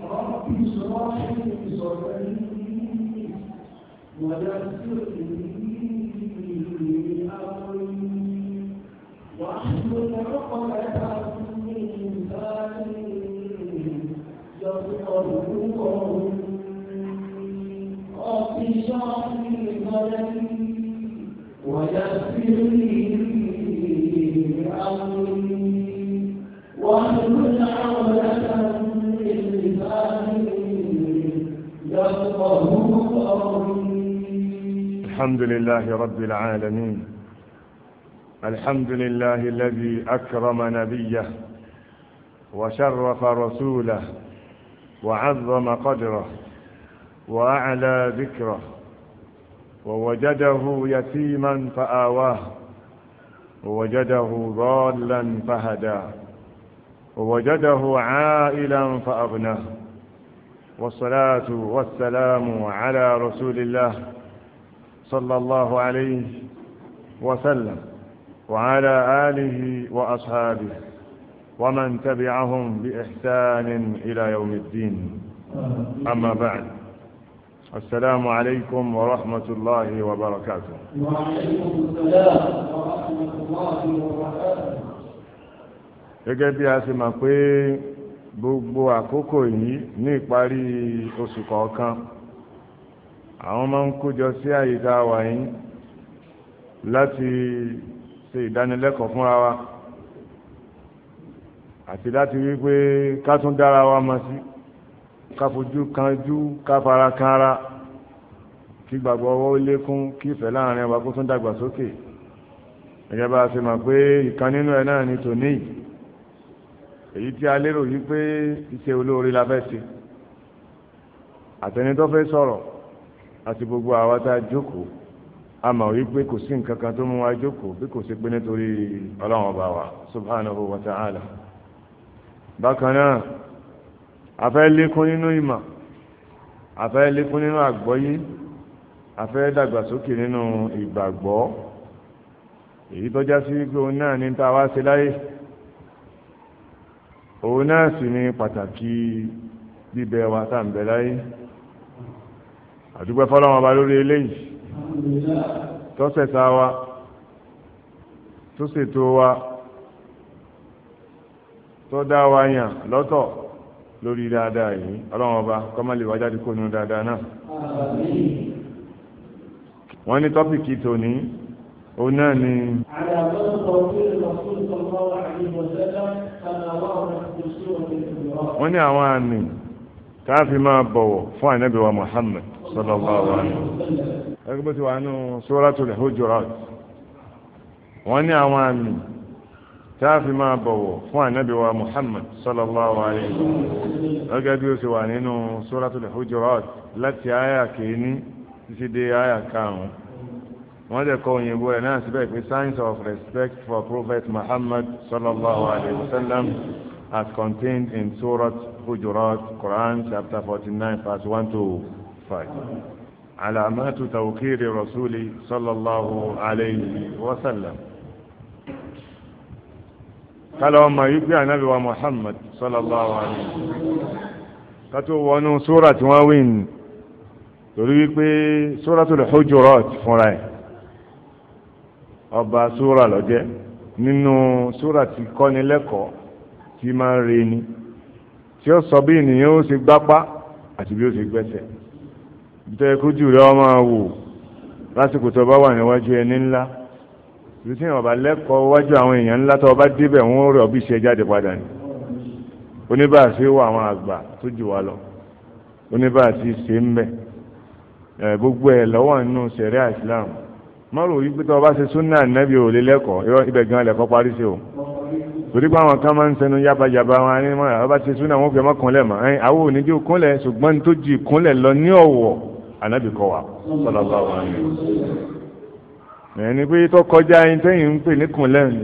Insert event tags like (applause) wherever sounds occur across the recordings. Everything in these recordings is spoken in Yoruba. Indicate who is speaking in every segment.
Speaker 1: رب اشرح لي صدري ويسر لي امري واحلل عقدة من لساني يفقه قولي رب اشرح لي صدري ويسر لي امري الحمد
Speaker 2: لله رب العالمين الحمد لله الذي أكرم نبيه وشرف رسوله وعظم قدره وأعلى ذكره ووجده يتيما فآواه ووجده ضالا فهداه ووجده عائلا فأغناه والصلاة والسلام على رسول الله صلى الله عليه وسلم وعلى آله وأصحابه ومن تبعهم بإحسان إلى يوم الدين أما بعد السلام عليكم ورحمة الله وبركاته
Speaker 1: وعليكم السلام ورحمة الله وبركاته
Speaker 2: gẹ́gẹ́ يا a gbogbo àkókò yìí ní ìparí oṣù kọ̀ọ̀kan àwọn máa ń kójọ sí àyíká wa yìí láti ṣe ìdánilẹ́kọ̀ọ́ fúnra wa àti láti wípé ká tún dára wa mọ̀ sí ká fojú kanjú ká fara kanra kí gbàgbọ́ ọwọ́ lékún kí ìfẹ́ láàrin wa kó tún dàgbàsókè gẹ́gẹ́ bá a ṣe mọ̀ pé ìkan nínú ẹ̀ náà ni tòní yìí èyí tí a lérò yìí pé iṣẹ́ olóore la fẹ́ ṣe àtẹni tó fẹ́ sọ̀rọ̀ àti gbogbo àwa tá a jókòó a mọ̀ wípé kò sí nǹkan kan tó mú wa jókòó bí kò sí pé nítorí ọlọ́run ọba wa subhanahu wa ta'ala bákan náà a fẹ́ lékún nínú ìmọ̀ a fẹ́ lékún nínú àgbọ́yé a fẹ́ dàgbàsókè nínú ìgbàgbọ́ èyí tó já sí pé òun náà ní tá a wá ṣe láyé òun náà sì ni pàtàkì bíbẹ wa tá à ń bẹ láyé àdúgbò fọlọ́wọn ọba lórí eléyìí tọ́sẹ̀sà wa tó ṣètò wa tó dá wa yàn lọ́tọ̀ lórí dáadáa yìí ọlọ́wọ́n ọba kọ́mọ́lé wájà dín kónú dáadáa náà. wọ́n ní tọ́pìkì tòní òun náà ni.
Speaker 1: àdàbọ̀ sọ̀rọ̀ bí ìlọsùn sọ̀rọ̀ àwọn àdìbò sẹ́lẹ̀ kan àwọn ọ̀rẹ́ wọ́n
Speaker 2: ní àwọn àmì káàfi máa bọ̀wọ̀ fún ànábì wa Muhammad sallallahu alaihi wasallam ẹgbẹ́ bó ti wà nínú Suratul Hujurat wọ́n ní àwọn àmì káàfi máa bọ̀wọ̀ fún ànábì wa Muhammad sallallahu alaihi wasallam ẹgbẹ́ ó ti wà nínú Suratul Hujurat láti àyà kìíní títí dé àyà karùn wọ́n dẹ̀ kọ́ òyìnbó ẹ̀ náà síbẹ̀ pé signs of respect for Prophet Muhammad sallallahu alaihi wasallam as contained in Surah Hujurat, Quran chapter 49, verse 1 to 5. علامات توقير الرسول صلى الله عليه وسلم قال وما يبقى نبي محمد صلى الله عليه وسلم kátó wọnú sóra tí wọ́n wí ní torí wípé Suratul Hujurat fúnra ẹ̀ ọba sóra lọ́jẹ́ nínú tí máa ń re ni tí ó sọ bí ènìyàn ó ṣe gbápá àti bí ó ṣe gbẹ́sẹ̀ ìtọ́ ẹkú jù rẹ ọ máa wò lásìkò tó bá wà níwájú ẹni ńlá ìlú tí ìwọ̀nba lẹ́kọ̀ọ́ wájú àwọn èèyàn ńlá tó bá débẹ̀ wọ́n rẹ̀ ọbí ṣe jáde padà ni oníbàásí wà àwọn àgbà tó jù wá lọ oníbàásí ṣe ń bẹ̀ gbogbo ẹ̀ lọ́wọ́ nínú sẹ̀rẹ́ àìsílámù mọ́rò wípé tó bá ṣe súnà nẹ́bí ò ibẹ̀ gan-an lẹ́kọ̀ọ́ parí sí o torí pé àwọn kan máa ń sẹnu yábàyàbà wọn ní mọ àwọn ti súnà wọn fi ọmọ kúnlẹ̀ mọ ẹyìn àwọn onídìí kúnlẹ̀ ṣùgbọ́n tó ju ìkúnlẹ̀ lọ ní ọ̀wọ̀ ànábì kọ́ wa sọlọ́bà wa ni. ẹni pé tó kọjá ẹyin tẹ́yìn ń pè ní kúnlẹ̀ ni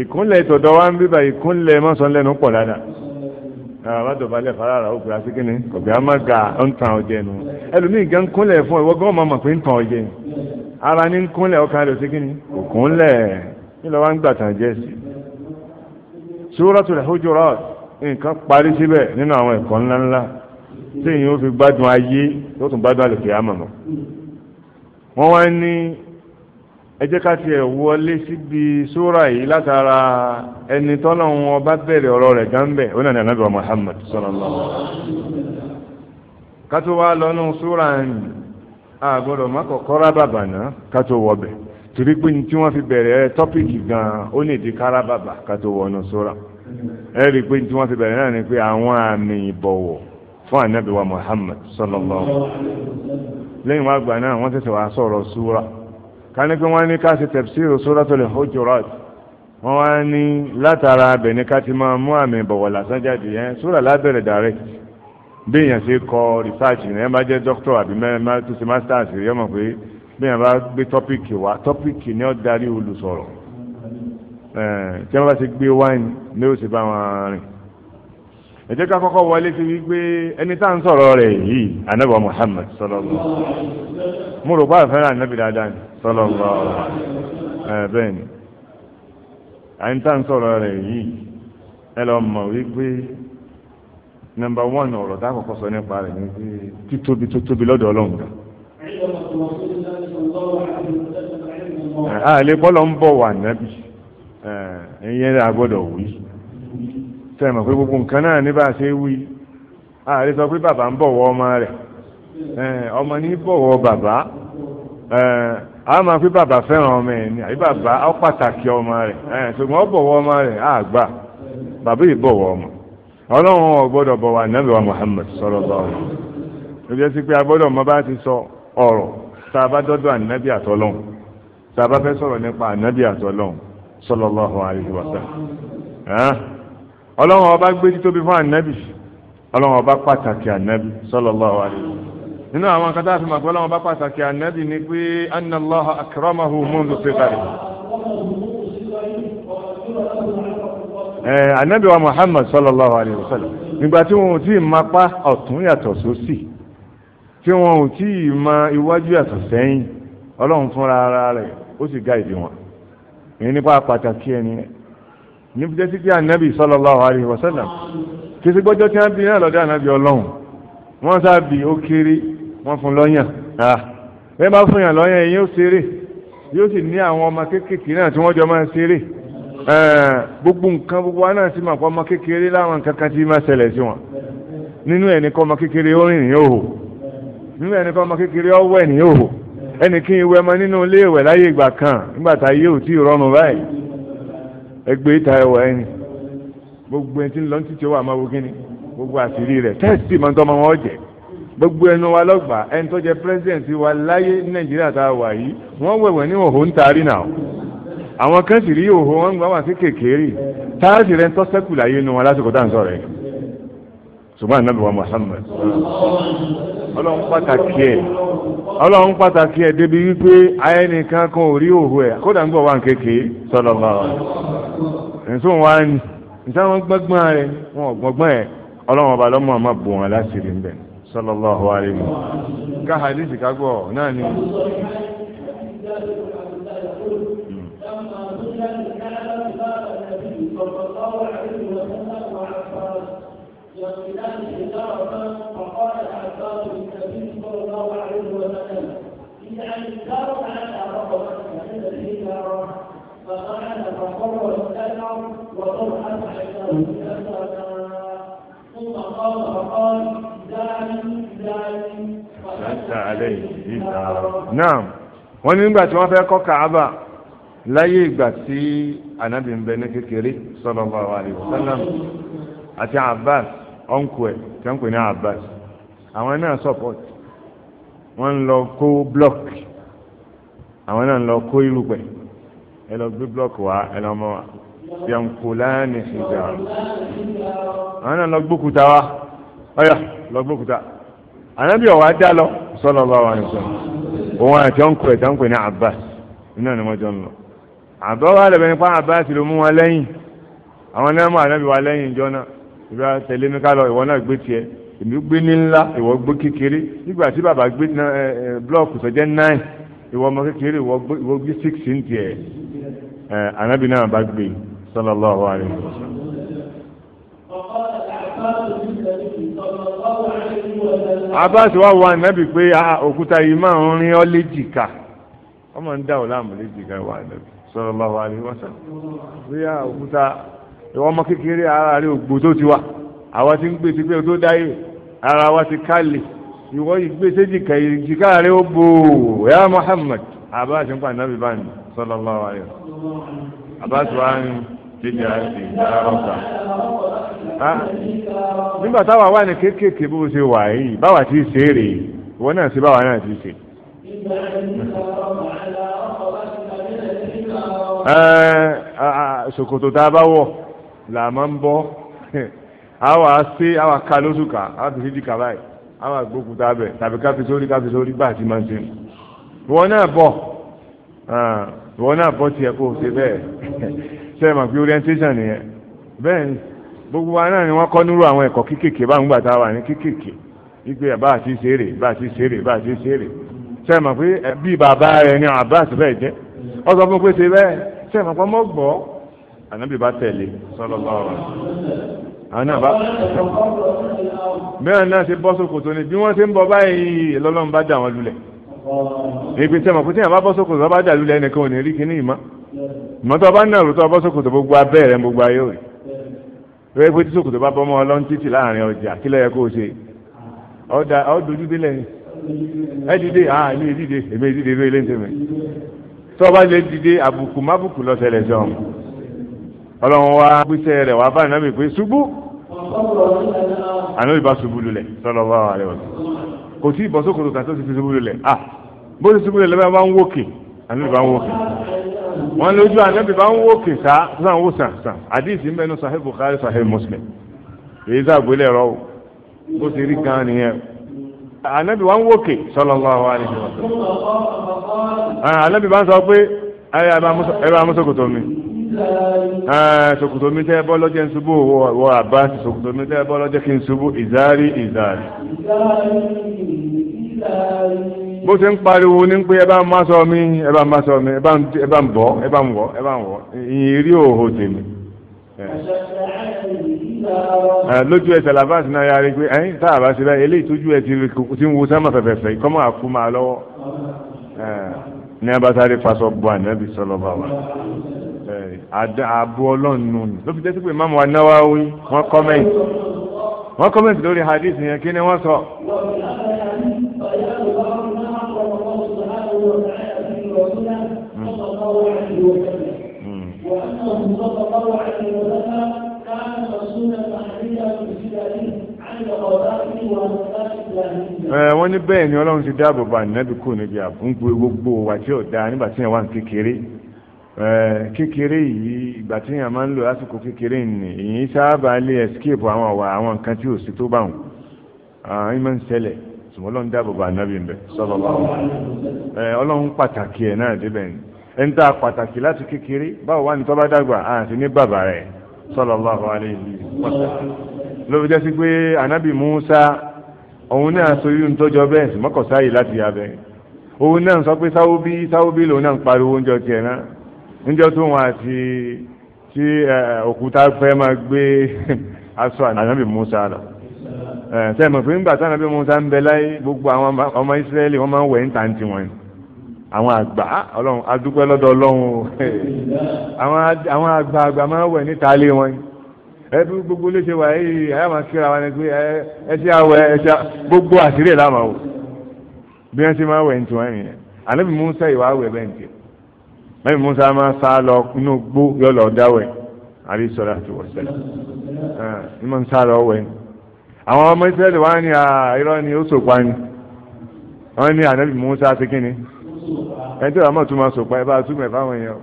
Speaker 2: ìkúnlẹ̀ tọ̀dọ̀ wa ń bíbà ìkúnlẹ̀ mọ́sánlẹ́nu pọ̀ dáadáa àbádọ̀balẹ̀ farara ó gbéra sí kí ni kọ̀bí a máa ga ń tan ọ̀jẹ̀ nu ẹlòmíì gan kúnlẹ̀ fún ìwọ gan máa mọ̀ pé ń tan ọ̀jẹ̀ ara ní kúnlẹ̀ ọkàn rẹ̀ sí kí ni òkúnlẹ̀ kí ló ń gbà tàn jẹ́ sí i. Suratul Hujurat nǹkan parí síbẹ̀ nínú àwọn ẹ̀kọ́ ńláńlá tí èyí ó fi gbádùn ayé tó tún gbádùn àlùkè àmọ̀mọ́ wọ́n wá ní ẹ ká tiẹ̀ wọlé síbi yìí látara ẹni tọ́nà wọn bá bẹ̀rẹ̀ ọ̀rọ̀ rẹ̀ gánbẹ̀ ó nà ní Muhammad ká torí pé ní tí wọ́n fi bẹ̀rẹ̀ tọ́pìkì gan-an ó lè di kárábàbà ká tó wọnú sóra ẹ rí i pé ní tí wọ́n fi bẹ̀rẹ̀ náà ni pé àwọn àmì ìbọ̀wọ̀ fún ànábì wa Muhammad sallallahu lẹ́yìn wá gbà náà wọ́n tẹ̀sẹ̀ wá sọ̀rọ̀ sóra ká ní pé wọ́n ní ká ṣe tafsiru Suratul Hujurat wọ́n wá ní látara abẹ̀ ní ká ti máa mú àmì ìbọ̀wọ̀ lásán jáde yẹn sóra lábẹ̀rẹ̀ direct bí èèyàn ṣe kọ research yẹn bá jẹ́ doctor àbí mẹ́rin tó ṣe masters rí ọmọ pé bí wọn bá gbé tọ́pìkì wá tọ́pìkì ni ó darí olùsọ̀rọ̀ tí wọn bá ti gbé wáìnì ni ó sì bá wọn rìn ẹ jẹ́ ká kọ́kọ́ wọlé sí wípé ẹni tá à ń sọ̀rọ̀ rẹ̀ yìí anábọ̀ Muhammad sọlọ́lọ́ mo rò bá àfẹ́ràn anábì dáadáa ni sọlọ́lọ́ bẹ́ẹ̀ ni ẹni tá à ń sọ̀rọ̀ rẹ̀ yìí ẹ lọ mọ̀ wípé nọ́mbà wọ́n ọ̀rọ̀ tá a kọ́kọ́ sọ nípa rẹ̀ ni wípé títóbi tó tóbi lọ́dọ̀ Ọlọ́run kan àlè ah, bọ́lọ̀ ń bọ̀ wà nábì ẹ̀yẹn eh, rẹ̀ agbọ́dọ̀ wí sẹ́mọ̀ pé gbogbo nǹkan náà ní bá a ṣe wí àlè sọ pé bàbá ń bọ̀wọ̀ ọmọ rẹ̀ eh, ọmọ ní bọ̀wọ̀ bàbá eh, a máa pé bàbá fẹ́ràn ọmọ ẹ̀ ní àbí bàbá ó pàtàkì ọmọ rẹ̀ ṣùgbọ́n ó bọ̀wọ̀ ọmọ rẹ̀ àgbà bàbá yìí bọ̀wọ̀ ọmọ ọlọ́run ọ̀gbọ́dọ̀ bọ̀wọ̀ ànábì wa Muhammad sallallahu alaihi wasallam ló jẹ́ sí pé agbọ́dọ̀ mọ bá ti sọ ọrọ tá a bá dọ́dọ̀ ànábì àtọ́lọ́hún tá a bá fẹ́ sọ̀rọ̀ nípa ànábì ọba gbé títóbi fún ànábì ọlọ́run ọba pàtàkì ànábì sallallahu alaihi nínú àwọn kan tá ọba pàtàkì ànábì ni pé anna mundu ànábì wa Muhammad nígbà tí wọn ò tí ì tí wọn ò tí ì mọ iwájú yàtọ̀ sẹ́yìn ọlọ́run fúnra ara rẹ̀ ó sì gáìdì wọn èyí nípa pàtàkì ẹni níbi jẹ́sí pé ànábì sallallahu alaihi wasallam kí sí gbọ́jọ́ tí wọ́n bí náà lọ́dọ̀ ànábì ọlọ́run wọ́n sábì ó kéré wọ́n fún lọ́yàn bẹ́ẹ̀ bá fún yàn lọ́yàn èyí ó ṣeré yóò sì ní àwọn ọmọ kéékèèké náà tí wọ́n jọ máa ṣeré gbogbo nǹkan gbogbo wa náà sì máa kọ́ ọmọ kékeré láwọn kankan tí máa ṣẹlẹ̀ sí wọn nínú ẹ̀ ní kọ́ ọmọ kékeré ó rìnrìn òhò nígbà ẹni kọ́ ọwụwa kékeré ọwọ́ ẹ̀ ní òhò kí n wẹ ọmọ nínú ilé láyé ìgbà kan nígbà tá yé ò tí ì rọrùn báyìí ẹgbẹ́ ìta ẹni gbogbo ẹni tí ń lọ títí ó wà máa gbogbo àṣírí máa ń gbogbo ẹnu wa ẹni tó jẹ wa láyé ní nàìjíríà tá a wà yìí ní òhò ń taari àwọn kan sì rí òhò wọn gbà wà sí kékeré táàsì ń tọ́ sẹ́kù ṣùgbọ́n ànábì wa Muhammad ọlọ́run pàtàkì ẹ̀ ọlọ́run pàtàkì ẹ̀ débi wípé ayẹnìkan kan ò rí òhu ẹ̀ kódà ń gbọ̀ wá nkékè sọ̀rọ̀ lọ́wọ́ ẹ̀sùn wa ni níta wọn gbọ́gbọ́n rẹ̀ wọn gbọ́gbọ́n ẹ̀ ọlọ́run ọba lọ́mọ àmọ́ bò wọn láti rí mbẹ́ sallallahu alaihi ká hadisi ká gbọ́ náà ni.
Speaker 1: Hmm. وبلال ضربا فقال العباس للنبي صلى الله عليه وسلم اجعل الدار على رقبتك عند الحجاره فقعد فقر الكثر وضرحت عيناه كثرة ثم قام فقال دعني دعني فأتى عليه نعم
Speaker 2: wọ́n ní nígbà tí wọ́n fẹ́ kọ́ kàába láyé ìgbà tí anabi ń bẹ ní kékeré sallallahu alaihi wasallam àti abbas ọ̀nkù ẹ̀ tí wọ́n pè ní Abbas àwọn náà support wọ́n ń lọ kó block àwọn náà ń lọ kó irúpẹ̀ ẹ lọ gbé block wá ẹ lọ mọ yankulani hijab àwọn náà lọ gbókúta wá ọyà lọ gbókúta ànábì ọ̀wá dá lọ sallallahu alaihi wasallam òun àti ọ̀nkù ẹ̀ tí wọ́n pè ní Abbas iná ni wọ́n jọ ń lọ àbọ̀ lẹ́bẹ̀ẹ́ nípa Abbas ló mú wọn lẹ́yìn àwọn náà mú ànábì wa lẹ́yìn ìjọ náà. ìgbà tẹ̀lé mi ká lọ ìwọ náà gbé tiẹ̀ èmi gbé ní ńlá ìwọ gbé kékeré nígbà tí bàbá gbé blọọkù nine ìwọ ọmọ kékeré ìwọ gbé six ní tiẹ̀ ẹ̀ anábì náà bá gbé pé òkúta yìí máa ń rin ọmọ ń dá léjìká ìwọ ọmọ kékeré ara rẹ ògbó tó ti wà àwa ti ń gbé ti pé o tó dáyé ara wa ti kálẹ̀ ìwọ ìgbé séjìká ìjìká rẹ ó bò ó ya Muhammad abáṣe ń pa nàbí báyìí sallallahu alaihi abáṣe wa ń jíjà sí ìdárọ̀kà. nígbà táwa wà ní kéékèèké bó ṣe wà yìí báwa ti ṣe é rèé ìwọ náà ṣe báwa náà ti ṣe. ṣòkòtò tá a bá wọ̀. La máa ń bọ́ àwa ṣe àwa ka lóṣù ká àwa fi sídìí ká báyìí àwa gbókùtà bẹ̀ tàbí ká fi sórí ká fi sórí bá àti máa ń ṣe wọn náà bọ̀ wọn náà bọ̀ tiẹ̀ kó o ṣe bẹ́ẹ̀ ṣe é mọ̀ orientation nìyẹn bẹ́ẹ̀ ni gbogbo wa náà ni wọ́n kọ́ nírú àwọn ẹ̀kọ́ kéékèèké báwọn gbà tá a wà ní kéékèèké wípé bá a ti ṣeré bá a ti ṣeré bá a ti ṣeré ṣe é mọ̀ bí bàbá rẹ̀ ni Abbas bẹ́ẹ̀ jẹ́ ọ sọ fún pé ṣe bẹ́ẹ̀ ṣe é mọ̀ pé ọmọ ànábì bá tẹ̀lé sallallahu alaihi wasallam bẹ́ẹ̀ náà ṣe bọ́ sókòtò ni bí wọ́n ṣe ń bọ báyìí lọ́lọ́run bá dà wọ́n lulẹ̀ èpè tẹ̀mọ̀ kó tẹ̀yàn bá bọ́ sókòtò bá bá dà lulẹ̀ ẹnìkan ò ní rí kíní ìmọ̀ ìmọ̀tọ́ bá náà rútọ́ bọ́ sókòtò gbogbo abẹ́ rẹ̀ gbogbo ayé rẹ̀ rẹ̀ pé tí sókòtò bá bọ́mọ ọlọ́run títì láàrin ọjà kí ló kó o ṣe ọ́ dojú délẹ̀ ni ẹ dìde àá èmi dìde èmi dìde ló ilé ń tẹ̀mẹ̀ tọ́ bá lè dìde àbùkù mábùkù ọlọ́run wá gbéṣẹ́ rẹ̀ wá bá ànábì pé ṣubú ànábì bá ṣubú lulẹ̀ sallallahu alaihi wasallam kò tí ìbọ̀ sókòtò kan tó ti fi ṣubú lulẹ̀ à ah, bó ti ṣubú lulẹ̀ bá ń wókè ànábì bá ń wókè wọn lójú ànábì bá ń wókè sá sàn wó sàn sàn àdìsí mẹ́nu sahih bukhari sahih muslim èyí sàgbélé rọ bó ti rí gan nìyẹn ànábì wá ń wókè sallallahu alaihi wasallam ah, ànábì bá ń sọ pé ẹ bá mú ṣòkòtò mi ṣòkòtò mi tẹ́ bọ́ lọ́jẹ́ ń ṣubú wọ àbá ṣòkòtò mi tẹ́ bọ́ lọ́jẹ́ kí n ṣubú ìzárí ìzárí. bó ṣe ń pariwo ní pé ẹ bá ń má sọ mi ẹ bá ń má sọ mi ẹ bá ń bọ́ ẹ bá ń wọ́ ẹ bá ń wọ́ ìyìn rí òhò tèmi. lójú ẹsẹ̀ làbáṣe náà yára pé ẹ̀yìn tá a bá ṣe báyìí eléyìí tójú ẹ ti ń wo sámà fẹ̀fẹ̀fẹ̀ kọ́mọ́ àkú máa lọ́wọ́ ní abasare fasọ bọ́ ànábì sọlọ́ba wa àbú ọlọ́run nù ní ló fi jẹ́ sí pé Imam wa Nawawi wọ́n kọ́mẹ́ǹtì wọ́n kọ́mẹ́ǹtì lórí hadith yẹn kí ni wọ́n sọ. Eh, wọ́n ní bẹ́ẹ̀ ni ọlọ́run ti dáàbò bá nínú ẹbí kù níbi àbúgbò gbogbo wa tí ò dáa nígbà tí yẹn wà ní kékeré. Eh, kékeré yìí ìgbà tí èèyàn máa ń lò lásìkò kékeré ni èyí sábà lè escape àwọn ọ̀wà àwọn nǹkan tí ò sí tó bá wọn àwọn ah, ìmọ̀ ń ṣẹlẹ̀ ṣùgbọ́n ọlọ́run dáàbò bá ànábì ńbẹ sọ́dọ̀ bá wọn. ọlọ́run pàtàkì ẹ̀ náà a pàtàkì láti kékeré báwo wá ní tọ́ bá dàgbà àti ní bàbá rẹ̀ bá wọn ló fi jẹ́sí pé Musa òun náà so bẹ́ẹ̀ sì níjọ́ tó wọn àti tí òkúta fẹ́ máa gbé aṣọ ànábì Musa lọ sẹ́mi fún ìgbà táwọn ànábì Musa ń bẹ láyé gbogbo àwọn ọmọ Ísírẹ́lì wọ́n máa ń wẹ̀ ń tàǹtì wọn ni àwọn àgbà ọlọ́run adúpẹ́ lọ́dọ̀ ọlọ́run o àwọn àgbà àgbà máa ń wẹ̀ níta lé wọn ẹbí gbogbo léṣe wà yìí ayé máa kíra wa ni pé ẹ ṣe àwẹ̀ ẹ ṣe gbogbo àṣírí ẹ̀ láàmà o bí wọ́n ṣe máa wẹ̀ ní tiwọn nìyẹn ànábì Musa ìwà àwẹ̀ bẹ́ẹ̀ nìyẹn Nabi Musa máa sá lọ inú gbó yọ lọ dáwẹ̀ àbí sọ̀rọ̀ àti wọ̀sẹ̀lẹ̀ ní mọ̀ ń sá ni. àwọn ọmọ Israẹli wá ní ah, irọ́ ni ó sòpa ni wọ́n ní ànábì Musa ti kí ni ẹni tí wàá mọ̀ tún máa sòpa ẹ bá túmọ̀ ẹ fáwọn èèyàn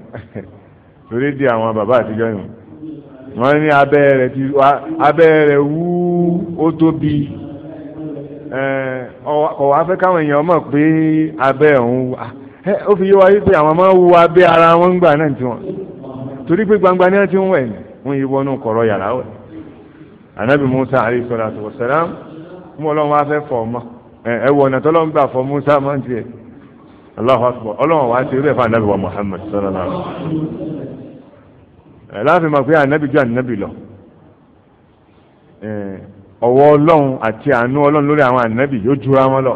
Speaker 2: lórí (laughs) di àwọn bàbá àtijọ́ yìí wọ́n ní abẹ́ rẹ̀ ti abẹ́ rẹ̀ wú ó tóbi eh, ọ̀wọ́ afẹ́ káwọn èèyàn mọ̀ pé abẹ́ òun wà ó fi yé wa wípé àwọn máa ń wu abẹ́ ara wọn ń gbà náà tiwọn torí pé gbangba ni wọ́n ti ń wẹ̀ ní wọ́n yí wọnú kọ̀rọ̀ yàrá wẹ̀ anabi musa alayhi salatu wa salam mú ọlọ́run wá fẹ́ fọ̀ ọmọ ẹ wọ ọ̀nà tọ́lọ́run gbà fọ̀ musa máa ń tiẹ̀ Allahu akbar ọlọ́run wá ṣe irúfẹ́ anabi wa muhammad sallallahu alayhi
Speaker 1: wa
Speaker 2: sallam láàfin mọ̀ pé anabi ju ọwọ́ ọlọ́run àti àánú ọlọ́run lórí àwọn anabi yóò jura wọn lọ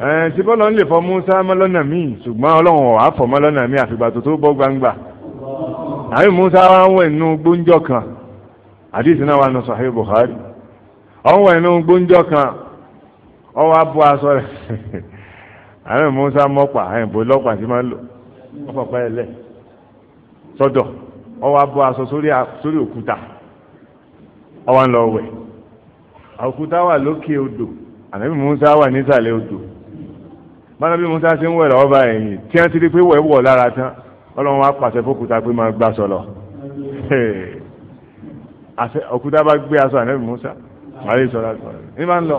Speaker 2: ẹ̀ tí bọ́lọ̀ ń lè fọ Musa mọ́lọ́nà mi, ṣùgbọ́n ọlọ́run ọ̀hà fọ mọ́lọ́nà mi àfìgbà tó tó bọ́ gbangba àbí Musa wá ń wẹ̀ nínú gbóúnjọ kan àdìsí náà wà nù Sahih Bukhari ọ̀hún wẹ̀ nínú gbóúnjọ kan ọwọ́ abọ́ aṣọ rẹ̀ (laughs) àbí Musa mọ́pà àyìnbó lọ́pàá tí máa ń lò ọ̀pọ̀ pẹ́ẹ́ lẹ̀ sọ́dọ̀ ọwọ́ abọ́ aṣọ sórí òkúta ọwọ́ ń lọ wẹ̀ òkúta wà lókè odò ànábì Musa wà nísàlẹ̀ odò bára bí musa ṣe ń wẹ̀ lọ́wọ́ báyìí tí wọ́n ti di pé wẹ̀ wọ̀ lára tán ọlọ́run wa pàṣẹ fókúta pé máa gbà sọ̀lọ̀ òkúta bá gbé aṣọ ànábì musa àlẹ́ ìṣọ̀lá sọ̀rọ̀ ní máa ń lọ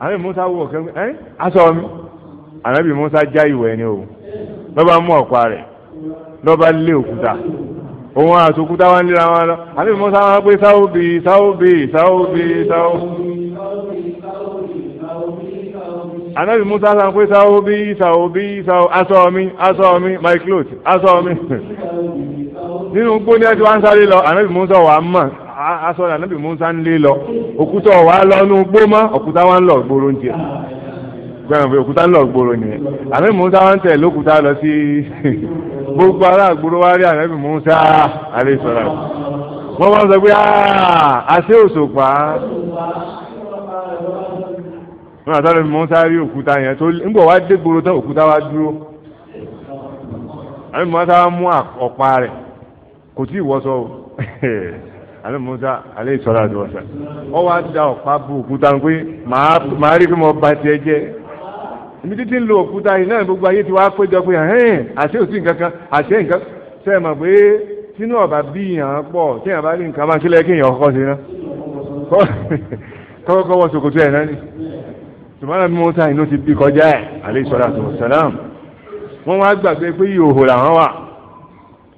Speaker 2: ànábì musa wọ̀ kẹ́kẹ́ ẹ́ aṣọ mi ànábì musa já ìwẹ̀ ni o lọ́ba mú ọ̀pá rẹ̀ lọ́ba lé òkúta òun àtòkúta wa ń lera wọn lọ ànábì musa wọn pé sáwó bíi sáwó bíi sáwó bíi sáwó bíi anabi musa san pé sáwó bí sáwó aso sáwó aṣọ mi aṣọ mi my cloth aso mi nínú gbóni ẹ ti wá ń sáré lọ anabi musa wà á mọ̀ aṣọ rẹ̀ anabi musa ń lé lọ òkúta ọ̀wá lọ nú gbó mọ́ òkúta wa ń lọ gbòòrò ń tiẹ̀ gbẹ̀rùn pé òkúta ń lo gbòòrò nìyẹn anabi musa wa ń tẹ̀ lókúta lọ sí (laughs) gbogbo ará àgbòrò wa rí anabi musa alẹ́ sọ̀rọ̀ wọ́n wá sọ pé aṣẹ́ òṣùpá. wọn àtàlẹ́ fi mọ́sá òkúta yẹn tó ńgbọ̀ wá dé tán òkúta wá dúró àbí mọ́sá wá mú ọ̀pá rẹ̀ kò tí ì wọ́sọ o (laughs) àbí mọ́sá alẹ́ ìsọ̀rọ̀ àti ọ wá da ọ̀pá bu òkúta pé màá rí tiẹ̀ jẹ́ títí ń lo òkúta yìí náà gbogbo ayé ti wá pé àṣẹ òsì àṣẹ sẹ́ẹ̀ mọ̀ pé sínú ọ̀bà bí pọ̀ tí bá rí nǹkan (laughs) sùmọ́nà bí Mùsá inú ti bí kọjá ẹ̀ alayhi salatu wassalam wọ́n wá gbàgbé pé ìhòhò làwọn wà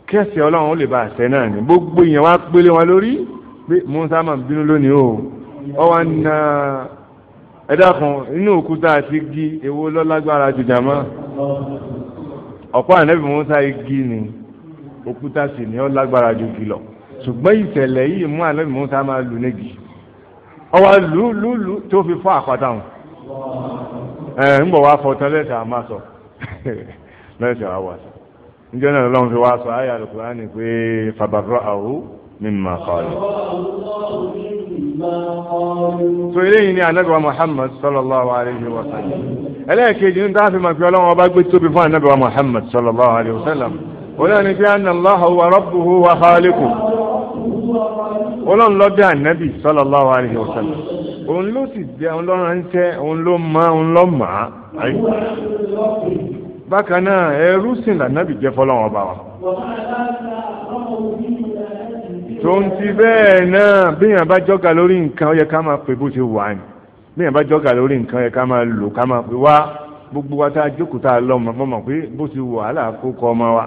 Speaker 2: kẹsì ọlọ́run ó lè bá àṣẹ náà ní gbogbo ìyẹn wá pélé wọn lórí pé Mùsá máa bínú lónìí o ọ wá na ẹ̀dá kan inú òkúta àti igi èwo lọ́lágbára jùjà mọ́ ọ̀pọ̀ ànẹ́bí Mùsá igi ni òkúta sì ní ó lágbára ju igi lọ ṣùgbọ́n ìṣẹ̀lẹ̀ yìí mú ànẹ́bí Mùsá máa lù nígi ọwọ́ lù lù lù tó fi fọ́ àpáta wọn ẹ ń bọ̀ wá fọ tán lẹ́sẹ̀ àmà sọ lẹ́sẹ̀ (laughs) àwà sọ níjẹ́ náà lọ́n fi wá sọ ayé àlùkùrá ni pé fàbàrọ̀ àwù mímà kọ́lù. so eléyìí ni anabiwa Muhammad sallallahu alayhi wa sallam ẹlẹ́ẹ̀kejì ní táàfin máa fi ọlọ́run ọba gbé tóbi fún anabiwa Muhammad sallallahu alayhi wa sallam olóòní bí anna Allaha wa rabbuhu wa khaliquhu olóòní lọ́dẹ anabi sallallahu alayhi wa sallam òun ló sì jẹ́ òun ló ránṣẹ́ òun ló mọ̀ òun ló mọ̀ á. bákan náà ẹrú sìn lànàbì jẹ́ fọlọ́wọ́n bá wa.
Speaker 1: tó ń ti bẹ́ẹ̀
Speaker 2: náà bíyàn bá jọ́gà lórí nǹkan ó yẹ ká máa pè bó ṣe wà ní bíyàn bá jọ́gà lórí nǹkan ó yẹ ká máa lò ká máa pè wá gbogbo wa tá a jókòó tá a lọ mọ̀ mọ̀ pé bó ṣe wàhálà kó kọ́ ọmọ wa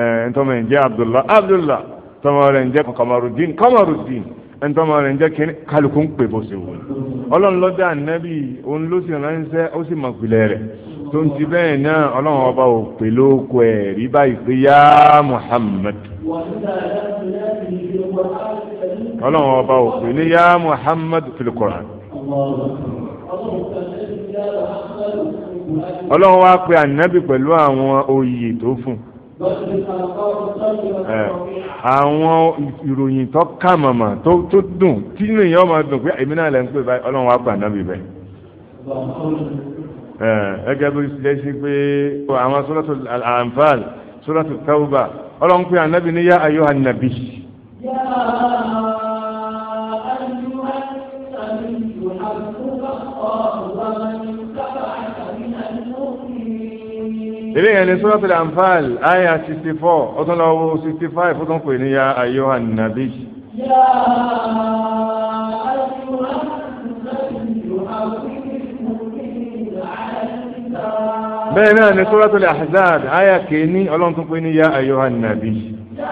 Speaker 2: ẹ̀ ń tọ́mọ ẹ̀ ń jẹ́ Abdullah Abdullah tọ́mọ rẹ̀ ń jẹ́ Kamarudin Kamarudin ẹnitọ́mọ rẹ̀ ń jẹ́ kí kálukú ń pè bó ṣe wù ọlọ́run ló dá ànábì òun ló sì ránṣẹ́ ó sì mọ̀ pìlẹ̀ rẹ̀ tó ń ti bẹ́ẹ̀ náà ọlọ́run ọba ò pè lóko ẹ̀ rí báyìí pé yá Muhammad
Speaker 1: ọlọ́run ọba ò pè ní
Speaker 2: yá Muhammad fil ọlọ́run wá pe ànábì pẹ̀lú àwọn oyè tó fún un.
Speaker 1: Eh,
Speaker 2: àwọn ìròyìn tó ká màmá tó dùn tí nìyẹn ọmọ dùn pé èmi náà lè ń pè báyìí ọlọ́run wá gbà náà bíbẹ̀. ẹgẹ eh, bí ṣe ṣe pé àwọn sọ́dọ̀tò àǹfààl sọ́dọ̀tò tẹ́wọ́bà ọlọ́run pé ànábì ní yá ayọ́ ànábì. ilé yẹn ní suratul Anfal àyà sixty four ó lọ wo sixty five ó tún pè ní ya ayyuhan nabi. ya
Speaker 1: ayyuhan nabi bẹ́ẹ̀ náà ni suratul
Speaker 2: Ahzab àyà kìíní ọlọ́run tún pè ní ya ayyuhan nabi.
Speaker 1: ya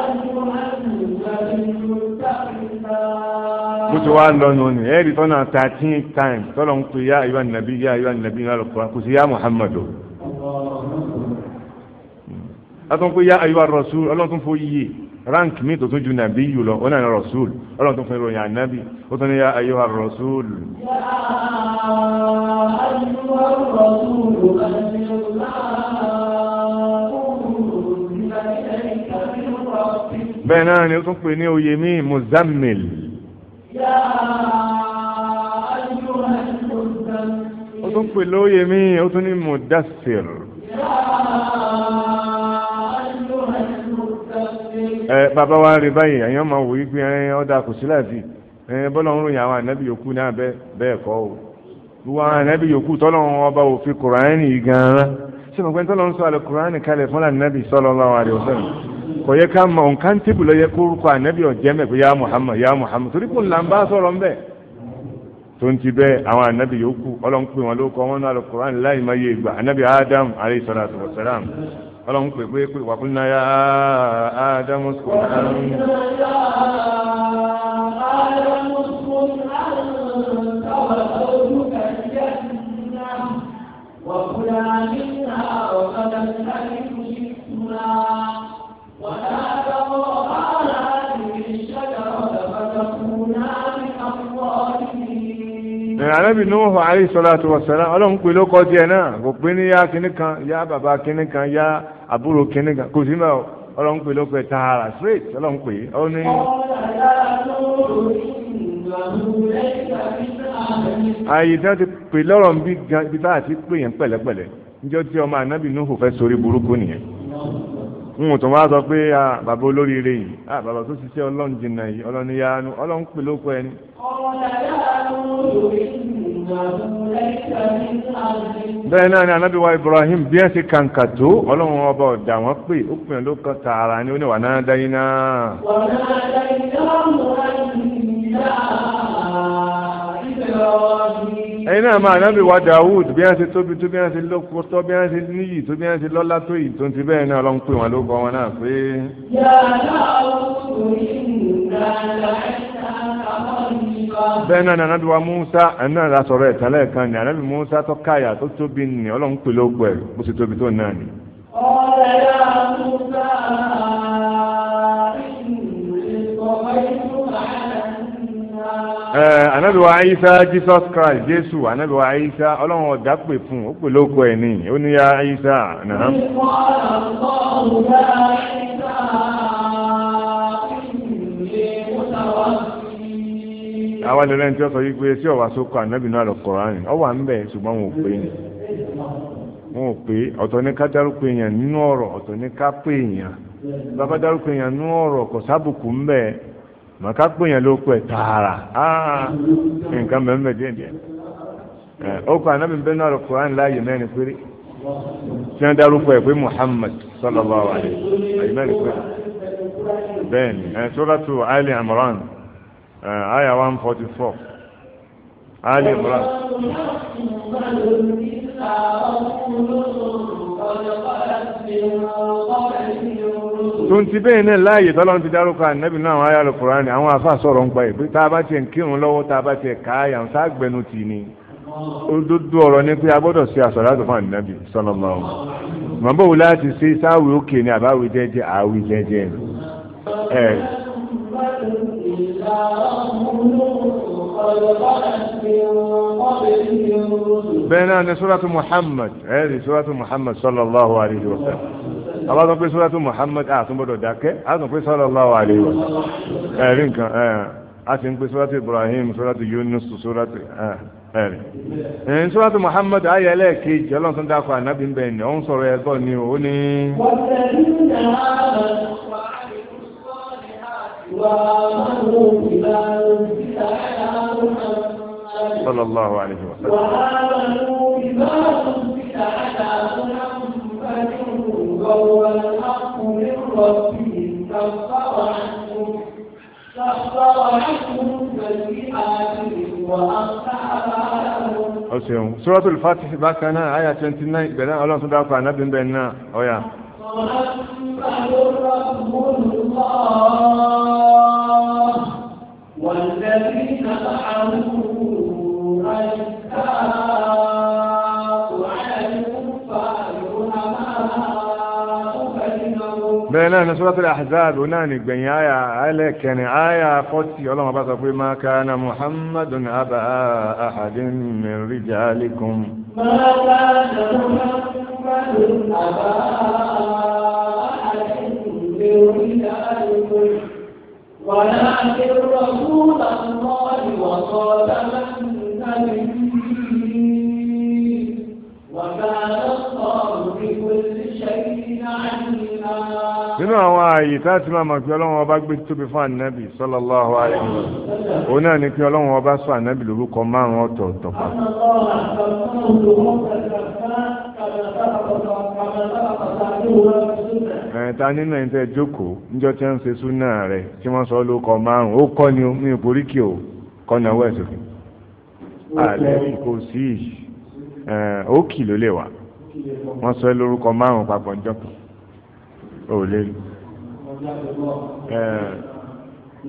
Speaker 1: ayyuhan bó ti wá lọ
Speaker 2: nù ní thirteen times tọ́lọ̀ ń pè yá ayọ́ ànàbí yá ayọ́ ànàbí ní alùpùpù kò muhammadu. látọ̀ ń pè yá ayọ́ rasul tó ń iye rank mi tó tún ju nàbí yù lọ ọ̀nà ní rasul ọlọ́run tó ń fọ ìròyìn ànàbí ó tún ní yá ayọ́ rasul. bẹ́ẹ̀ náà ni ó tún pè ní oyè mi muzammil. ó tún pè lóye mí ó tún ní mudassir ẹ bàbá wa rí báyìí àyàn máa wò yí pé ẹ ọ̀dà kò sí láti bọ́lá ń ròyìn àwọn ànábì yòókù náà bẹ́ẹ̀ kọ́ o gbogbo ànábì yòókù ọba òfin Kùránì gan-an ṣé mo gbẹ́ntọ́ ló ń sọ alukurani kalẹ̀ fún anabi sallallahu alaihi wasallam kò yẹ ká mọ nǹkan tìbù lọ yẹ kórúkọ anabi ọ̀jẹ́ mẹ́ pé ya Muhammad ya Muhammad torí kò là ń bá sọ̀rọ̀ ń bẹ̀ tó ń ti bẹ́ àwọn anabi yòókù ọlọ́run pè wọn ló kọ́ wọn ní alukurani láì má yé Adam alayhi salatu wa salam ọlọ́run pè pé pé wà kúnlá ya ádámù sùn àrùn. Ádámù sùn àrùn táwọn ọdún.
Speaker 1: وكلا منها رغدا حيث شئتما ولا تقربا هذه الشجرة فتكونا من الظالمين.
Speaker 2: Ànábì Nuhu alayhi salatu wa salam ọlọ́run pè ló kọ́ náà kò kan kan kan kò sí straight ní. ààyè tí wọ́n ti pè lọ́rọ̀ ń bí gan ibi tá a ti pè yẹn pẹ̀lẹ́pẹ̀lẹ́ níjọ́ tí ọmọ anábì Nuhu fẹ́ sórí burúkú nìyẹn n tó wá sọ pé bàbá olóríire yìí bàbá tó ṣiṣẹ́ ọlọ́run jìnnà yìí ọlọ́run ní ọlọ́run pè lóko ẹni. bẹ́ẹ̀ náà ni anábì wa Ibrahim bí ẹ kàǹkà tó ọlọ́run ọba ọ̀dà wọn pè ó pè tààrà ni ó ní wà náà dáyé náà. wà
Speaker 1: náà ẹ̀yin náà máa nábì wa Dawud bí
Speaker 2: wọ́n ṣe tóbi tó bí wọ́n ṣe lọ́kọ́ tó bí wọ́n ṣe níyì tó bí wọ́n ṣe lọ́lá tó yìí tó ń ti bẹ́ẹ̀ náà lọ́n pè wọ́n ló bọ́ wọn náà pé. bẹ́ẹ̀ náà ni anábì wa Musa ẹ̀yin náà la sọ̀rọ̀ ẹ̀tàn lẹ́ẹ̀kan anábì Musa tó káyà tó tóbi ni ọlọ́run pè ló pẹ̀ bó ṣe tóbi tó náà ni.
Speaker 1: ọ̀rẹ́ yà Musa.
Speaker 2: anabi eh, wa Isa Jesus Christ jesu anabi wa Isa ọlọ́run pè fún ó pè lóko ẹ̀ ní ó ní ya Isa nàá. àwọn ẹlẹ́rìí tí ó sọ yìí pé sí ọ̀wá sókò anabi náà lọ ọ wà ń bẹ̀ ṣùgbọ́n wọn ò pè wọn ò pè ọ̀tọ̀ ní ká dárúkọ èèyàn nínú màkà pèèyàn ló kọ nkan mmemme nǹkan ndị díẹ̀ díẹ̀ ó kọ anábì bẹ́ẹ̀ náà Kùránì láàyè mẹ́rin péré ekwe, Muhammad sallallahu alaihi àyè mẹ́rin péré bẹ́ẹ̀ ni Suratu Ali Imran àyà one forty four Ali tó ń ti bẹ́ẹ̀ náà láàyè tọ́lọ́run ti dárúkọ ànábì náà àwọn ayáàlú kùránì àwọn àfáà sọ̀rọ̀ ń pa ẹ̀ pé tá a bá tiẹ̀ ń kírun lọ́wọ́ tá a bá tiẹ̀ ká àyà ń sáàgbẹ́nu tì ní òdodo ọ̀rọ̀ ni pé a gbọ́dọ̀ ṣe àsàlátù fún ànábì sallallahu màbó wò láti ṣe sáwì òkè ni àbáwì jẹ́jẹ́ àwì jẹ́jẹ́ bẹ́ẹ̀ náà ni suratu Muhammad ẹ̀ẹ́dì suratu Muhammad sallallahu àwa sọ pé sọ́lá tó Muhammad àtúnbọ̀dọ̀ dákẹ́ àtún pé sallallahu alaihi wa ẹ̀rí nǹkan a sì ń pé sọ́lá tó Ibrahim sọ́lá tó Yunus sọ́lá tó ẹ̀rì ẹ̀yìn tí wọ́n Muhammad ayé ẹlẹ́ẹ̀kejì ọlọ́run dákọ̀ ànábì ń bẹ̀ ni òun sọ̀rọ̀ ẹ̀gọ́ ni ó ní.
Speaker 3: sallallahu alayhi wa sallam.
Speaker 1: وهو الحق من ربهم كفر عنهم كفر عنهم سيئاتهم وأصلح لهم ọ̀sẹ̀hún sọ́rọ́tò
Speaker 2: ìfàtí bákan náà àyà twenty nine ìbẹ̀rẹ̀ ọlọ́run tó dákọ̀ ànábì ń bẹ̀ náà ọ̀yà.
Speaker 3: والذين
Speaker 1: معه أشقاء بينا
Speaker 2: سورة الأحزاب هنا نقبل يا عليك يا فتي ولا ما بصف ما كان محمد أبا أحد من رجالكم ما كان محمد أبا أحد
Speaker 1: من رجالكم ولا رسول الله وصال من وكان الله بكل شيء عليم nínú àwọn
Speaker 2: ààyè tá a ti máa mọ̀ pé ọlọ́run ọba gbé tóbi fún ànábì sallallahu alaihi wasallam òun náà ni pé ọlọ́run ọba sọ ànábì lórúkọ márùn ọ̀tọ̀ọ̀tọ̀ pa. nínú jókòó níjọ́ tí wọ́n ń ṣe súnà rẹ̀ tí wọ́n sọ lórúkọ márùn ó kọ́ ni ò borí kí o kọ́ ni ọwọ́ kò sí ò lè rí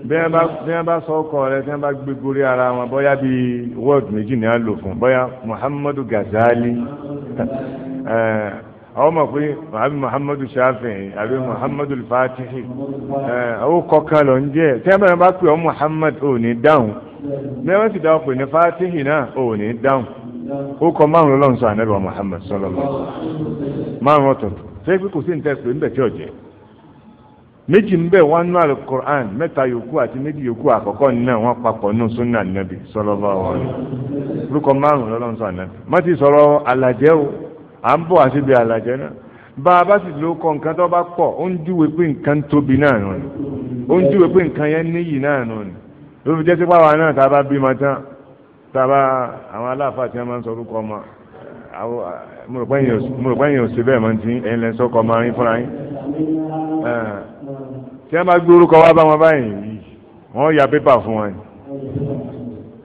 Speaker 2: bí wọ́n bá sọ ọkọ rẹ wọ́n bá gbé gorí ara wọn bóyá bí wọ́ọ̀dù méjì fún Muhammadu Gazali àwọn ọmọ pé àbí Muhammadu Shafi'i àbí Muhammadu Fatihi àwọn kọkàn lọ ń jẹ tí wọ́n bá pè ọ́ Muhammad ò ní dáhùn bí wọ́n sì dáhùn pé ní Fatihi náà ò ní dáhùn ó kọ márùn-ún lọ́nà sẹ́yìn pé kò sí nǹkan ẹ̀pẹ́ ńbẹ̀ tí ò jẹ́ méjì ńbẹ̀ wọ́n nú alukur'an mẹ́ta yòókù àti méjì yòókù àkọ́kọ́ náà wọ́n papọ̀ nù sunna nàbì sallallahu alaihi wasallam orúkọ márùn lọ́lọ́run sọ ànábì má ti sọ̀rọ̀ alàjẹ́ o à ń bọ̀ àti ibi alàjẹ́ náà bá a bá sì lo kọ nǹkan tó bá pọ̀ ó ń júwe pé nǹkan tóbi náà nù ni ó ń júwe pé nǹkan yẹn níyì náà nù ni ló fi jẹ́ sí pàwọn náà tá a bá bímọ tán tá a bá àwọn aláàfáà tí wọ́n máa ń sọ orúkọ ọmọ mo rò pé èèyàn ò sí bẹ́ẹ̀ mọ́ ti ẹ̀yin lẹ́ sọ́kọ máa rí fúnra yín tí wọ́n bá gbé orúkọ wá bá wọn báyìí wọ́n ya pépà fún wọn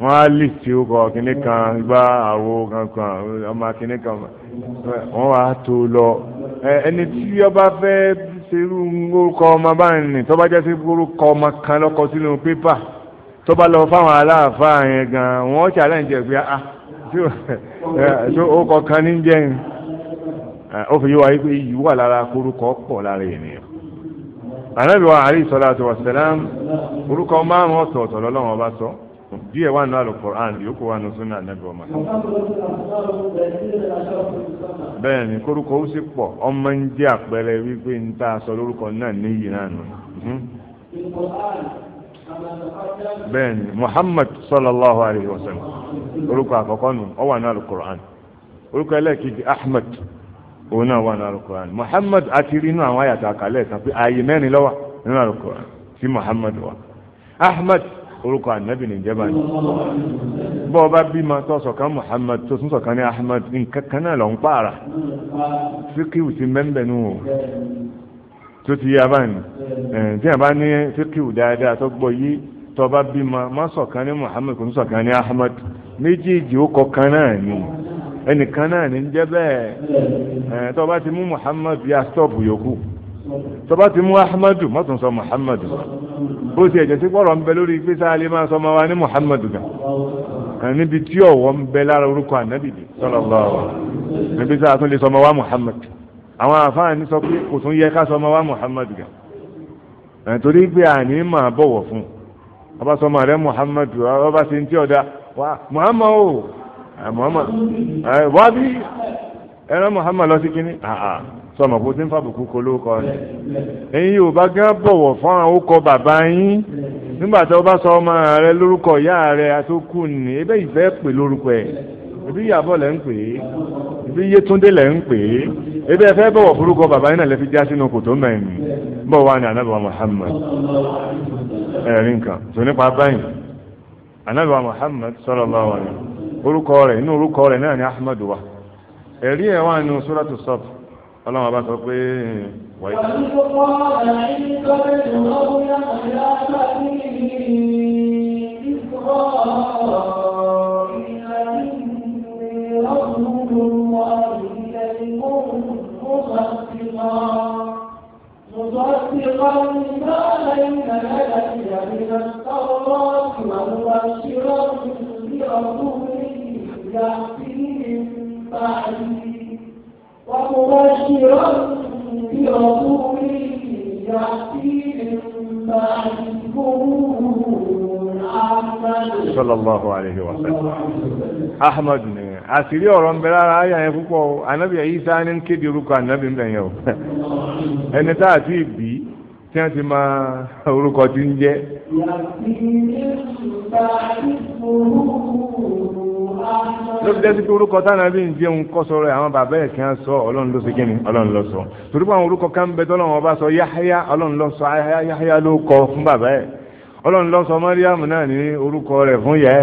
Speaker 2: wọ́n á lì tí ó kọ kíní kan gbá àwo kankan ọmọ kíní kan wọ́n wá tó lọ ẹni tí ọba fẹ́ serú orúkọ ọmọ báyìí ni tọ́ba jẹ́ sí orúkọ ọmọ kan lọ́kọ sínú pépà tọ́ba lọ fáwọn aláàfáà yẹn gan-an wọ́n ṣàlàyé jẹ́ pé ah so ó kọ kan ní jẹ́ ó fi yíwa yípe yìí wà lára korúkọ pọ̀ lára ènìyàn wa alayhi salatu wa salam orúkọ márùn ọ̀tọ̀ọ̀tọ̀ bá sọ díẹ̀ wà nínú alukur'an yòókù wà nínú sunna ànábì wa
Speaker 1: Muhammad bẹ́ẹ̀
Speaker 2: ni ó sì pọ̀ ọmọ ń jẹ́ àpẹẹrẹ wípé ń a bẹ́ẹ̀ni muhammad sallallahu alayhi wa sallam orúkọ àkọ́kọ́ nù ọ wà ní alukur'an orúkọ ẹlẹ́ẹ̀kejì ahmed òun náà wà ní alukur'an muhammad àti rí inú àwọn àyàtọ̀ àkàlẹ̀ kan pé ààyè mẹ́rin lọ́wọ́ nínú alukur'an sí muhammad wa ahmed orúkọ ànábì nìjẹba ni bọ́ọ̀ bá bímọ tó sọ̀kan muhammad tó tún sọ̀kan ní ahmed nǹkan náà lọ ń pààrà síkírù ti mẹ́ńbẹ̀ nù o tó ti yá báyìí tí a bá ní fíkìwù dáadáa tó gbọ́ yí tó bímọ má ní Muhammad kò ní sọ̀kan ní Ahmad méjèèjì ó kọ kan náà ni ẹnìkan náà ní jẹ́ bẹ́ẹ̀ tó bá ti mú Muhammad yá stọ́ọ̀bù yòókù tó bá ti mú Ahmadu má tún sọ Muhammad bó ti ẹ̀jẹ̀ sí pọ̀rọ̀ ń bẹ lórí pé sáà máa sọ ọmọ wa ní Muhammad gan níbi tí ọ̀wọ́ ń bẹ lára orúkọ ànábìdì sallallahu níbi sáà tún lè sọ ọmọ wa Muhammad àwọn àfáàní sọ pé kò tún yẹ ká sọ ọmọ wa Muhammad gan nítorí pé àní máa bọ̀wọ̀ fún ọba sọmọ rẹ Muhammad ọba ṣe ń tí ọ̀dà wa Muhammad wa Muhammad wá bí ẹran Muhammad lọ sí kínní sọmọ kó tí ń fàbùkù kó lóko rẹ ẹ̀yin Yorùbá gán bọ̀wọ̀ fún àwọn okọ bàbá yín nígbà tí ọba sọ ọmọ rẹ lórúkọ ìyá rẹ àti okùn ní ebe ìfẹ́ pè lórúkọ ẹ̀. ebi Ìyábọ̀ lẹ́ ń pè é ebi Yétúndé lẹ́ ń pè é ebi ẹ fẹ́ bọ̀wọ̀ bàbá yín náà lẹ́ fi já sínú kòtò mẹ́rin bọ̀ wá ní anábìwá Muhammad ẹ̀rín kan tó nípa báyìí anábìwá Muhammad sallallahu alaihi orúkọ rẹ̀ inú orúkọ rẹ̀ náà Ahmadu wa ẹ̀rí ẹ̀ wá ọlọ́run sọ pé
Speaker 1: رسول الله إليكم مصدقا مصدقا لما بين يدي من التوراة ومبشرا برسول يأتي من بعدي ومبشرا برسول يأتي من بعدكم sọlọ́láhu aleyhi wa
Speaker 2: sallam ọ̀rọ̀ ń bẹ lára ayé yẹn púpọ̀ o anabi ayisa ni ń kéde orúkọ anabi ń bẹ yẹn o
Speaker 1: (laughs) ẹni
Speaker 2: ti bí ti fi dẹ́sí pé orúkọ táwọn bí ń jẹun kọ́ sọ̀rọ̀ àwọn bàbá ẹ̀ kí wọ́n sọ ọlọ́run ló ọlọ́run sọ àwọn orúkọ kan bẹ tọ́lọ́run ọba sọ yáháyá ọlọ́run sọ ló kọ fún bàbá ẹ̀. ọlọ́run lọ sọ mọ́ríàmù náà ní orúkọ rẹ̀ fún yẹ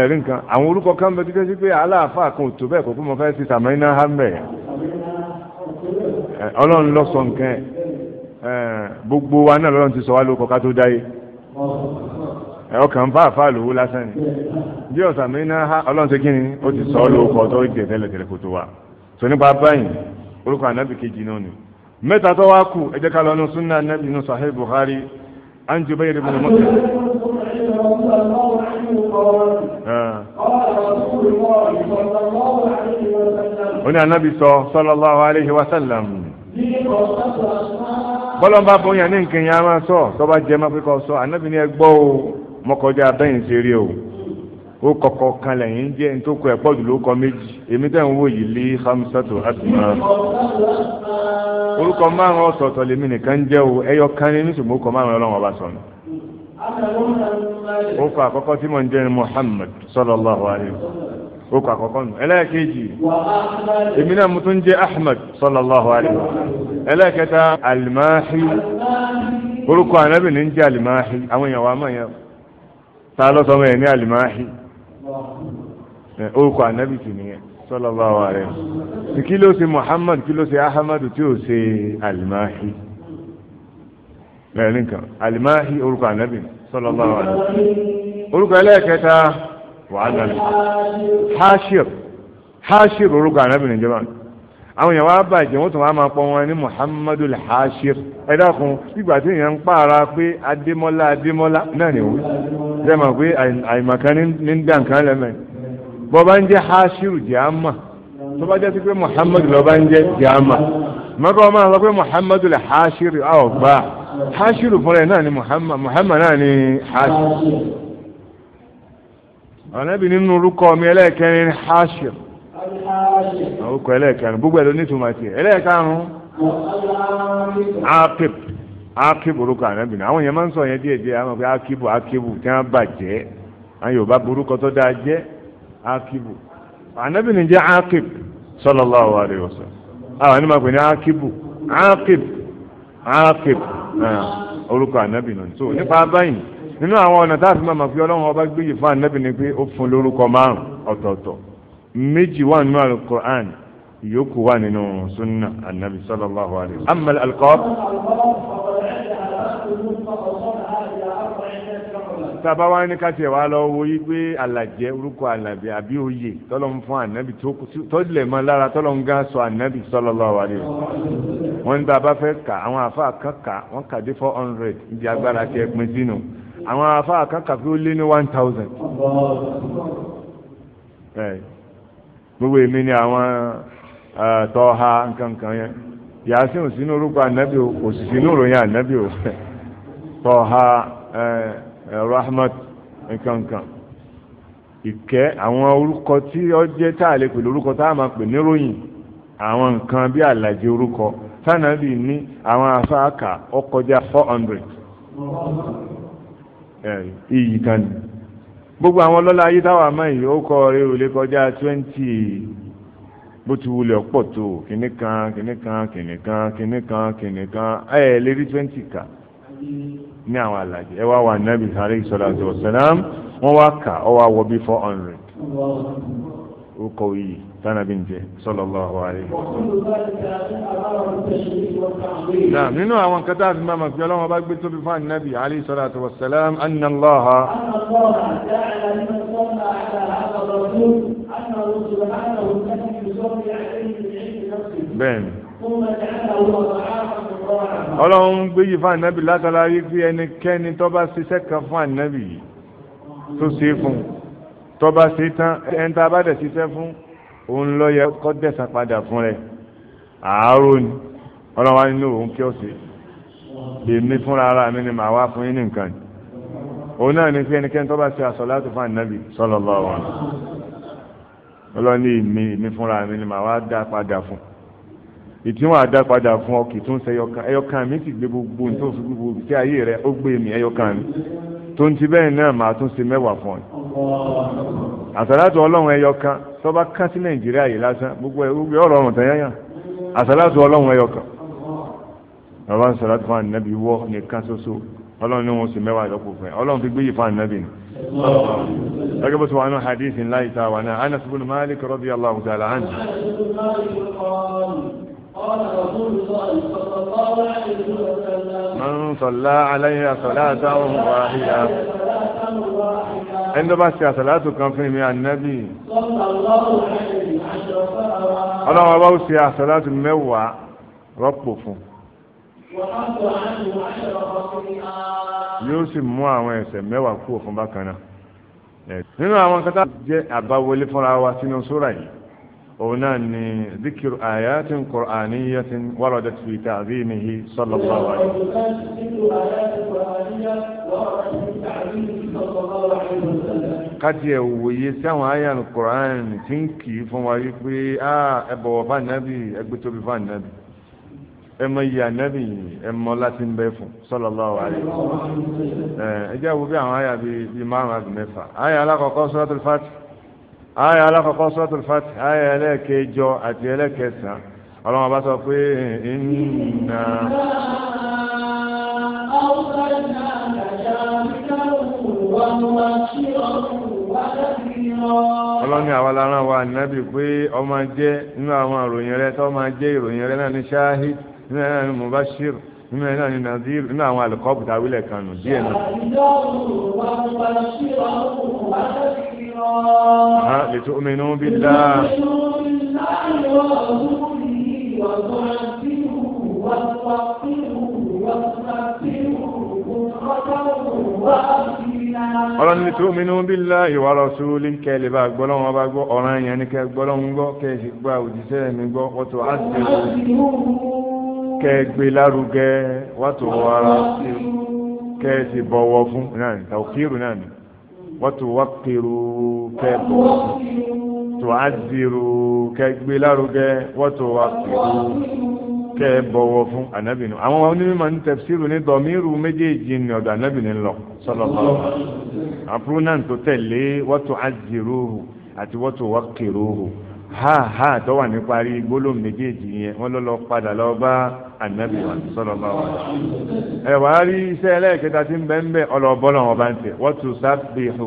Speaker 2: ẹ̀rí àwọn orúkọ kan bẹ títí sí pé aláàfáà kan ò tó bẹ́ẹ̀ kó fún mọ fẹ́ sí ọlọ́run lọ sọ gbogbo wa náà lọ́run ti sọ wá lóko ká tó dáyé ọkàn lówó lásán ha ọlọ́run ṣe kí ni ó sọ lóko tẹ́lẹ̀ tẹ́lẹ̀ kó wa nípa báyìí orúkọ kejì náà ni mẹ́ta tó wá kù ká lọ́nu عن جبير بن مطعم هنا النبي صلى الله عليه وسلم bọ́lọ́n bá bóyá ní nǹkan yẹn a máa sọ tó bá jẹ́ mọ́pẹ́kọ́ sọ ànábì ní ẹgbọ́ o mọ́kọjá abẹ́yìn ṣe rí o ó kọ̀kọ́ kan lẹ́yìn jẹ́ ní tó kọ ẹ̀pọ̀ jù kọ méjì èmi tẹ̀ ń wò yìí lé hamsatu asma. orúkọ márùn ọ̀sọ̀ọ̀sọ̀ lèmi nìkan jẹ́ o ẹyọ kan ní ṣùgbọ́n orúkọ márùn ọlọ́run ọba sọ̀nù. orúkọ àkọ́kọ́ tí mo ń jẹ́ ni sallallahu alayhi wa sallam àkọ́kọ́ nù ẹlẹ́ẹ̀kejì èmi náà mo tún jẹ́ Ahmad sallallahu alayhi ẹlẹ́ẹ̀kẹta alimahi orúkọ anabi ní ń jẹ́ alimahi àwọn èèyàn wa máa ta
Speaker 1: lọ́sọ̀ọ́
Speaker 2: sallallahu alaihi wasallam kí ló ṣe Muhammad kí ló ṣe Ahmadu tí ó ṣe Al-Mahi lẹ́yìn kan Al-Mahi orúkọ anabi sallallahu alaihi
Speaker 1: wasallam orúkọ ẹlẹ́ẹ̀kẹta wàhálà ni Hashir
Speaker 2: Hashir orúkọ anabi nìjọba ni àwọn èèyàn wá bàjẹ́ wọ́n tún wá máa pọ̀ wọn ní muhammadu al-hashir ẹ dákun gbígbà tí èèyàn ń pààrà pé adémọ́lá adémọ́lá náà ni jẹ́ mọ̀ pé àìmọ̀kan ní dànkan lẹ́mẹ̀ẹ́ bọ́ bá ń ma hashiru jàmà tó bá muhammadu lọ́ bá ń jẹ́ jàmà mọ́kọ́ máa sọ pé muhammadu lè hashiru ọ̀gbà hashiru fúnra ẹ̀ náà ni muhammad muhammad náà ni hashiru ọ̀nàbì mi ni gbogbo
Speaker 1: akib
Speaker 2: akib àwọn máa ń sọ yẹn àwọn akibu akibu tí bàjẹ́ àwọn yorùbá burúkọ tó dáa jẹ́ akibu anabi ni jẹ́ akib sallallahu alayhi wa sallam àwọn ẹni máa pè ní akibu akib akib orúkọ anabi náà so nípa báyìí nínú àwọn ọ̀nà tá a fi máa mọ̀ pé ọlọ́run ọba gbé yìí fún anabi ni pé ó fún lórúkọ márùn ọ̀tọ̀ọ̀tọ̀ méjì wà nínú alukur'an ìyókù wà nínú sunna anabi sallallahu alayhi wa sallam amal alqab tábà wá ní káṣẹ̀ wá lọ wo yí pé alàjẹ́ orúkọ alàbẹ̀ àbí oyè tọ́lọ́n fún ànábì tó lè mọ́ lára tọ́lọ́n gán sọ ànábì sallallahu alaihi wasallam wọ́n ní bàbá fẹ́ kà àwọn àfáà kan kà wọ́n kà dé four hundred ibi agbára ti ẹ̀ pin sínú àwọn àfáà kan kà ó lé ní one thousand gbogbo èmi ni àwọn tọ́ha nkankan yẹn yàtí òsínú orúkọ ànábì o òsìsínú òròyìn ànábì o Eh, rahmat nkankan ìkẹ́ àwọn orúkọ tí ó jẹ́ tá a lè tá a máa pè níròyìn àwọn nǹkan bí àlàjì orúkọ tánàbì ní àwọn afáàkà ó kọjá four hundred eh, iyì kan ní gbogbo àwọn lọ́la ayé táwa máa yìí ó kọ rẹ ò kọjá twenty bó ti wulẹ̀ pọ̀ tó kan kìnnì kan kìnnì kan kìnnì kan kìnnì kan eh, twenty ní àwọn àlàjì ẹwà wá wà nábì alayhi salatu wassalam wọ́n wá kà ọ wá wọ bí four hundred ó kọ iyì tánàbí ń jẹ sallallahu alaihi wasallam. nínú àwọn nǹkan tá a fi máa mọ̀ pé ọlọ́wọ́n bá gbé tóbi fún ànábì alayhi salatu wassalam anna Allaha. bẹ́ẹ̀ni. ọlọ́run gbéyìí fún ànábì látara rí pé ẹnikẹ́ni tó bá ṣiṣẹ́ kan fún ànábì yìí tó ṣe é fún tó bá ṣe tán ẹni tá a bá dẹ̀ ṣiṣẹ́ fún òun lọ yẹ kó dẹ̀sán padà fún rẹ̀ àárò ni ọlọ́run wá nínú òun kí ó ṣe èmi fúnra ara mi ni màá wá fún yín ní òun náà ní pé ẹnikẹ́ni tó bá ṣe àsọ̀látù fún ànábì sallallahu alaihi wasallam ọlọ́ni mi fúnra mi ni màá wá dá padà fún un. ìtí wọn àdá padà fún ọkì tó ń sẹ ẹyọkan ẹyọkan gbogbo nítorí fún gbogbo tí mi ẹyọkan mi tó ti bẹ́ẹ̀ náà tún ṣe mẹ́wàá fún
Speaker 1: ọ.
Speaker 2: àsàlátù ọlọ́run ẹyọkan tó ká sí nàìjíríà yìí lásán gbogbo ẹ gbogbo ọ̀rọ̀ ọ̀rùn tán yáyà ọlọ́run ẹyọkan. bàbá
Speaker 1: ń fún
Speaker 2: من صلى عليها صلاة واحدة عندما صلاة كان في مع النبي
Speaker 1: صلى الله عليه وسلم أنا أبو
Speaker 2: صلاة ميوة ربه yóò sì mú àwọn ẹsẹ̀ mẹ́wàá kúrò fún bákan náà nínú àwọn kátà jẹ́ àbáwọlé fúnra wa sínú sóra yìí òun náà ni zikiru ayatin qur'aniyatin waradat fi ta'zimihi sallallahu alaihi
Speaker 1: wasallam.
Speaker 2: káti ẹ̀ wòye sí àwọn àyà qur'an tí ń kì í fún wa wípé ẹ bọ̀wọ̀ bá nàbì ẹ gbé tóbi fún ànàbì ẹmọ yìí ànábì ẹmọ láti ń bẹ fún sallallahu alaihi wasallam ẹ jẹ́ wo bí àwọn àyà bíi márùn ayé alákọ̀ọ́kọ́ sọ́tò fati ayé ẹlẹ́ẹ̀kẹjọ àti ẹlẹ́ẹ̀kẹsàn ọlọ́wọ́n bá sọ pé ìnà. ọlọ́ni àwa lára wa nábì pé ọmọ jẹ́ nínú àwọn ìròyìn rẹ tó máa jẹ́ ìròyìn rẹ náà ní ṣááhí nínú ẹ̀rọ mubashir nínú ẹ̀ náà ni nazir nínú àwọn alikọ́pù táwílẹ̀ kan nù díẹ̀ náà.
Speaker 1: ha lè tó omi inú bí dá. ọlọ́run ní tó
Speaker 2: minú bí lá ìwà rọ̀sùn líńkẹ́ lè bá gbọ́lọ́wọ́n bá gbọ́ ọ̀ràn yẹn ní kẹ́ gbọ́lọ́wọ́n gbọ́ kẹ́ sì gba òjíṣẹ́ mi gbọ́ ọ̀tọ̀ àti ẹ̀rọ kẹgbẹ́ lárugẹ wàtò wàrà kẹsì bọ̀wọ̀ fún náà ní tàwùkírù náà ní wàtò wàkìrù kẹbọ̀ tó àzìrù kẹgbẹ́ lárugẹ wàtò wàkìrù kẹbọ̀wọ̀ fún ànábìnú àwọn onímọ̀ ní tẹ̀síìrù ní dọ̀míìrù méjèèjì ní ọ̀dọ̀ ànábìnú lọ sallallahu alaihi àpúrú náà tó tẹ̀lé wàtò àzìrù àti wàtò wàkìrù ha ha tó wà ní parí gbólóhùn méjèèjì yẹn wọ́n ló lọ padà lọ bá ànábì wa sọlọ bá wa. ẹ wàá rí iṣẹ́ ẹlẹ́ẹ̀kẹta tí ń bẹ́ ń bẹ́ ọlọ́bọ́lọ́ wọn bá ń tẹ̀ wọ́n tún sábẹ̀ hù.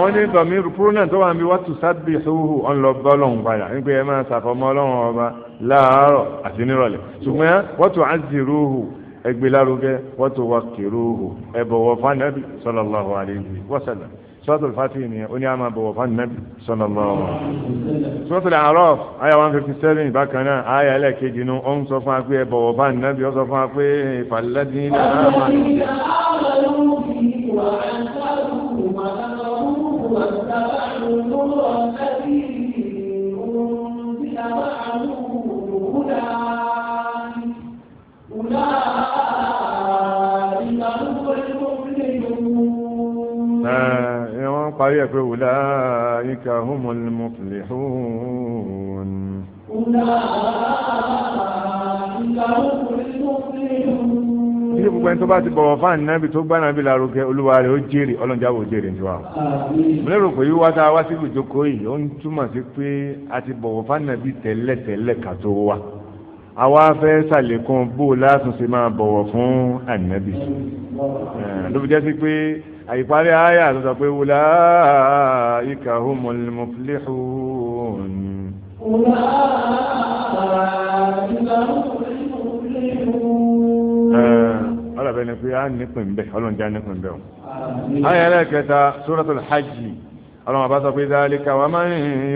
Speaker 2: wọ́n ní tọ̀mí púrúnà tó wà ń bí wọ́n tún sábẹ̀ hù ọlọ́bọ́lọ́ wọn padà nígbà yẹn máa ṣàfọmọ́ ọlọ́wọ́n ọba láàárọ̀ àti nírọ̀lẹ́ ṣùgbọ́n wọ́n tún á zìrú hù ẹgbẹ́ lárugẹ wọ́n tó wá kìrúhù ẹ bọ̀wọ̀ fanabi sallallahu alayhi wa sallam suratul fatih ni ó ní a máa bọ̀wọ̀ fanabi sallallahu suratul araf àyà one bákan náà àyà ẹlẹ́ẹ̀kejì nu ó ń sọ fún wa pé ẹ ó sọ fún wa ìfàlẹ́dínlẹ́ wọ́n parí ẹ̀ pé wùlá ikà humul muflihun ní gbogbo ẹni tó bá ti bọ̀wọ̀ fáàní náà bí tó gbá náà bí larugẹ olúwa rẹ̀ ó jèrè ọlọ́njà wò jèrè ní wa. mo lérò pé wíwá tá a wá sí ìjókòó yìí ó ń túmọ̀ sí pé a ti bọ̀wọ̀ fáàní náà bí tẹ́lẹ̀tẹ́lẹ̀ kà tó wà àwa fẹ́ ṣàlékún bó lásùn sí máa bọ̀wọ̀ fún ànábì eh, ló fi jẹ́ sí pé àìparí àyà tó sọ pé ulaika humul muflihun. Eh, ọlọ́bẹ̀ ni pé a nípìn bẹ́ẹ̀ ọlọ́njẹ́ nípìn bẹ́ẹ̀ o. àyà ẹlẹ́kẹta suratul hajj ọlọ́run bá sọ pé dhalika wa man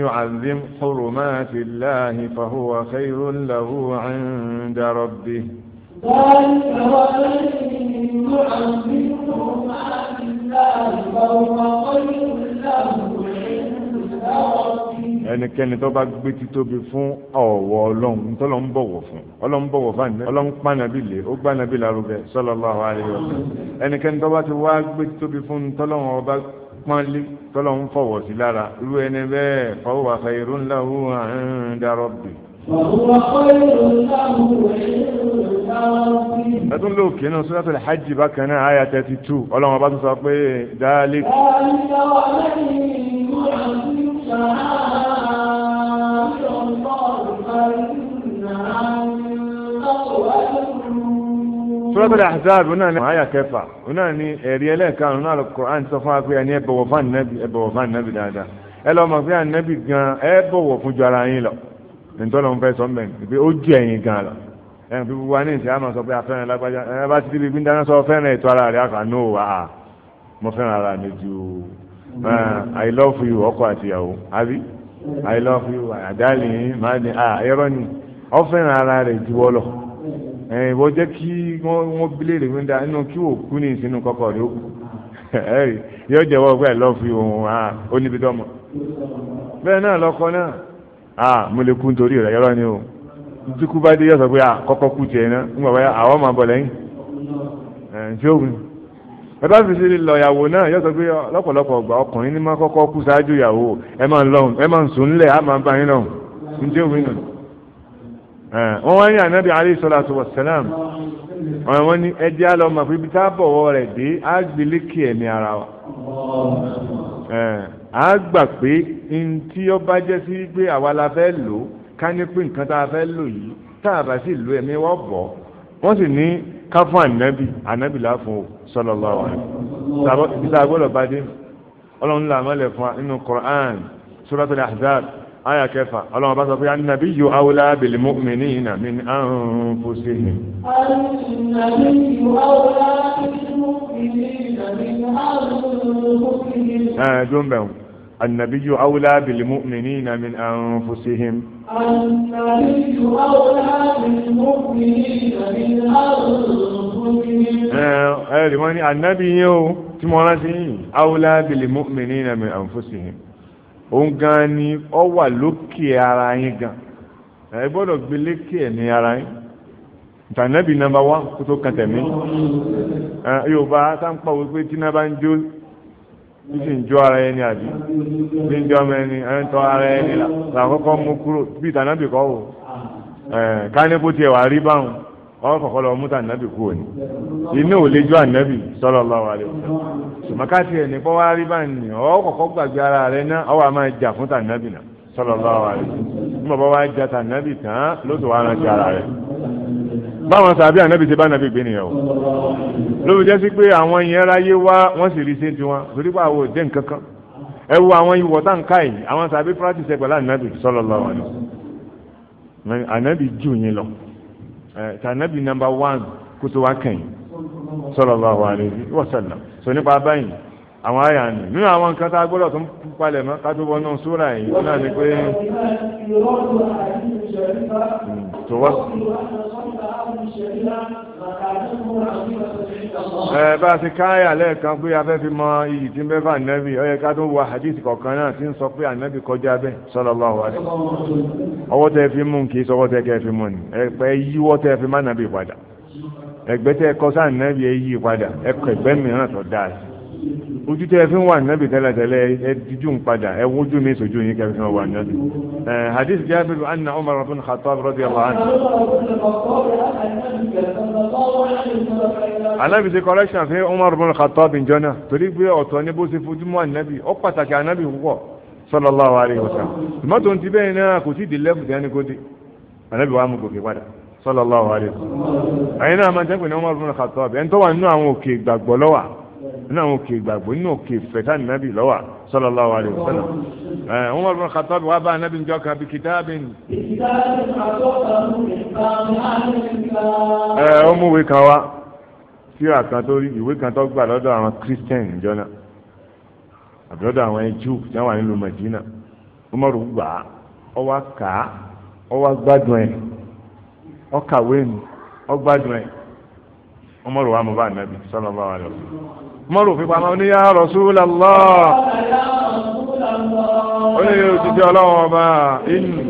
Speaker 2: yu'azzim hurumati llahi fa huwa khayrun lahu 'inda rabbih. ẹnikẹ́ni tó bá gbé títóbi fún ọ̀wọ̀ ọlọ́run tó lọ ń bọ̀wọ̀ fún ọlọ́run bọ̀wọ̀ fún àná ọlọ́run pànàbí lé ó gbànàbí lárugẹ sallallahu alaihi wasallam ẹnikẹ́ni tó bá ti wá gbé títóbi fún tọ́lọ́run ọba pọ́nlé tọ́lọ̀ ń fọ̀wọ̀ sí lára irú ẹni bẹ́ẹ̀ fọwọ́ khairun lahu inda rabbi. ẹtún ló kínú suratul hajj bákan náà àyà thirty two ọlọ́run ọba tó sọ pé dáálé.
Speaker 1: dáálé lọ́wọ́ lẹ́yìn ìmúra sí ṣáá. suratul
Speaker 2: ahzab náà ní àyà kẹfà náà ní ẹ̀rí ẹlẹ́ẹ̀kan náà Al-Qur'an sọ fún wa pé ẹni ẹ bọ̀wọ̀ fún ànábì ẹ bọ̀wọ̀ fún ànábì dáadáa ẹ lọ mọ̀ pé ànábì gan ẹ bọ̀wọ̀ fún ju ara yín lọ nítorí wọn fẹ́ sọ mẹ́rin pé ó ju ẹ̀yin gan lọ ẹ̀ fi wá ní ìṣẹ́ àmọ̀ sọ pé afẹ́rẹ́ lágbájá ẹ bá ti débi gbíndá sọ fẹ́rẹ́ ètò ara rẹ̀ àkànú I love you ọkọ àtìyàwó àbí I love you àdáàlì máa ní ẹ̀rọ ni ọ fẹ́ràn ẹ ìwọ jẹ́ kí wọ́n bílẹ̀ rẹ̀ wíńdà inú kí òkú ní ìsinú kọ́kọ́ rẹ̀ ó kú ẹ̀rí yóò jẹ́wọ́ pé lọ́ọ́ fi òun à ó níbi tọ́mọ. bẹ́ẹ̀ náà lọ́kọ náà à mo lè kú nítorí rẹ̀ yọ́rọ́ ni o tukú bá dé yọ sọ pé à kọ́kọ́ kú tiẹ̀ náà ń bàbá àwọn máa bọ̀ lẹ́yìn ẹ̀ ṣé òun. bàbá fi ṣe lọ ìyàwó náà yọ sọ pé lọ́pọ̀lọpọ̀ ọgbà ọkùnrin ní má kọ́kọ́ kú ṣáájú ìyàwó ẹ máa ń sùn nílẹ̀ á máa bá yín lọ́hùn Eh, wọ́n wá ní ànábì alayhi salatu wa salam wọ́n ní ẹjẹ́ á lọ mọ̀ pé ibi tá a bọ̀wọ́ rẹ̀ dé á gbélé kí ẹ̀mí ara wa á eh, gbà pé n tí ó bá jẹ́ sí pé àwa la fẹ́ lò ká ní pé nǹkan tá a fẹ́ lò yìí tá a bá sì lò ẹ̀mí wọ́n bọ̀ wọ́n sì ní ká fún ànábì ànábì láfún o sallallahu alaihi ibi tá a gbọ́dọ̀ bá dé ọlọ́run làmọ́lẹ̀ fún wa nínú Qur'an Suratul Ahzab آية كيف الله بس في النبي أولى بالمؤمنين من أنفسهم
Speaker 1: آه، النبي أولى بالمؤمنين من أنفسهم آه
Speaker 2: إيه، النبي أولى بالمؤمنين من أنفسهم
Speaker 1: النبي أولى بالمؤمنين من أنفسهم
Speaker 2: آه النبي tí mo rántí yìí آه òun gan ni ọ wà lókè ara yín gan ẹ gbọ́dọ̀ gbé lékè ní ara yín tànàbì nàmbà wá kó kan tẹ̀mí yorùbá sáńpà wo pé ara ẹni àbí tí ń jó ọmọ ẹni ara ẹni là làkọ́kọ́ mú kúrò bí tànàbì wò ẹ wà rí ọwọ́ kọ̀kọ́lọ́ mútà nàbì kú òní inú ò lè jọ ànábì sallallahu alaihi wasallam sùmọ́kàtì ẹ̀ nípa wá rí bá ní ọwọ́ kọ̀kọ́ gbàgbé ara rẹ náà ọwọ́ a máa jà fún tànàbì náà sallallahu alaihi wasallam ní bàbá wa jà tànàbì tán lóṣù wa rántí ara rẹ. báwọn sàbí ànábì ṣe bá nàbì gbé nìyẹn o ló fi jẹ́ sí pé àwọn yẹn ráyé wá wọ́n sì rí sí tiwọn torí pé àwọn òde nǹkan kan ẹ wo àwọn ìwọ̀ tá n ká yìí àwọn sàbí practice ẹ ànábì sallallahu alaihi wasallam ànábì jù yín lọ. Eh, tànàbì nàmbà wán kó tó wá kàn yín sallallahu alaihi wasallam sọ nípa báyìí àwọn àyà ni nínú àwọn nǹkan tá a gbọ́dọ̀ tó ń palẹ̀ mọ́ ká tó wọnú súra yìí náà ni pé
Speaker 1: hmm, tó wá. ẹ bá a
Speaker 2: ti káyà lẹ́ẹ̀kan pé afẹ́ fi mọ iyì tí ń bẹ́ fà nẹ́bì ó yẹ ká tó wọ hadith kọ̀ọ̀kan náà tí ń sọ pé ànẹ́bì kọjá bẹ́ẹ̀ sallallahu alaihi wasallam ọwọ́ tẹ́ fi mú kì í sọ́wọ́ tẹ́ kẹ́ fi mú ni ẹ̀pẹ́ yíwọ́ tẹ́ fi má nàbì padà ẹ̀gbẹ́ tẹ́ kọ́ sáà nẹ́bì ẹ yí padà ẹ̀kọ́ ẹ̀gbẹ́ mìíràn tó dáa sí ojú tẹ ẹ fi ń wà nínábì tẹ́lẹ̀tẹ́lẹ̀ ẹ díjú ń padà ẹ wójú mi sójú yín kẹfì fún ọ wà nínábì. ẹ hadith Jabir anna Umar bin Khattab radiyallahu an anabi ṣe correction fún Umar bin Khattab njọ náà torí pé ọ̀tọ̀ ni bó ṣe fojúmọ́ anabi ó pàtàkì anabi púpọ̀ sallallahu alaihi wasallam. tòmátò ń ti bẹ́ẹ̀ náà kò tí ì di lẹ́fù tí a ní kó anabi wàá mú gòkè padà sallallahu alaihi wasallam. àyìn náà bin Khattab ẹni tó wà nínú àwọn nínú àwọn òkè ìgbàgbọ́ nínú òkè ìfẹ̀tà nàbì lọ́wà sallallahu alaihi wasallam. ẹ wọn bọ̀ Khattab wà bá anábì njọ́ kan bí kitabin. ẹ
Speaker 1: ó mú ìwé kan wá
Speaker 2: síra kan tó rí ìwé kan tó gbà lọ́dọ̀ àwọn Christian ìjọ náà àbí lọ́dọ̀ àwọn Júù tí wọ́n wà nílùú Madina ó mọ̀rọ̀ gbà á ọ wá kà á ọ wá gbádùn ẹ̀ ọ kàwé ni ọ gbádùn ẹ̀. Umaru wa mu Nabi sallallahu alaihi wasallam Umaru fi pamọ́ ní ya Rasulullah ó ní òjijì ọlọ́wọ́n ọba inú.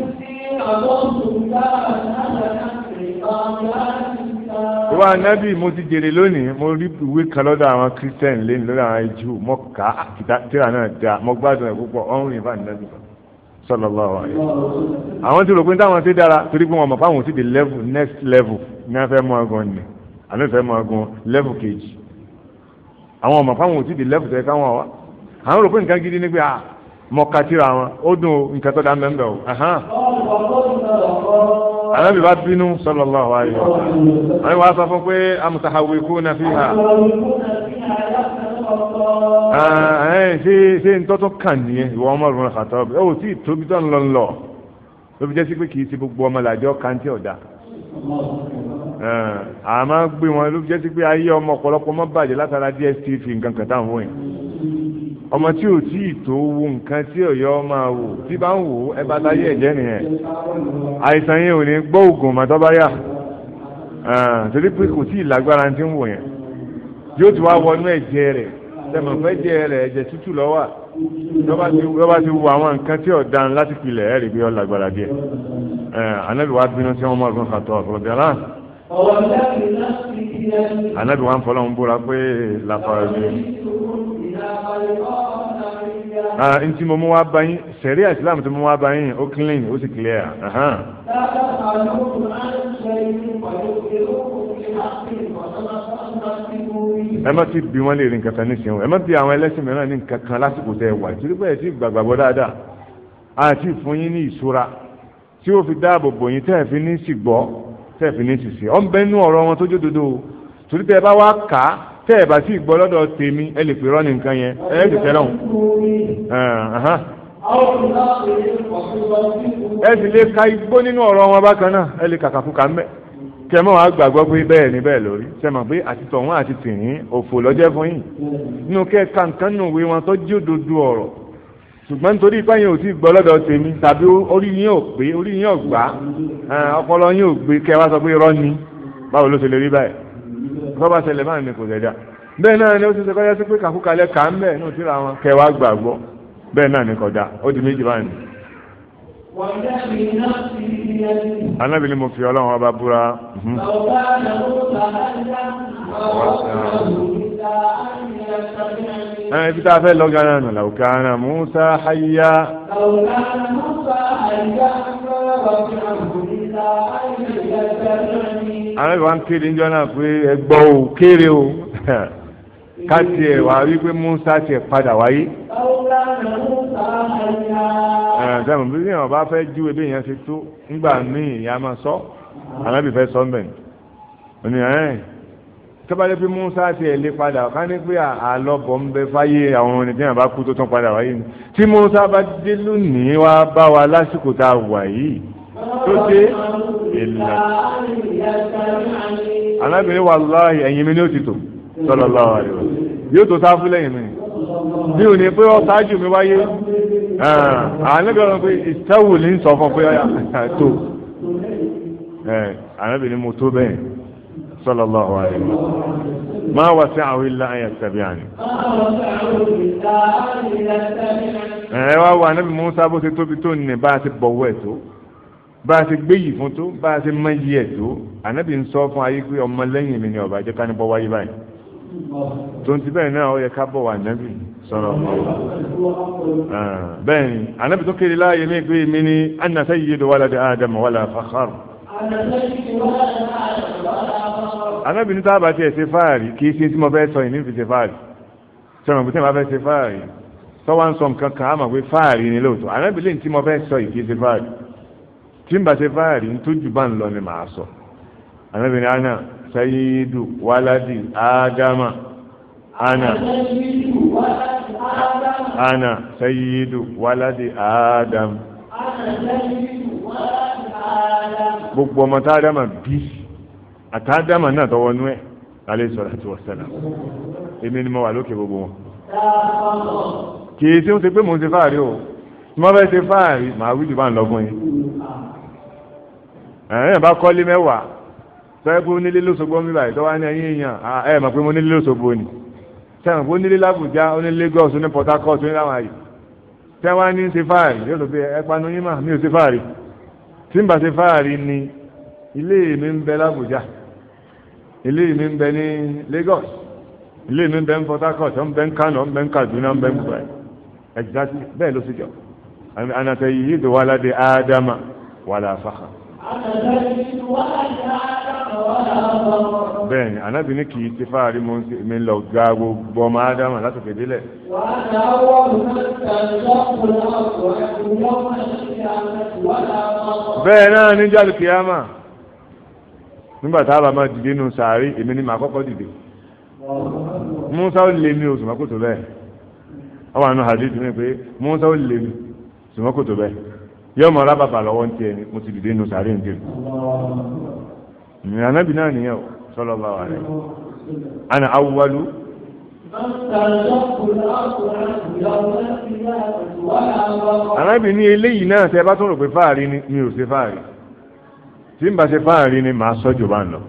Speaker 2: ìwà nábì mo ti jèrè lónìí mo rí ìwé kan lọ́dọ̀ àwọn Christian lẹ́nu lọ́dọ̀ àwọn Júù mo kà á tíra náà dáa mo gbádùn ẹ̀ púpọ̀ ọ̀hún ìfà nábì kan sallallahu alayhi àwọn tí rò pé táwọn ti dára torí pé wọn mọ̀ fáwọn ti di level next level ní afẹ́ mọ́ ọgọ́ ni ànífẹ́ máa gun lẹ́fù kejì àwọn ọmọ fáwọn òtí di lẹ́fù tẹ káwọn wa àwọn rò pé nǹkan gidi ni pé à ah, mọ katira wọn ó dùn nǹkan tó dáa mẹ́mbẹ́ o. Ànábì bá bínú sallallahu alaihi wa sallam. Àwọn ìwà sọ fún pé amutahawwikuna fiha. Ah, eh, ṣé ṣé ntọ́tún kàn nìyẹn ìwọ ọmọ ìrùn àtọ́ bí? Ó tí tóbi tó ń lọ ń lọ. Ló fi jẹ́ sí pé kì í ṣe gbogbo ọmọ làjọ kan tí ọ̀dà àmọ́ eh, gbé wọn ló jẹ́ sí pé ayé ọmọ ọ̀pọ̀lọpọ̀ mọ́ bàjẹ́ látara DSTV nǹkan kan táwọn wọ̀nyí ọmọ tí ò tí ì tó wo nǹkan tí ọ̀yọ́ máa wò tí bá ń wò ẹ bá láyé ẹ̀jẹ̀ nìyẹn àìsàn yẹn ò ní gbọ́ ògùn mà tó bá yà eh, torí pé kò tí ì lágbára ti ń wò yẹn yóò ti wá wọnú ẹ̀jẹ̀ rẹ̀ tẹ̀mọ̀ fẹ́ jẹ́ rẹ̀ ẹ̀jẹ̀ tútù lọ́wọ́ lọ́ba ti wo àwọn nǹkan tí ọ̀daràn láti pilẹ̀ ẹ̀rí bí ó lágbára díẹ̀ eh, ànábì wá bínú tí wọ́n mọ̀ ọ́ anabi wa fọlọ ń bóra pé Ah, n tí mo mú wá bá yín sẹ̀rí àìsílámù tí mo mú wá bá yín ó clean ó sì clear ẹ má ti bí wọn lè rí nǹkan kan nísìnyí ẹ má bí àwọn ẹlẹ́sìn mìíràn ní nǹkan kan lásìkò tẹ wà tí ó bẹ̀rẹ̀ sí gbàgbàgbọ́ dáadáa àti fún yín ní ìṣúra tí ó fi dáàbò bò yín tẹ́ ẹ̀ fi ní ṣìgbọ́ tẹ́ẹ̀fì ní ṣìṣe ọ̀ ń bẹ́ nú ọ̀rọ̀ wọn tó jó dodo torí tẹ́ ẹ bá wá kà á tẹ́ ẹ bá sì gbọ́ lọ́dọ̀ tèmi ẹ lè pè rọ́ọ̀nì nǹkan yẹn ẹ sì tẹ́ lọ́hùn. ẹ sì lè ka igbó nínú ọ̀rọ̀ wọn bákan náà ẹ lè kàkà fúkà ńbẹ kẹ mọ́ wàá gbàgbọ́ pé bẹ́ẹ̀ ni bẹ́ẹ̀ lórí ṣe mọ̀ pé àti tọ̀hún àti tìrín òfò lọ́jẹ́ fún yìí nínú kẹ́ẹ̀ka nǹkan nù wí wọn tó jó dodo ọ̀rọ̀ ṣùgbọ́n nítorí ipá yẹn ò tí gbọ́ lọ́dọ̀ tèmi tàbí orí yín ò pé orí yín ò gbà ọpọlọ yín ò gbé kẹ wá sọ pé irọ́ ni báwo ló ṣe lè rí báyìí bọ́bá ṣẹlẹ̀ máa ní kò dẹ̀dà bẹ́ẹ̀ náà ni ó ti ṣe kọ́jà sí pé kàkúkalẹ̀ kà ń bẹ̀ náà tíra wọn kẹ wá gbàgbọ́ bẹ́ẹ̀ náà ni kọjá ó di méjì báyìí anábì ni mo fi ọlọ́run ọba búra. Mhm.
Speaker 1: ẹ ibi tá a fẹ́ lọ
Speaker 2: gánà nù law kana Musa hayya. anábì wa ń kéde níjọ́ náà pé ẹ gbọ́ ò kéré o (laughs) ká tiẹ̀ wá wípé Musa tiẹ̀ padà wáyé sẹ́mu bí èèyàn bá fẹ́ jú ebí èèyàn ti tó ńgbà míì ìyá máa sọ àlábì fẹ́ sọ mbẹ̀ òní ẹ̀ tọ́balẹ̀ pé Musa ti ẹ̀ lé padà ká ní pé àlọ́bọ̀ ń bẹ fáyé àwọn ènìyàn tí wọ́n bá kú tó tán padà wáyé ni tí Musa bá dé lónìí wá bá wa lásìkò tá a wà yìí tó dé ìlà alábìrin wàláhì ẹ̀yìn mi ni ó ti tò sallallahu alaihi wasallam yóò tó sáfù lẹ́yìn mi bí ò ní pé ọ ṣáájú mi wáyé ànágbèrè pé ìtẹ́wù ní sọ fún pé tó ànábìrin mo tó bẹ́ẹ̀ sallallahu alaihi ma wasi'ahu illa an yattabi'ani. ẹ wá wo ànábì Musa bó ṣe tóbi tó ní bá a ti bọ̀wọ́ ẹ̀ tó bá a ti gbé yìí fún tó bá a ti mọ yìí ẹ̀ tó ànábì ń sọ fún ayé pé ọmọ lẹ́yìn mi ni ọba jẹ́ ká ní bọ́ wáyé báyìí tonti bẹ́ẹ̀ náà ó yẹ ká bọ̀ wà nẹ́bì sọ̀rọ̀ ah, bẹ́ẹ̀ ni ànábì tó kéde láàyè ní pé mi ní do sayyidu waladi adam wala fakhar ànábì ní tábà tí ẹ̀ ṣe fáàrí kì í ṣe tí mo fẹ́ sọ ìní fi ṣe fáàrí sọ̀rọ̀ bí tí mo fẹ́ ṣe fáàrí tọ́wọ́ ń sọ nǹkan kan á mọ̀ pé fáàrí ni lóòótọ́ ànábì lè tí mo fẹ́ sọ ìkì í ṣe fáàrí tí n bá ṣe fáàrí ń tó jù bá ń lọ ni màá sọ ànábì ní Ana sẹ́yìndù wáládì ádámà ana ana sẹ́yìndù wáládì ádám gbogbo ọmọ tá ádámà bí àtádámà náà tọwọ́ nú ẹ̀ alẹ́ sọ̀rọ̀ àti wọ̀sẹ̀lá èmi ni mo wà lókè gbogbo wọn kì í ṣe ó ti pé mò ń ṣe fáàrí o tí wọ́n fẹ́ ṣe fáàrí màá wí jù bá ń lọ fún yín ẹ̀yìn bá kọ́lé mẹ́wàá tọ́yẹ́pẹ́ onílé lóṣogbo mi báyìí tọ́wá ní ẹ̀yìn èèyàn ẹ̀ mọ̀ pé mo nílé lóṣogbo ni tẹ̀wọ̀n pé onílé làbújá onílé Lagos oní Port Harcourt oní làwọn àyè tẹ́wọ́n ní ṣe fáàrí yóò sọ pé ẹ panu yín mà mí ò ṣe fáàrí tí n bá ṣe fáàrí ni ilé mi ń bẹ làbújá ilé mi ń bẹ ní Lagos ilé mi ń bẹ ní Port Harcourt ń bẹ ní Kano ń bẹ ní Kaduna ń bẹ ní Dubai exactly bẹ́ẹ̀ ló ṣe jọ ànàtẹ̀yìí bẹ́ẹ̀ni anabi ní kì í ti fáàrí mi lọ ga gbogbo ọmọ ádámà látòkè délẹ̀. bẹ́ẹ̀ náà ní jáde kìámà nígbà tá a bá máa dìde nù sàárì èmi ni màá kọ́kọ́ dìde musa ó lé mi o sùnmọ́kòtò bẹ́ẹ̀ ọwọ́ àánú hadith mi pé musa ó lé mi sùnmọ́kòtò bẹ́ẹ̀ yọ ọmọ alábàbà lọ́wọ́ ń tiẹ̀ ni mo ti dìde nù sàárè ń tẹ̀lé ìrìn ànábì náà nìyẹn o sọlọ bá wà rẹ ana awuwalu. ànábì ní eléyìí náà tẹ bá tún rò pé fáàrí ni mi ò ṣe fáàrí tí n bá ṣe fáàrí ni màá sọ́jọ́ bá ń lọ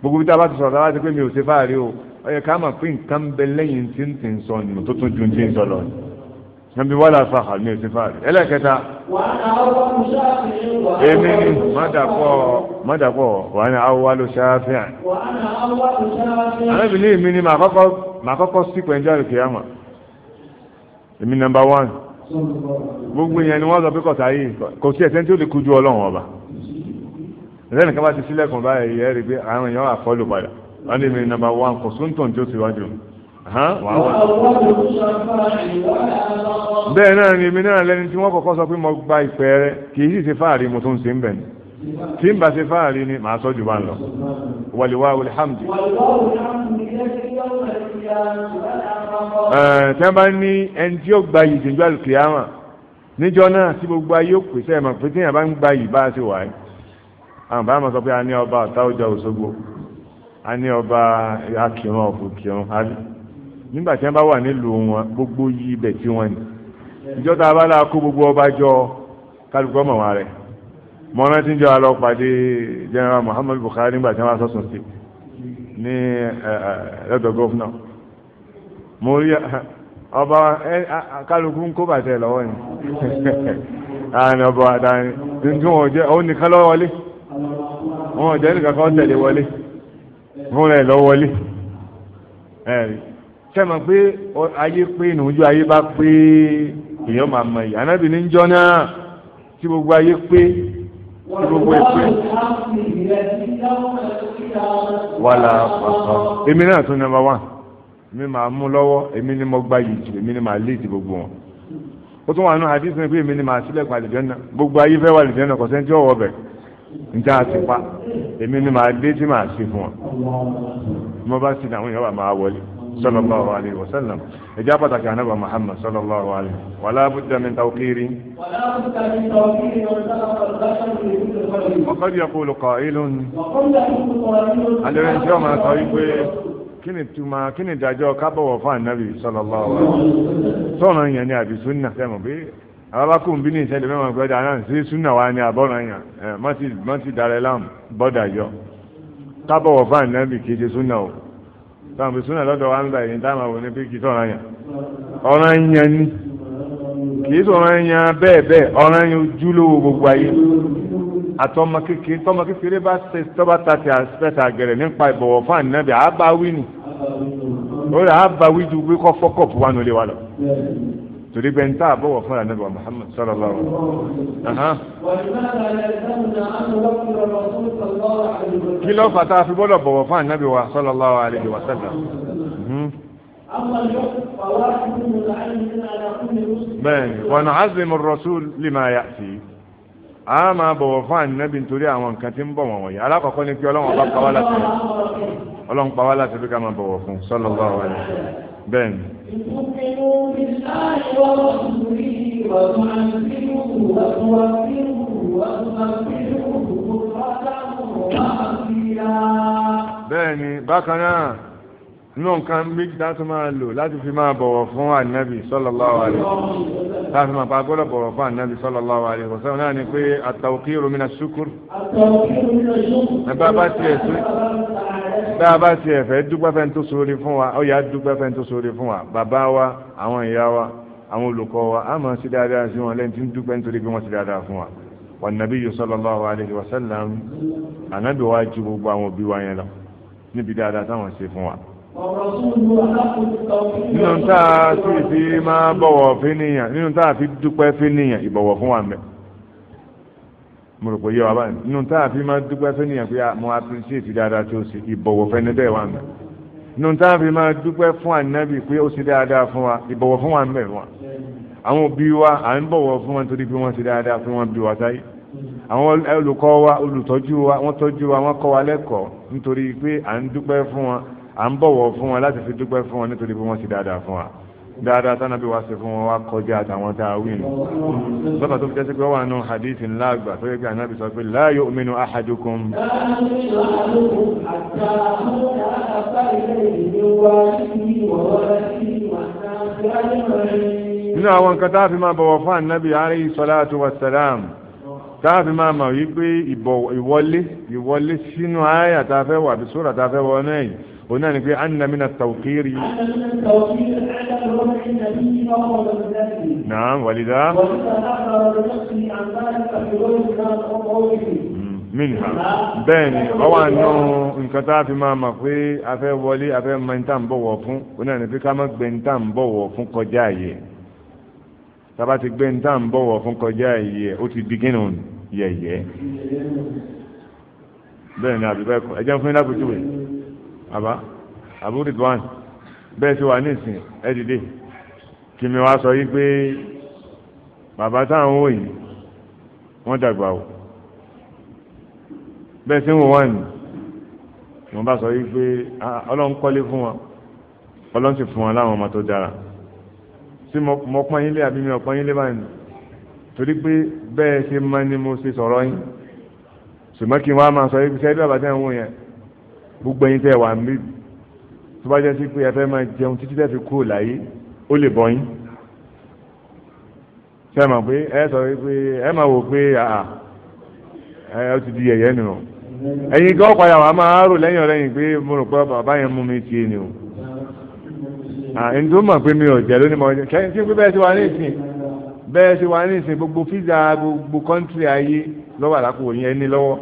Speaker 2: gbogbo bí tá a bá ti sọ̀rọ̀ tá a bá ti pé mi ò ṣe fáàrí o ó yẹ ká máa pín nǹkan bẹ lẹ́yìn tí ń tì ń sọ nù tó tún ju ti ń sọ lọ ni nàbí wàlá fàkà ní òsì fàárì ẹlẹ́kẹta
Speaker 1: èmi ni mọ́dàpọ̀
Speaker 2: wà ní awọ́lù ṣááfíà alábìlẹ̀ èmi ni màá kọ́kọ́ sí pẹ̀jọ́ àrùkè àmà èmi nàmbà wán gbogbo ìyẹn ni wọ́n lọ pé kọ̀tà yìí kò sí ẹ̀sẹ̀ tí ó lè kojú ọlọ́run ọba lẹ́nu ká bá ti sílẹ̀kùn báyìí ẹ̀rí pé àwọn èèyàn àfọ́lù padà wọ́n ní èmi nàmbà wán kò sóńtò tí ó ti wájú mi bẹ́ẹ̀ náà ni èmi náà lẹ́ni tí wọ́n kọ́kọ́ sọ pé mo gba ìpẹ́ rẹ kì í sì ṣe fáàrí mo tún ṣe ń bẹ̀ tí ń bá ṣe fáàrí ni màá sọ́jú bá ń lọ wàlíwá wàlíhàmdì. tí wọ́n bá ní ẹni tí ó gba yìí jìnjú àlùkìyàmà níjọ́ náà tí gbogbo ayé òkú sẹ́yìn mọ̀ pé tí èèyàn bá ń gba yìí bá ṣe wà àwọn bá máa sọ pé a ní ọba ọ̀tá ọjà Òṣogbo a ní ọba akìrún ọ̀fù kìrún hálì nígbà tí wọ́n bá wà nílùú wọn gbogbo yí ibẹ̀ tí wọ́n ní ìjọ tá a bá láa kó gbogbo ọba jọ kálukọ́ mọ̀ wọn rẹ̀ mọ rántí jọ alọ́ general Muhammad Buhari nígbà tí wọ́n sí ní lọ́dọ̀ gọ́fúnà mo rí ọba kálukú ń kó bàtẹ́ lọ́wọ́ ni àni (laughs) ọba àdáni tuntun wọn jẹ òun nìkan lọ wọlé wọn jẹ nìkan kan tẹ̀lé wọlé fúnra ẹ̀ lọ wọlé ẹ̀rí sẹ́mọ̀ pé ayé pé nùjú ayé bá pé èèyàn máa mọ ìyá anábì ní jọ́ náà tí gbogbo ayé pé tí gbogbo
Speaker 1: ẹ pé. wàhálà pàtó èmi náà
Speaker 2: tún nọ́mbà wán mi máa mú lọ́wọ́ èmi ni mo gba yìí jù èmi ni màá léèdì gbogbo wọn ó tún wà nù àdìsí ni pé èmi ni màá sílẹ̀kùn àlìjẹ́nà gbogbo ayé fẹ́ wà àlìjẹ́nà kò sẹ́ńtì ọ̀wọ́ bẹ̀ njẹ́ àti pa èmi ni màá dé tí màá ṣe fún wọn mo bá ti dàwọn èèyàn wà máa wọlé sallallahu alayhi wa sallam ẹjá pàtàkì anábà muhammad sallallahu alayhi wa la budda min tawqiri. ọ̀kọ́dì yaqulu qa'ilun.
Speaker 1: àdéhùn tí wọ́n máa sọ wípé
Speaker 2: kí ni tuma kí ni ìdájọ́ kábọ̀wọ̀ fún ànábì sallallahu alayhi sọ̀rọ̀ yẹn ni àbí sunna sẹ́mu bí alábákùn bí ní ìṣẹ̀lẹ̀ mẹ́wàá gbọ́dọ̀ àná sí sunna wa ni àbọ̀rọ̀ yẹn mọ́tì darẹ̀ láàmú bọ́dà yọ kábọ̀wọ̀ fún ànábì kì í ṣe sunna o táwọn fi súnà lọ́dọ̀ wa ń gbà yìí táwọn àwọn ní pé kì í sọ̀rọ̀ yàn ọ̀rọ̀ yàn ni kì í sọ̀rọ̀ yàn bẹ́ẹ̀ bẹ́ẹ̀ ọ̀rọ̀ yàn ojúlówó gbogbo ayé àtọmọ kékeré tọmọ kékeré bá tọ́ba tàti àṣẹta àgẹ̀rẹ̀ nípa ìbọ̀wọ̀ fún ànínábì àbáwí ni ó rà àbáwí ju pé kọ́ fọ́kọ̀pù wa nulẹ̀ wa lọ torí bẹ́ẹ̀ tá a bọ̀wọ̀ fún ànábì wa Muhammad sallallahu alaihi
Speaker 1: wasallam.
Speaker 3: kí
Speaker 2: ló fà tá a fi gbọ́dọ̀ bọ̀wọ̀ fún ànábì wa sallallahu alaihi wasallam. Mhm. bẹ́ẹ̀ni wa na'azzimu ar-rasul lima ya'ti a máa bọ̀wọ̀ fún ànábì nítorí àwọn nǹkan tí ń bọ̀ wọ̀nyí alákọ̀ọ́kọ́ ni kí ọlọ́run bá pa wá láti ọlọ́run pa wá láti fi ká máa bọ̀wọ̀ fún sallallahu alaihi bẹ́ẹ̀ni.
Speaker 1: تؤمنوا بالله ورسوله وتعزروه وتوفروه وتغفروه بكرة وأصيلا.
Speaker 2: بẹ́ẹ̀ni bákan náà nínú nǹkan méjì tá a tún máa lò láti fi máa bọ̀wọ̀ fún ànábì sallallahu alaihi
Speaker 1: wasallam
Speaker 2: láti máa pa gbọ́dọ̀ bọ̀wọ̀ fún ànábì sallallahu alaihi wasallam náà ni pé at-tawqiru mina shukur.
Speaker 1: bá a bá tiẹ̀ sí bá
Speaker 2: a bá tiẹ̀ fẹ́ dúpẹ́ fẹ́ tó sóore fún wa ó yà á dúpẹ́ fẹ́ tó sóore fún wa bàbá wa àwọn ìyá wa àwọn olùkọ́ wa á máa ṣe dáadáa sí wọn lẹ́yìn tí ń dúpẹ́ nítorí bí wọ́n ṣe dáadáa fún wa wànàbí sallallahu alaihi wasallam ànábì wa ju gbogbo àwọn òbí wa yẹn lọ níbi dáadáa táwọn ṣe fún wa
Speaker 1: nínú tá a sì
Speaker 2: fi máa bọ̀wọ̀ fínìyàn nínú tá a fi dúpẹ́ fínìyàn ìbọ̀wọ̀ fún wa mẹ́ mo rò pé yẹ wa báyìí nínú tá a fi máa dúpẹ́ fínìyàn pé mo appreciate dáadáa tí ó ṣe ìbọ̀wọ̀ fẹ́ni bẹ́ẹ̀ wa mẹ́ nínú tá a fi máa dúpẹ́ fún ànábì pé ó ṣe dáadáa fún wa ìbọ̀wọ̀ fún wa mẹ́ wọn àwọn òbí wa à ń bọ̀wọ̀ fún wọn torí pé wọ́n ṣe dáadáa fún wọn bí wa táyé àwọn olùkọ́ wa olùtọ́jú wa wọ́n tọ́jú wa wọ́n kọ́ wa lẹ́kọ̀ọ́ nítorí pé à ń dúpẹ́ fún wọn à ń bọ̀wọ̀ fún wọn láti fi dúpẹ́ fún wọn nítorí bí wọ́n ti dáadáa fún wa dáadáa tánà bí wá sí fún wọn wá kọjá àtàwọn tá a wí ni lọ́pàá tó fi jẹ́ sí pé wà nù hadith ńlá àgbà tó yẹ pé ànábì sọ pé la yu'minu ahadukum. nínú àwọn nǹkan tá a fi máa bọ̀wọ̀ fún ànábì alayhi salatu wa salam táàfin máa mọ̀ wípé ìwọlé ìwọlé sínú àyà tá a fẹ́ náà yìí òun náà ni pé anna mina tawqiri. naam walida.
Speaker 1: Mm, minha bẹ́ẹ̀ ni ọ wà nù
Speaker 2: nǹkan tá a fi máa mọ̀ pé a fẹ́ wọlé a fẹ́ mọ níta ń bọ̀wọ̀ fún òun náà ni pé ká má gbé níta ń bọ̀wọ̀ fún kọjá yẹ tába ti gbé níta ń bọ̀wọ̀ fún kọjá yẹ ó ti di gínú yẹ̀yẹ́ bẹ́ẹ̀ ni àbí bẹ́ẹ̀ kọ́ ẹ jẹ́ fún yín lápẹ́jùwèé bàbá Abu Ridwan bẹ́ẹ̀ ti wà ní ìsìn ẹ dìde kí mi wá sọ yí pé bàbá táwọn wò yìí wọ́n dàgbà o bẹ́ẹ̀ sí wọn wà ní wọ́n bá sọ yí pé ọlọ́run kọ́lé fún wọn ọlọ́run sì fún wọn láwọn ọmọ tó dára sí mo pọ́n yín lé àbí mi ò pọ́n yín lé báyìí torí pé bẹ́ẹ̀ ṣe máa ni mo ṣe sọ̀rọ̀ yín ṣùgbọ́n kí n wá máa sọ yí pé sẹ́ẹ́ bí bàbá táwọn wò yẹn gbogbo ẹ̀yin tẹ́ wà ń bí tó bá jẹ́ sí pé ẹ fẹ́ máa jẹun títí tẹ́ fi kúrò láyé ó lè bọ́ yín ṣe mọ̀ pé ẹ sọ pé ẹ máa wò pé ẹ ti di yẹ̀yẹ́ nù ẹ̀yin gan padà wà máa rò lẹ́yìn ọ̀rẹ́yìn pé mo rò pé bàbá yẹn mú mi tiẹ̀ ni o ǹdó mọ̀ pé mi ò jẹ́ lónìí mọ̀ jẹ́ kẹ́yìn tí bẹ́ẹ̀ ti wà ní ìsìn bẹ́ẹ̀ ti wà ní ìsìn gbogbo fíìsà gbogbo kọ́ńtì ayé lọ́wọ́ àlákòwò yẹn ní lọ́wọ́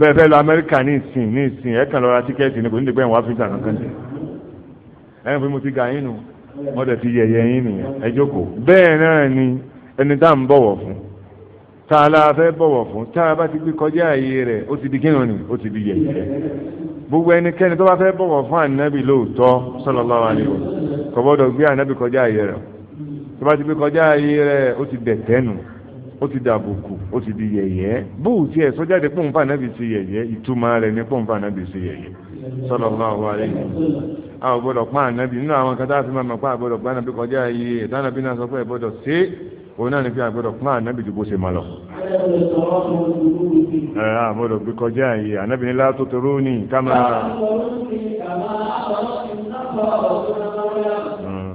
Speaker 2: bẹ́ẹ̀ fẹ́ lọ amẹ́ríkà ní ìsìn ní ìsìn ẹ̀ kàn lọ ra tíkẹ́ẹ̀tì ní kò ní lè gbẹ̀yìn wá áfíríkà kankan sí ẹ̀yìn fún mi ti ga yín nu wọ́n dẹ̀ ti yẹ̀yẹ́ yín nìyẹn ẹ jókòó bẹ́ẹ̀ náà ni ẹni tá à ń bọ̀wọ̀ fún tá a la fẹ́ bọ̀wọ̀ fún tá a bá ti gbé kọjá ààyè rẹ̀ ó ti di kí ni ó ti di yẹ̀yẹ́ gbogbo ẹnikẹ́ni tó bá fẹ́ bọ̀wọ̀ fún ànábì lóòótọ́ sallallahu alaihi
Speaker 3: wasallam
Speaker 2: kò gbọ́dọ̀ gbé ànábì kọjá ààyè rẹ̀ tó bá ti gbé kọjá ààyè rẹ̀ ó ti dẹ̀tẹ́nu ó ti dàbùkù ó ti di yẹ̀yẹ́ bóò tí ẹ̀ sọ́jáde pọ́ǹpà sí yẹ̀yẹ́ ìtumọ̀ rẹ̀ ní pọ́ǹpà nábì sí yẹ̀yẹ́ sallallahu alaihi àwọn gbọ́dọ̀ pa ànábì nínú àwọn kan tá a fi máa mọ̀ pa àgbọ́dọ̀ pa ànábì kọjá iye ìtànàbí náà sọ pé ìgbọ́dọ̀ sí òun náà ní fi àgbọ́dọ̀ pa ànábì ju bó ṣe máa lọ. àgbọ́dọ̀ gbé kọjá iye ànábì ní látó toró ní kámá.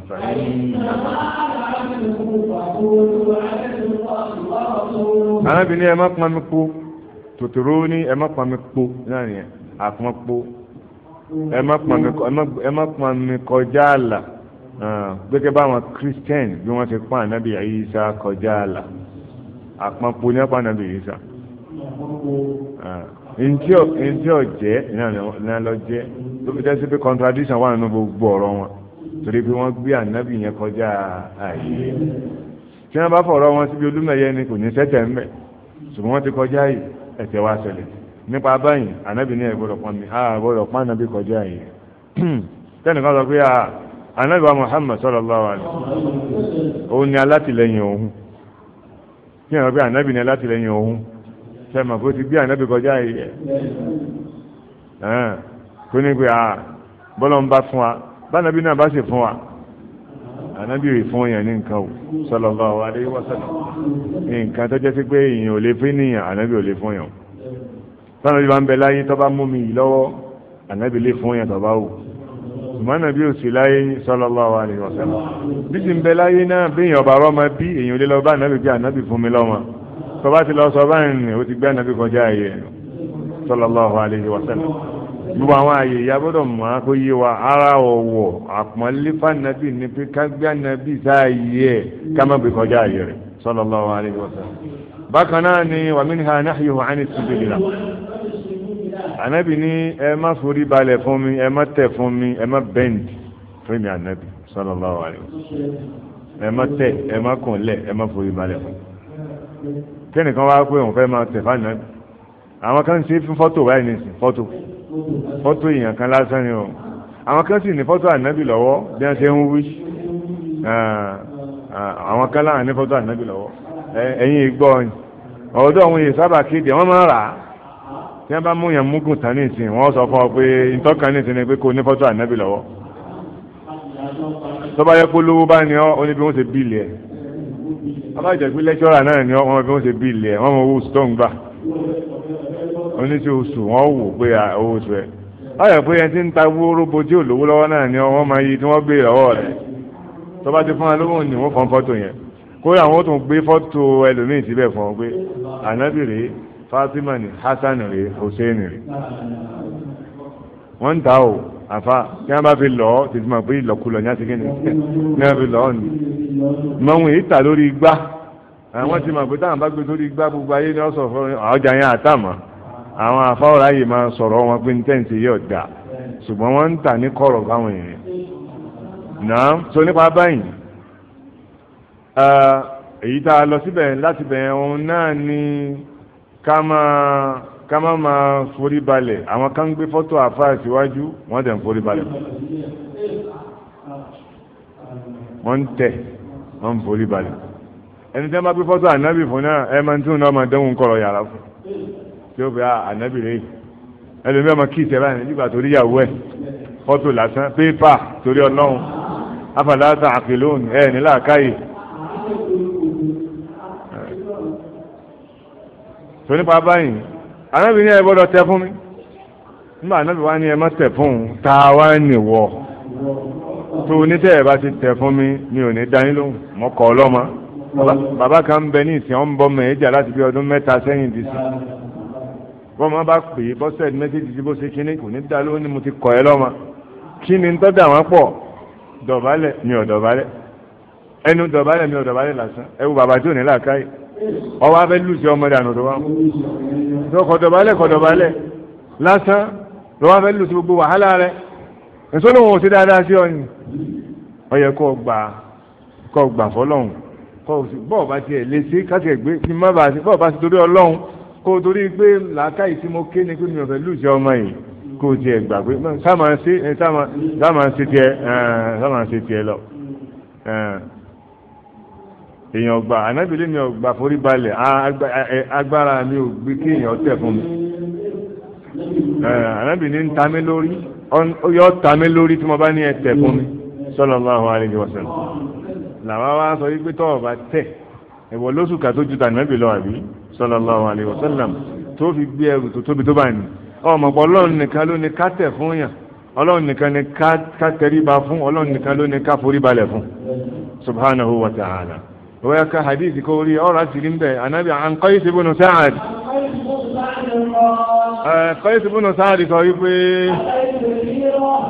Speaker 2: fàyín náà arábìnrin ẹ má pọn mi po tòtòrò ní ẹ má pọn mi po náà nìyẹn àpọn po ẹ má pọn mi kọjá àlà gbẹgẹ ah, báwọn Christian bí wọn ti pa ànábì Ìsá kọjá àlà àpọn po ní ẹ pa ànábì Ìsá ntí ọjẹ náà lọ jẹ tó fi jẹ pé contradiction wà nínú gbogbo ọ̀rọ̀ wọn torí pé wọn gbé ànábì kọjá àyè tí wọ́n bá fọ̀rọ̀ wọn síbi olúmẹ̀yẹ ni kò ní sẹ́tẹ̀ ń bẹ̀ ṣùgbọ́n wọ́n ti kọjá yìí ẹ̀tẹ̀ wá ṣẹlẹ̀ nípa báyìí ànábì ní ẹ̀gbọ́dọ̀ pọn mi àgbọ́dọ̀ pọn ànábì kọjá yìí (clears throat) tẹ́nìkan sọ pé ànábì wa Muhammad sallallahu alaihi òun ni alátìlẹyìn òun kí ẹ̀rọ pé ànábì ni alátìlẹyìn òun sẹ́mọ̀ kó ti gbé ànábì kọjá yìí kó ní pé bọ́lọ́ ń bá fún wa bánábì náà bá sì fún wa ànábìrì fún èèyàn ní nǹkan ò sallallahu alaihi wasallam nǹkan tó jẹ́ sí pé èèyàn ò lè fún èèyàn ànábì ò lè fún èèyàn tọ́nà bí bá ń bẹ láyé tó bá mú mi yìí lọ́wọ́ ànábì lè fún èèyàn tó bá wù ṣùgbọ́n ànábì ò sí láyé sallallahu alaihi wasallam bí ti ń bẹ láyé náà bí èèyàn ọba rọ́mọ bí èèyàn lè lọ ànábì pé ànábì fún mi lọ́mọ tó ti lọ sọ báyìí ó ti gbé ànábì kọjá ayé sallallahu alaihi wasallam gbogbo àwọn àyè ìyàbọ̀dọ̀ mọ̀ á kó yé wa ara ọ̀wọ̀ àpọ́nlé fànàbì ní pé ká gbé ànàbì sáàyè ẹ̀ ká má gbé kọjá àyè rẹ̀ sallallahu alaihi wasallam. bákan náà ni wa minha nahyu ani sabilillah ànábì ní ẹ má forí balẹ̀ fún mi ẹ má tẹ̀ fún mi ẹ má bẹ́ǹdì fún mi ànábì sallallahu alaihi wasallam ẹ má tẹ̀ ẹ má kùnlẹ̀ ẹ má forí balẹ̀ fún mi kẹ́nìkan wá pé òun fẹ́ máa tẹ̀ fún ànábì àwọn kan ṣe fún fọ́tò èèyàn kan lásán ni o àwọn kan sì ní fọ́tò ànábì lọ́wọ́ bí wọ́n ṣe ń wí àwọn kan láwọn ní fọ́tò ànábì lọ́wọ́ ẹ̀yin ìgbọ́ ọ̀dọ́ àwọn èèyàn sábà kéde wọ́n máa rà á tí wọ́n bá mú yàn múgùn tán ní ìsìn wọ́n sọ fún ọ pé ìtọ́kàn ní ìsìn ni pé kò ní fọ́tò ànábì lọ́wọ́ tó bá yẹ kó lówó bá ní ọ ó ní bí wọ́n ṣe bíìlì ẹ̀ abájẹ́ pé lẹ́kítọ́rà náà ní ọ wọ́n bí wọ́n ṣe bíìlì ẹ̀ wọ́n mọ owó stone gbà oníṣẹ́ oṣù wọn wò pé oṣù ẹ̀ ọ̀yọ̀ pé ẹni tí ń ta wóróbo tí ò lówó lọ́wọ́ náà ni wọ́n máa yí tí wọ́n gbé ìrọ̀wọ́ rẹ̀ tó bá ti fún wa lówó ni wọ́n fọ́n fọ́tò yẹn kódà wọ́n tún gbé fọ́tò ẹlòmíì síbẹ̀ fún ọ pé ànábì rèé Fatima ni Hasan rèé Hussein rèé wọ́n ń ta o àfa kí wọ́n bá fi lọ́ọ́ tètè máa pé ìlọ́kulọ̀ ní àtìkẹ́ni ní (laughs) wọ́n fi lọ́ọ́ ni mọ̀wùn yìí lórí igbá àwọn ti mọ̀ pé táwọn bá gbé sórí igbá gbogbo ayé ni wọ́n sọ fún ọjà yẹn àtàmọ́ àwọn afáwọ̀rá yìí máa sọ̀rọ̀ wọn pé ntẹ́ǹtì yóò dà ṣùgbọ́n wọ́n ń tà ní kọ̀rọ̀ fáwọn èèyàn náà so nípa báyìí èyí tá a lọ síbẹ̀ láti bẹ̀rẹ̀ òun náà ni ká máa ká máa máa forí balẹ̀ àwọn kan ń gbé fọ́tò àfáà síwájú wọ́n dẹ̀ ń forí balẹ̀ wọ́n ń tẹ̀ wọ́n ń forí balẹ̀ ẹni tí wọ́n bá gbé fọ́tò ànábì fún náà ẹ máa ń tún náà máa dẹ́hùn kọ̀rọ̀ yàrá fún un tí ó fi ah, ànábìrè ẹlòmí ọmọ kí ìtẹ́ báyìí nígbà tó níyàwó ẹ̀ fọ́tò lásán pépà torí ọlọ́run afàlásà àkìlóhùn ẹ̀ nílà káyè. tó nípa báyìí ànábìrè ẹ gbọ́dọ̀ tẹ fún mi nígbà ànábìrè wa ni ẹ má tẹ fún un tá a wá nìwọ tó onítẹ̀ ẹ̀ bá ti tẹ fún mi mi ò ní dání lóhùn mọ́kọ́ ọlọ́mọ bàbá kan ń bẹ ní ìsìn ọ̀ ń bọ́ mẹ́ẹ̀ẹ́jà láti ọdún mẹ́ta sẹ́yìn dì sí bọ́mọ bá pè é bọ́sẹ̀ méjèèjì tí bó ṣe kíní kò ní dá lóhùn ni mo ti kọ̀ ẹ́ lọ́mọ kí ni tó dà wọ́n pọ̀ dọ̀bálẹ̀ mi ò dọ̀bálẹ̀ ẹnu dọ̀bálẹ̀ mi ò dọ̀bálẹ̀ lásán ẹ wo bàbá tí ò ní làákàyè ọwọ́ abẹ́ lùsí ọmọ dànù tó wá kọ̀ dọ̀bálẹ̀ kọ̀ dọ̀bálẹ̀ lásán lọ́wọ́ abẹ́ lùsí gbogbo wàhálà rẹ̀ èso lóhùn ò sí dáadáa sí ọ ni ọ yẹ kó gbà kó torí pé làákàyè tí mo ké ni pé mi ò fẹ́ lùjẹ ọmọ yìí kó o tiẹ̀ gbà pé sáàmà ń ṣe sáàmà ń ṣe tiẹ̀ sáàmà ń ṣe tiẹ̀ lọ. èèyàn gbà ànábìlẹ̀ mi ò gbà forí balẹ̀ agbára mi ò gbé kí èèyàn tẹ̀ fún mi. ànábìlẹ̀ ń ta mí lórí ó yọ ta mí lórí tí mo bá ní ẹ tẹ̀ fún mi sallallahu alaihi wasallam. làwọn wá sọ wípé tọ́ọ̀ bá tẹ̀ ẹ̀wọ̀ lóṣù kà ju tànàbì àbí sallallahu alayhi wa sallam tó fi gbé ẹrù tó tóbi tó báyìí ọmọ pọ̀ ọlọ́run nìkan ló ní ká tẹ̀ fún yàn ọlọ́run nìkan ní ká tẹríba fún ọlọ́run nìkan ló ní ká forí balẹ̀ fún subhanahu wa ta'ala wọ́n ká hadithi kó rí ọ̀rọ̀ àti rímbẹ̀ anábì an Qais ibn Sa'ad Qais ibn Sa'ad sọ wípé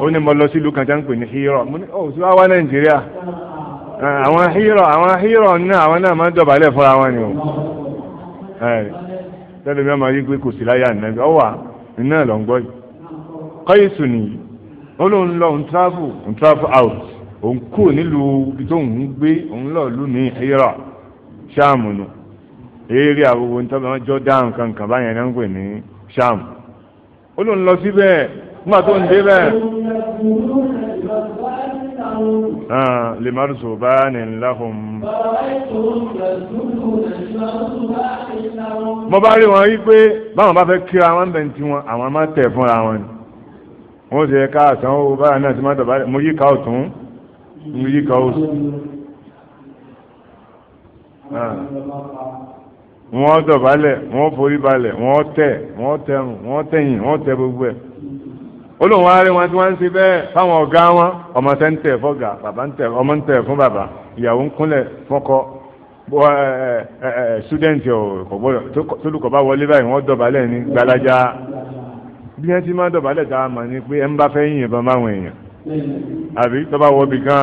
Speaker 2: ó ní mo lọ sí ìlú kan tí a ń pè ní Hira mo ní ọ̀ sí wá wá Nàìjíríà àwọn Hira àwọn Hira náà àwọn náà máa ń dọ̀bálẹ̀ fúnra wọn ni o tẹ́lẹ̀ a máa yí pé kò sí láyé ànábi ọ wà iná ẹ̀ lọ ń gbọ́ yìí kọ́yìsù nìyí ó lóun lọ òun travel òun travel out òun kú nílùú ibi tó ń gbé òun lọ ṣáàmù nù eré àwòwò jọ dáhùn kankan limarzubanin lahum. mo bá rí wọn rí pé báwọn bá ba fe wọn bẹ̀ tí wọn àwọn máa tẹ̀ fúnra wọn ni wọ́n ti yẹ ká àtàn owó báyà náà ti máa tọ̀ mo yí ká ọ̀tún mo yí ká òsì. Ah. wọ́n dọ̀bálẹ̀ wọ́n forí balẹ̀ wọ́n tẹ̀ wọ́n tẹrùn wọ́n tẹ̀yìn wọ́n tẹ gbogbo ẹ̀ olóhùn wa rí wọn tí wọ́n ń ṣe bẹ́ẹ̀ fáwọn ọ̀gá wọn ọmọ tẹ́ ń tẹ̀ fọ́gà bàbá ń tẹ̀ ọmọ ń tẹ̀ fún bàbá ìyàwó ń kúnlẹ̀ fọ́kọ ṣúdẹ́ǹtì ọ̀gbọ́dọ̀ tólùkọ́ bá wọlé báyìí wọ́n dọ̀bálẹ̀ ní gbalaja bí wọ́n ti máa dọ̀bálẹ̀ tá a mọ̀ ni pé ẹ ń bá fẹ́ yìnbọn báwọn èèyàn àbí tó bá wọ bìkan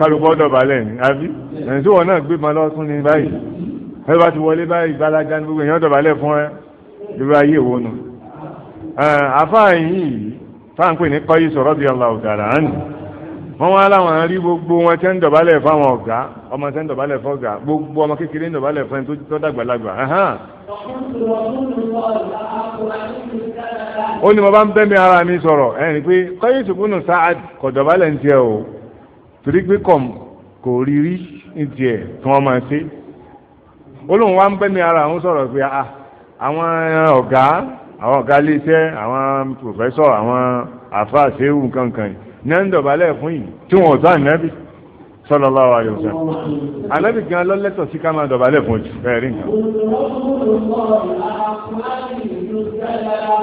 Speaker 2: kálukọ́ dọ̀bálẹ̀ ní àbí ẹ̀yìn tí wọ́n náà gbé ma lọ́tún ní báyìí táǹpì ní kọ́yìsọ̀ radiyallahu ta'ala anhu wọ́n wá láwọn rí gbogbo wọn tẹ́ ń dọ̀bálẹ̀ fáwọn ọ̀gá ọmọ tẹ́ ń dọ̀bálẹ̀ fọ́gà gbogbo ọmọ kékeré ń dọ̀bálẹ̀ fún ẹni tó dàgbàlagbà. ó ní mo bá ń bẹ́ mi ara mi sọ̀rọ̀ ẹni pé kọ́yìsọ̀ kúnnù Sa'ad kò dọ̀bálẹ̀ ń tiẹ̀ o torí pé kọ̀m kò rí rí ń tiẹ̀ tí wọ́n máa ṣe. ó lóun wá ń bẹ́ mi ara òun sọ̀rọ̀ ah, àwọn ọ̀gá iléeṣẹ́ àwọn pòfẹ́sọ̀ àwọn àfáà ṣéwù nǹkan kan yìí náà ń dọ̀bálẹ̀ fún yìí tí wọ́n sá ànábì sallallahu alaihi wasallam ànábì gan lọ́lẹ́tọ̀ sí ká máa dọ̀bálẹ̀ fún jù ẹ̀rí nǹkan.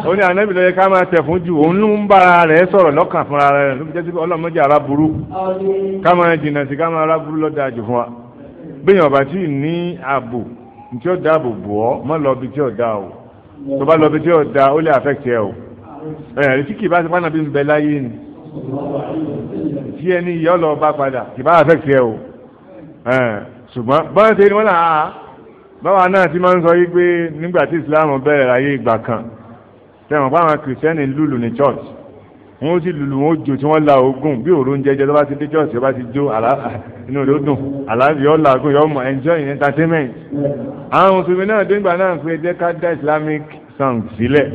Speaker 2: ó ní ànábì lọ́yẹ ká máa tẹ̀ fún jù òun ló ń bá ara rẹ̀ sọ̀rọ̀ lọ́kàn fúnra rẹ̀ ló fi jẹ́ sí ọlọ́mọdé ara burú ká máa jìnnà sí ká máa ara o tó bá lọ bí tí ò da ó lè affect ẹ o ẹ̀rí tí kì bá ti pàdánù bí ń bẹ láyé ni tí ẹni ìyá ọlọ bá padà kì bá affect ẹ o ṣùgbọ́n bọ́n ṣe ni wọ́n là á báwa náà ti máa ń sọ yí pé nígbà tí Islam bẹ̀rẹ̀ láyé ìgbà kan tẹ̀wọ̀n báwọn kìrìsìtẹ́nì lùlù ní church wọn ó sì lùlù wọn ó jó tí wọn la ogun bí òru ń jẹjẹ tó bá ti dé jọ́ọ̀sì bá ti jó inú rẹ̀ ó dùn àlàáfíà ó làágùn yóò mọ̀ enjoy entertainment. àwọn mùsùlùmí náà dé ìgbà náà pé jẹ́ ká dá islamic song sílẹ̀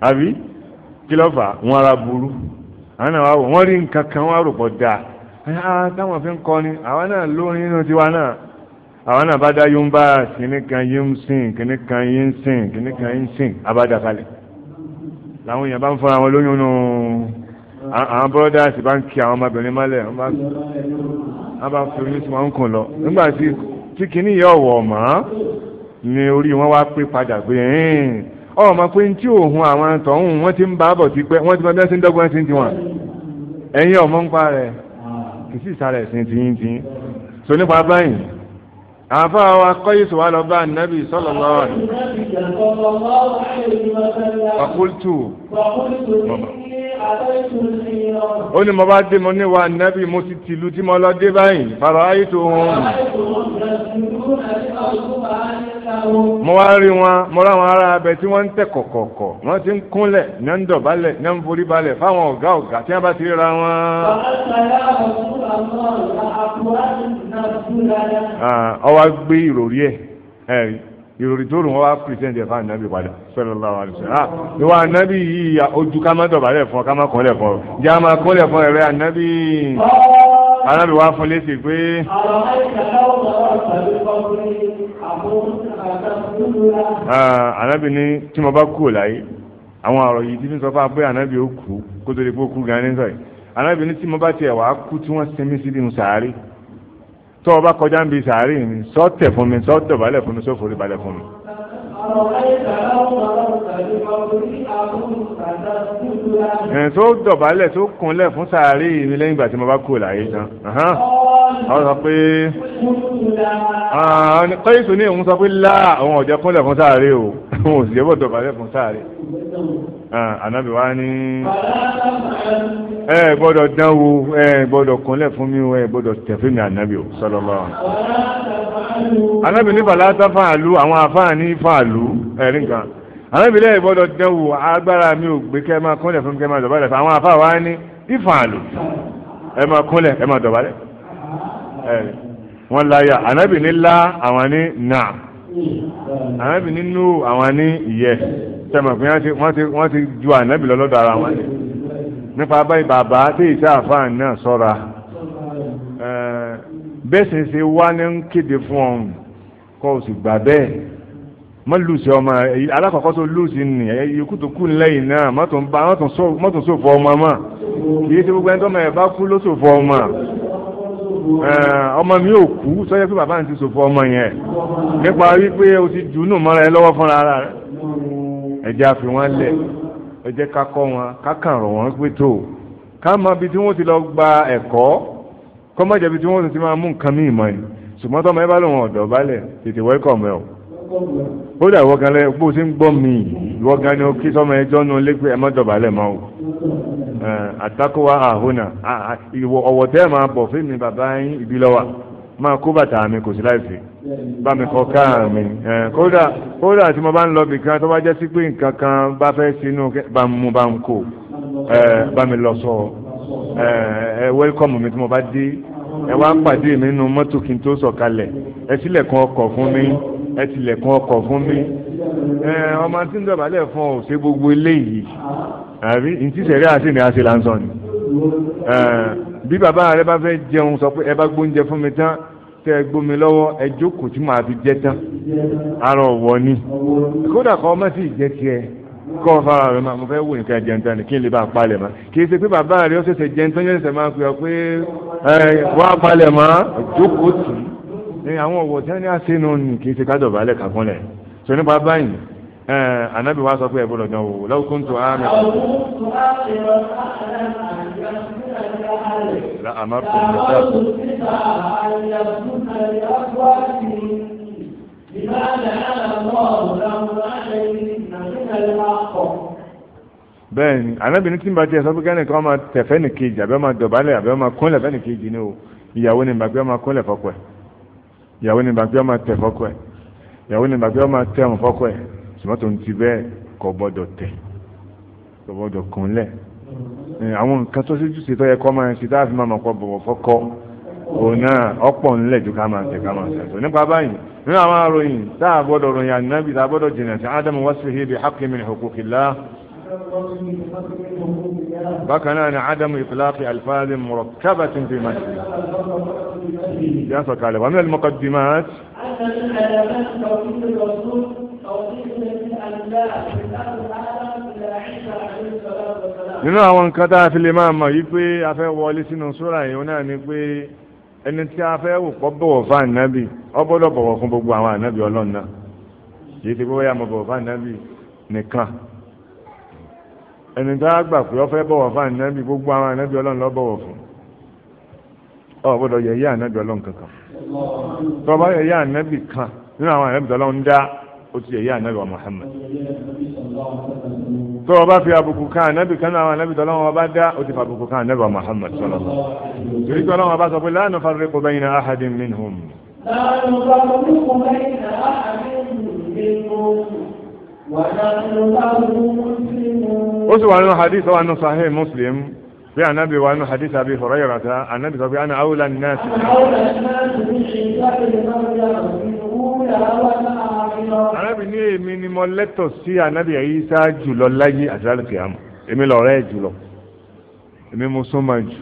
Speaker 2: àbí kí ló fà wọn ara burú àwọn náà wà wọ wọn rí nǹkan kan wọn àròpọ̀ dà táwọn fi ń kọrin àwọn náà lórin nínú tiwa náà àwọn náà bá dá yóò ń bá kìnnìkan yóò ń sìn kìnnìkan yóò ń sìn kìnnìkan yóò ń sìn abájákalẹ̀ làwọn èèyàn bá ń fọra wọn lóyún nù àwọn brothers bá ń kí àwọn ọmọbìnrin mọ́lẹ̀ wọ́n bá fi oyún tí wọ́n ń kùn lọ nígbà tí kìíní yẹ ọ̀wọ̀ mọ́ ni orí wọn wá pé padà pé ọmọ pé tí òun àwọn tọ̀hún wọ́n ti ń bá bọ̀ ti pẹ́ wọ́n ti mọ bí wọ́n ti ń dọ́gbọ́n sí tiwọn ẹ̀yin ọmọ ń pa rẹ̀ kìí sì sára ẹ̀sìn tiyín tiyín so nípa báyìí àfa wa kọ́yìsì wa lọ bá nàbì sallallahu alaihi
Speaker 1: wasallam. ọ̀kúltù. ọ̀kúltù ó
Speaker 2: ní mo bá dé mo ní wa nẹ́bí mo ti tìlú tí mo lọ dé báyìí fara ayé tó hun. mo wá rí wọn mo rá wọn ará abẹ tí wọ́n ń tẹ̀ kọ̀kọ̀kọ̀ wọ́n ti ń kúnlẹ̀ ní ń dọ̀bálẹ̀ ní ń forí balẹ̀ fáwọn ọ̀gá ọ̀gá tí wọ́n bá ti ríra wọn. ọwọ́ ah, gbé ìròrí ẹ̀ ẹ̀rí ìròyìn tó rùn wọn wá pìrìsẹ́ǹtì ẹ̀fà ànábì padà sallallahu alaihi wasallam ah, ìwà ànábì yìí ojú ká má dọ̀bálẹ̀ fún ọ ká má kọ́lẹ̀ fún ọ jẹ́ àmà kọ́lẹ̀ fún ẹ̀rẹ́ ànábì ànábì wá fún létí pé. Ah, ànábì ní tí mo bá kú ò láyé àwọn ọ̀rọ̀ yìí tí fi sọ fún wa pé ànábì ó kú kó tó lè kó kú gan-an ní sọ̀rọ̀ ànábì ní tí mo bá tiẹ̀ wá kú tí wọ́n sinmi sí tó o bá kọjá ń bi sàárì mi sọ́tẹ̀ fún mi sọ́tẹ̀ balẹ̀ fún mi sóforí balẹ̀ fún mi. ẹ̀ tó dọ̀bálẹ̀ tó kúnlẹ̀ fún sàárì mi lẹ́yìn ìgbà tí mo bá kú láyé tán ọ sọ pé kọ́yìsù ní òun sọ pé láà òun ọ̀jẹ̀ kúnlẹ̀ fún sàárì o (laughs) òun ò sì jẹ́ bọ̀ dọ̀bálẹ̀ fún sàárì. Ah, ànábì wa ní. ẹ gbọ́dọ̀ dán ẹ fún mi o ẹ gbọ́dọ̀ tẹ̀fẹ́ mi ànábì o sallallahu ànábì ní bàlátà fàálù àwọn afáàní fàálù ẹ̀rí nǹkan ànábì lẹ́yìn gbọ́dọ̀ dán agbára mi ò gbé kẹ́ máa kúnlẹ̀ fún mi máa dọ̀bálẹ̀ fún àwọn afáà wa ní ìfàálù ẹ máa kúnlẹ̀ ẹ máa dọ̀bálẹ̀ wọ́n láyà ànábì ní àwọn ànábì nínú àwọn ní ìyẹ sẹ́mọ̀ pé wọ́n ti ju ànábì lọ́lọ́dọ̀ ara wọn nípa báyìí bàbá tí ìṣe àfáà náà sọ́ra bẹ́sẹ̀ ṣe wá ní ń kéde fún ọ̀hún kọ́ ò sì gbà bẹ́ẹ̀ mọ́ lùsì ọmọ alákọ̀ọ́kọ́ tó lùsì nì ikú tó kù lẹ́yìn náà mọ́tò sòfò ọmọ mọ́ kì í ṣe gbogbo ẹni tó mọ̀ ẹ̀ bá kú ló sòfò ọmọ. Eh, ọmọ mi ò kú sọ́jọ́ pé bàbá mi ti sòfò ọmọ yẹn nípa wípé o ti dùnú mọ́ra ẹ lọ́wọ́ fúnra rẹ̀ ẹ jẹ́ a fi wọ́n lẹ̀ ẹ jẹ́ ká kọ́ wọn ká kàn rọ̀ wọ́n pé tó ká mọ ibi tí wọ́n ti lọ gba ẹ̀kọ́ kọ́ mọ̀ jẹ́bi tí wọ́n ti máa mú nǹkan míì mọ́ ni ṣùgbọ́n tọ́mọ ẹ bá lòun ọ̀dọ̀ balẹ̀ tètè wẹ́kọ̀ mẹ́ o ó dà ìwọ gan lẹ o ti ń gbọ́ mi ìwọ ni o kí sọ́mọ ẹjọ́ nu lé pé ẹ má dọ̀bálẹ̀ mọ́ o àtàkùwà eh, àhónà ah, ah, ìwọ ọ̀wọ̀ tẹ́ máa bọ̀ fún mi bàbá yín ìbí lọ́wọ́ máa kó bàtà mi kò sí láìsí bá mi kọ káà mi eh, kódà kódà tí mo bá ń lọ bìkan tó bá jẹ́ sí pé nǹkan kan bá fẹ́ sínú bá ń mú bá ń kó eh, bá mi lọ sọ ẹ wẹ́lkọ̀mù mi tí mo bá dé ẹ wá pàdé mi nínú mọ́tò kí n tó sọ̀kalẹ̀ ẹ ṣílẹ̀kùn ọkọ̀ fún mi ẹ tilẹ̀kùn ọkọ̀ fún mi ọmọ tí ń dọ̀bálẹ̀ fún ọ ṣe gbogbo eléyìí àbí ntí sẹ̀rí àti ìrìn àti lansan ni bí bàbá rẹ bá fẹ́ jẹun sọ pé ẹ bá gbóúnjẹ fún mi tán tẹ ẹ gbómi lọ́wọ́ ẹ jókòó tí màá fi jẹ tán ara ọ̀wọ́ ni kódà kọ́ ọmọ tí jẹ tiẹ̀ kọ́ fara rẹ̀ máa mo fẹ́ wò nǹkan ẹ̀jẹ̀ nǹkan ni kí n lè bá a palẹ̀ mọ́ kì í ṣe pé bàbá rẹ̀ ó ṣẹ̀ṣẹ̀ jẹun tán yẹn ṣẹ̀ máa pè ọ́ pé wọ́n á palẹ̀ mọ́ jókòó tì í àwọn ọ̀wọ̀ tí wọ́n ní àṣẹ sọ nípa báyìí anabi wa sọ pé ẹ gbọ́dọ̀ dán wò law kuntu àmì.
Speaker 1: la amartu nisa.
Speaker 2: bẹ́ẹ̀ni anabi ní tí n bá tiẹ̀ sọ pé kẹ́nìkan máa tẹ̀fẹ́ nìkejì àbẹ́ máa dọ̀bálẹ̀ àbẹ́ máa kúnlẹ̀ fẹ́ nìkejì ni o ìyàwó ni bàbá máa kúnlẹ̀ fọ́kọ ẹ̀ ìyàwó ni bàbá máa tẹ̀ fọ́kọ ẹ̀ ìyàwó ní bàbá ọmọ tẹ ọmọ fọkọ ẹ ṣùgbọ́n tó ń ti bẹ́ẹ̀ kò gbọ́dọ̀ tẹ̀ kò gbọ́dọ̀ kúnlẹ̀ àwọn nǹkan tó ṣe jùṣe tó yẹ kọ́ máa ṣe táàfin máa pọ̀ bọ̀wọ̀ fọkọ òun náà ọ̀pọ̀ ńlẹ̀ ju ká máa tẹ̀ ká máa ṣàtọ̀ nípa báyìí nínú àwọn aròyìn tá a gbọ́dọ̀ ròyìn ànábì tá a gbọ́dọ̀ jìnnà sí ádámù wasfihi bi haqqi min huquqillah bákan náà ni ádámù itlaqi alfáàlì murakabatin fi máa ṣe yá sọ̀kalẹ̀ wà mọ́kàdìmáàtì
Speaker 1: أحسن على من توحيد الرسول توحيد الأنبياء من أبو آدم إلى عيسى عليه الصلاة والسلام. nínú
Speaker 2: àwọn nǹkan tá a fi lè máa mọ̀ yìí pé a fẹ́ wọlé sínú súra yìí náà ni pé ẹni tí a fẹ́ wò pọ̀ bọ̀wọ̀ fún ànábì ó gbọ́dọ̀ bọ̀wọ̀ fún gbogbo àwọn ànábì ọlọ́run náà kì í ti gbọ́dọ̀ yà mọ̀ bọ̀wọ̀ fún ànábì nìkan ẹni tá a gbà pé ó fẹ́ bọ̀wọ̀ fún ànábì gbogbo àwọn ànábì ọlọ́run ló bọ̀wọ̀ fún ó gbọ́dọ̀ yẹ̀yẹ́ ànábì ọlọ́run kankan tọ́ba yẹ̀yẹ́ ànábì kan nínú àwọn ànábì tọ́lọ́ ń dá ó ti yẹ̀yẹ́ ànábì wa Muhammad tọ́ba fi àbùkù kan ànábì kan nínú àwọn ànábì tọ́lọ́ wọn bá dá ó ti fi àbùkù kan ànábì wa Muhammad sọlọ́ torí pé ọlọ́wọ́n bá sọ pé la nufarriqu bayna ahadin minhum. la nufarriqu bayna ahadin minhum ó sì wà nínú hadith wà nínú sahih Muslim pé ànábì wa nù hadith àbí Hurairah ta ànábì sọ pé àná àwùlà náà sí. ànábì ní èmi ni mo lẹ́tọ̀ sí ànábì yìí sá jùlọ láyé àti lálùkì àmọ́ èmi lọ̀rẹ́ jùlọ èmi mo súnmọ́ jù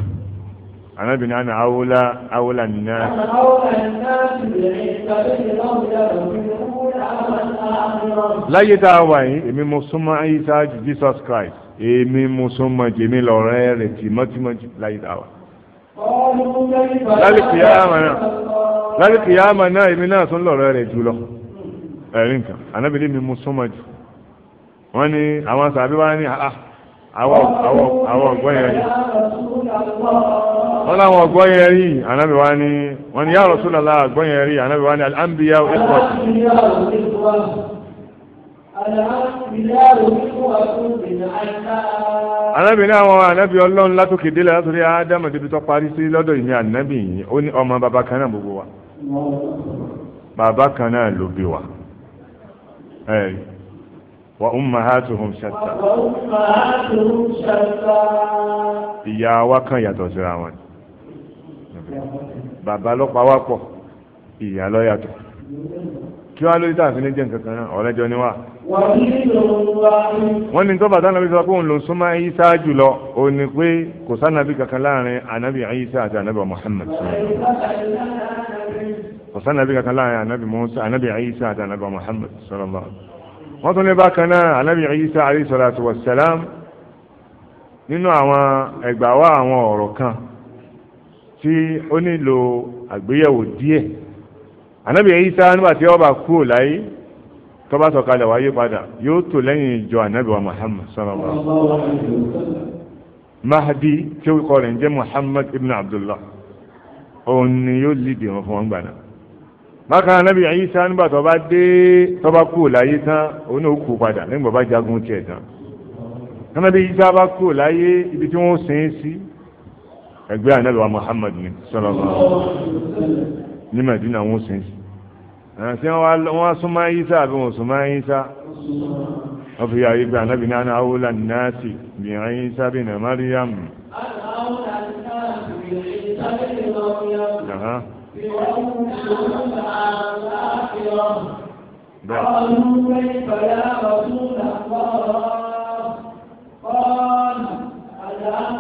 Speaker 2: ànábì ní àná àwùlà àwùlà náà. láyé tá a wà yìí èmi mo súnmọ́ ayé sá jù Jesus Christ èmi mo súnmọ́ jèmi lọ́rẹ́ rẹ̀ tìmọ́tìmọ́tì láyé dáwà. lálùkìyà àmà náà èmi náà tún lọ́rẹ́ rẹ̀ jùlọ ẹ̀rí nǹkan anábìlẹ̀ mi mo súnmọ́ jù wọ́n ní àwọn sàbí wá ní ah, ah, àwọn ọ̀gbọ́n yẹn rí
Speaker 1: wọ́n láwọn ọ̀gbọ́n yẹn
Speaker 2: rí anábì wá ní wọ́n ní ya Rasulullah ọ̀gbọ́n yẹn rí anábì wá ní al-anbiya ikhwati anábì ní àwọn anábì ọlọ́run látòkè délẹ̀ látòrí ádámù débi tó parí sí lọ́dọ̀ ìní anábì yìí ó ní ọmọ bàbá kan náà gbogbo wa bàbá kan náà ló bí wa umma wa ummahatuhum shatta ìyá wa kan yàtọ̀ síra wọn ni bàbá ló pa wá pọ̀ ìyá ló kí wá lórí tààfin ní jẹ́ nǹkan kan náà ọ̀rẹ́jọ ni wá
Speaker 1: wọ́n
Speaker 2: ní tó bàtà nàbí sọ pé òun ló súnmọ́ Isa jùlọ ó ní pé kò sánàbí kankan láàrin anabi Isa àti anabi Muhammad kò sánàbí kankan láàrin anabi Musa anabi Isa àti anabi Muhammad sallallahu wọ́n tún ní bákan náà anabi Isa alayhi salatu wa salam nínú àwọn ẹgbàáwá àwọn ọ̀rọ̀ kan tí ó nílò àgbéyẹ̀wò díẹ̀ anabi Isa nígbà tí ó bá kú láyé tó bá sọ̀kalẹ̀ wáyé padà yóò tó lẹ́yìn ìjọ ànábì wa Muhammad sallallahu alaihi wasallam Mahdi tí ó kọ́ rẹ̀ ń jẹ́ Muhammad ibn Abdullah òun ni yóò lìdì wọn fún wọn gbà náà bákan ànábì Ìsá nígbà tó bá dé tó bá kú láyé tán òun náà kú padà nígbà bá jagun tiẹ̀ tán ànábì Ìsá bá kú láyé ibi tí wọ́n sin sí ẹgbẹ́ ànábì Muhammad ni sallallahu ní Madina wọ́n sin sí àti wọ́n súnmọ́ Ìsá àbí wọ́n súnmọ́ Ìsá wọ́n fi yàrí pé ànábì náà náà wúlà náàtì bí i Ìsá bí nà Mariam
Speaker 1: قالوا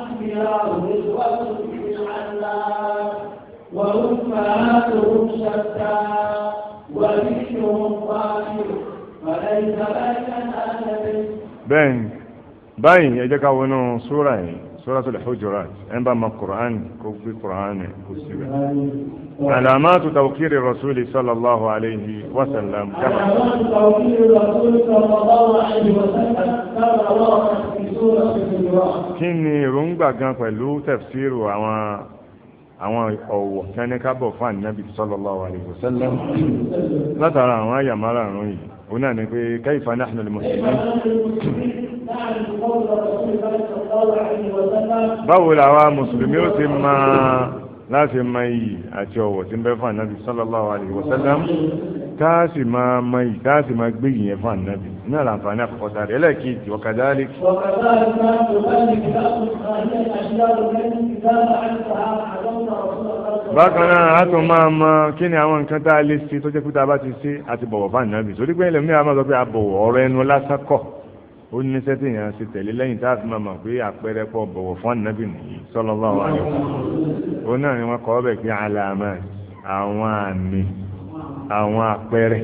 Speaker 1: كيف يا رسول الله
Speaker 2: bẹ́ẹ̀ni báyìí ẹ jẹ́ ká wọnú súra yìí Suratul Hujurat ẹ̀ ń bá ma Qur'an kó gbé Qur'an kó síbẹ̀. alamatu tawqiri rasuli sallallahu alayhi wa sallam. alamatu
Speaker 1: tawqiri rasuli sallallahu alayhi wa sallam.
Speaker 2: kí ni èròǹgbà gan pẹ̀lú tafsiru àwọn àwọn ọ̀wọ̀ tí a ní kábọ̀ fún ànábì sallallahu alaihi wasallam látara àwọn àyà márààrún yìí ó náà ni pé kayfa nahnu al-muslimin
Speaker 1: báwo làwa mùsùlùmí ó ti máa
Speaker 2: láti máa yìí àti ọ̀wọ̀ tí ń bẹ fún ànábì sallallahu alaihi wasallam táàsì máa mọ yìí táàsì máa gbé yìnyẹn fún ànábì ní àlàǹfààní àkọ́kọ́ sáré ẹlẹ́ẹ̀kejì ọ̀kadàlẹ̀.
Speaker 3: bákan náà a tún
Speaker 2: máa mọ kí ni àwọn nǹkan tá a lè ṣe tó jẹ́ pé tá a bá ti ṣe àti bọ̀wọ̀ fún ànábì torí pé ẹlẹ́mìí a máa sọ pé a bọ̀wọ̀ ọ̀rọ̀ ẹnu lásán ó ní sẹ́tì yẹn ṣe tẹ̀lé lẹ́yìn tá a fi máa mọ̀ pé àpẹẹrẹ pọ̀ bọ̀wọ̀ fún ànábì nìyí sallallahu alaihi wasallam òun náà ni wọ́n kọ́ ọ́ àwọn àmì àwọn àpẹẹrẹ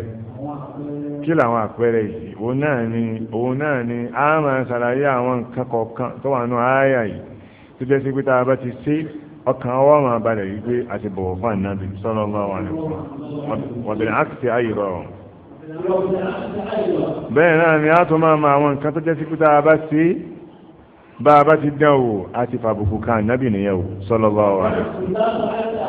Speaker 2: kí làwọn àpẹẹrẹ yìí òun náà ni òun náà ni a máa ṣàlàyé àwọn nǹkan kọ̀ọ̀kan tó wà nù ááyà yìí tó jẹ́ sí pé a bá ti ṣe ọkàn wa máa balẹ̀ yìí a ti bọ̀wọ̀ fún ànábì sallallahu alaihi wasallam wa bil aksi ayra bẹ́ẹ̀ náà ni a tún máa ma àwọn nǹkan tó jẹ́ sí pé tá a bá ṣe bá a bá ti dán wò a ti fàbùkù kan ànábì nìyẹn wò sallallahu alaihi
Speaker 1: wasallam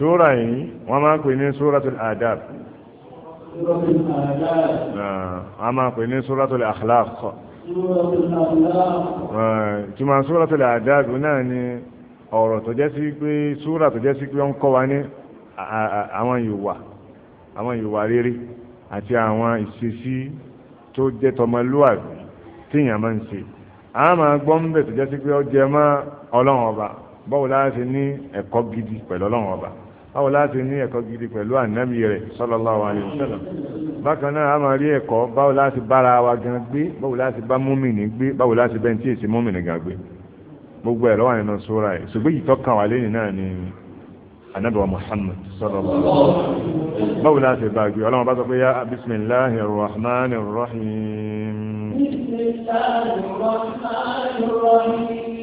Speaker 2: súra yìí wọ́n máa ń pè ní súratul adab a máa pè ní súratul akhlaq túmọ̀ súratul adab náà ni ọ̀rọ̀ tó jẹ́ sí pé súra tó jẹ́ sí pé ó ń kọ́ wa ní àwọn ìwà àwọn ìwà rere àti àwọn ìṣesí tó jẹ́ tọmọlúwàbí tíyàn máa ń ṣe a máa gbọ́ ń bẹ̀ tó jẹ́ sí pé ó jẹ mọ́ ọlọ́run ọba báwo la ní ẹ̀kọ́ gidi pẹ̀lú ọlọ́run ọba báwo láti ní ẹ̀kọ́ gidi pẹ̀lú ànábì rẹ̀ sallallahu alaihi wasallam bákan náà a máa rí ẹ̀kọ́ báwo láti bára wa gan gbé báwo láti bá múmìnì gbé báwo láti bẹ́ẹ̀ tí èsì múmìnì gan gbé gbogbo ẹ̀ ló wà nínú sóra ẹ̀ ṣùgbọ́n yìí tọ́ka wà lẹ́yìn náà ni ànábì wa Muhammad sallallahu báwo láti bá gbé ọlọ́run bá sọ pé yá bismillahir rahmanir rahim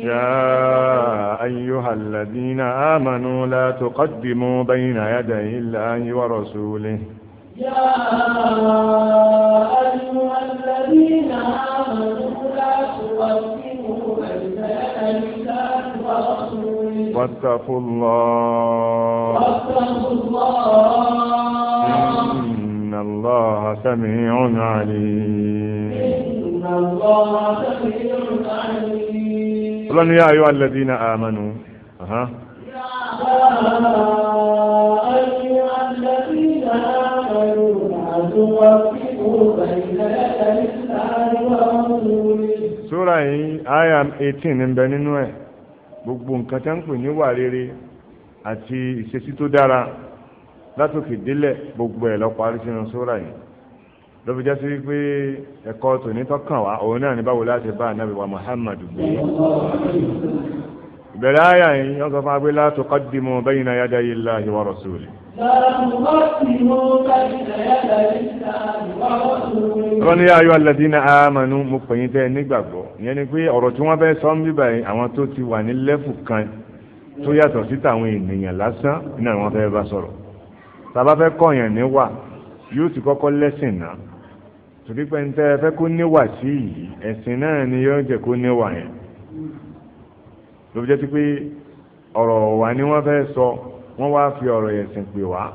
Speaker 2: يا أيها الذين آمنوا لا تقدموا بين يدي الله ورسوله
Speaker 1: يا أيها الذين آمنوا لا تقدموا بين يدي الله ورسوله
Speaker 2: واتقوا الله واتقوا الله إن الله سميع عليم
Speaker 1: ọlọ́run
Speaker 2: ní ayọ́ alẹ́dí na àmánu. Súra yìí, Aya 18 ní bẹ nínú ẹ̀, gbogbo nǹkan tẹ́ ń pè ní wà rere àti ìṣesí tó dára látòkè délẹ̀ gbogbo ẹ̀ lọ parí sínú súra yìí ló fi jásí wípé ẹ̀kọ́ tòní tọ́kàn wá òun náà ní báwo láti bá ànábì wa Muhammadu gbé ìbẹ̀rẹ̀ àyà yìí wọ́n sọ fún agbé la tuqaddimu bayna yadayi Allahi wa rasulihi. wọ́n ní ayọ́ alladhina amanu mo pè yín tẹ́ nígbàgbọ́ ìyẹn ni pé ọ̀rọ̀ tí wọ́n fẹ́ sọ ń bíbà yìí àwọn tó ti wà ní lẹ́fù kan tó yàtọ̀ sí tàwọn ènìyàn lásán náà wọ́n fẹ́ bá sọ̀rọ̀ tàbá fẹ́ kọ̀ọ̀yàn níwà yóò ti kọ́kọ́ lẹ́sìn náà torí pé níta ẹ fẹ́ kó níwà sí yìí ẹ̀sìn náà ni yóò jẹ́ kó níwà yẹn ló fi jẹ́ pé ọ̀rọ̀ wà ni wọ́n fẹ́ sọ wọ́n wá fi ọ̀rọ̀ ẹ̀sìn pè wá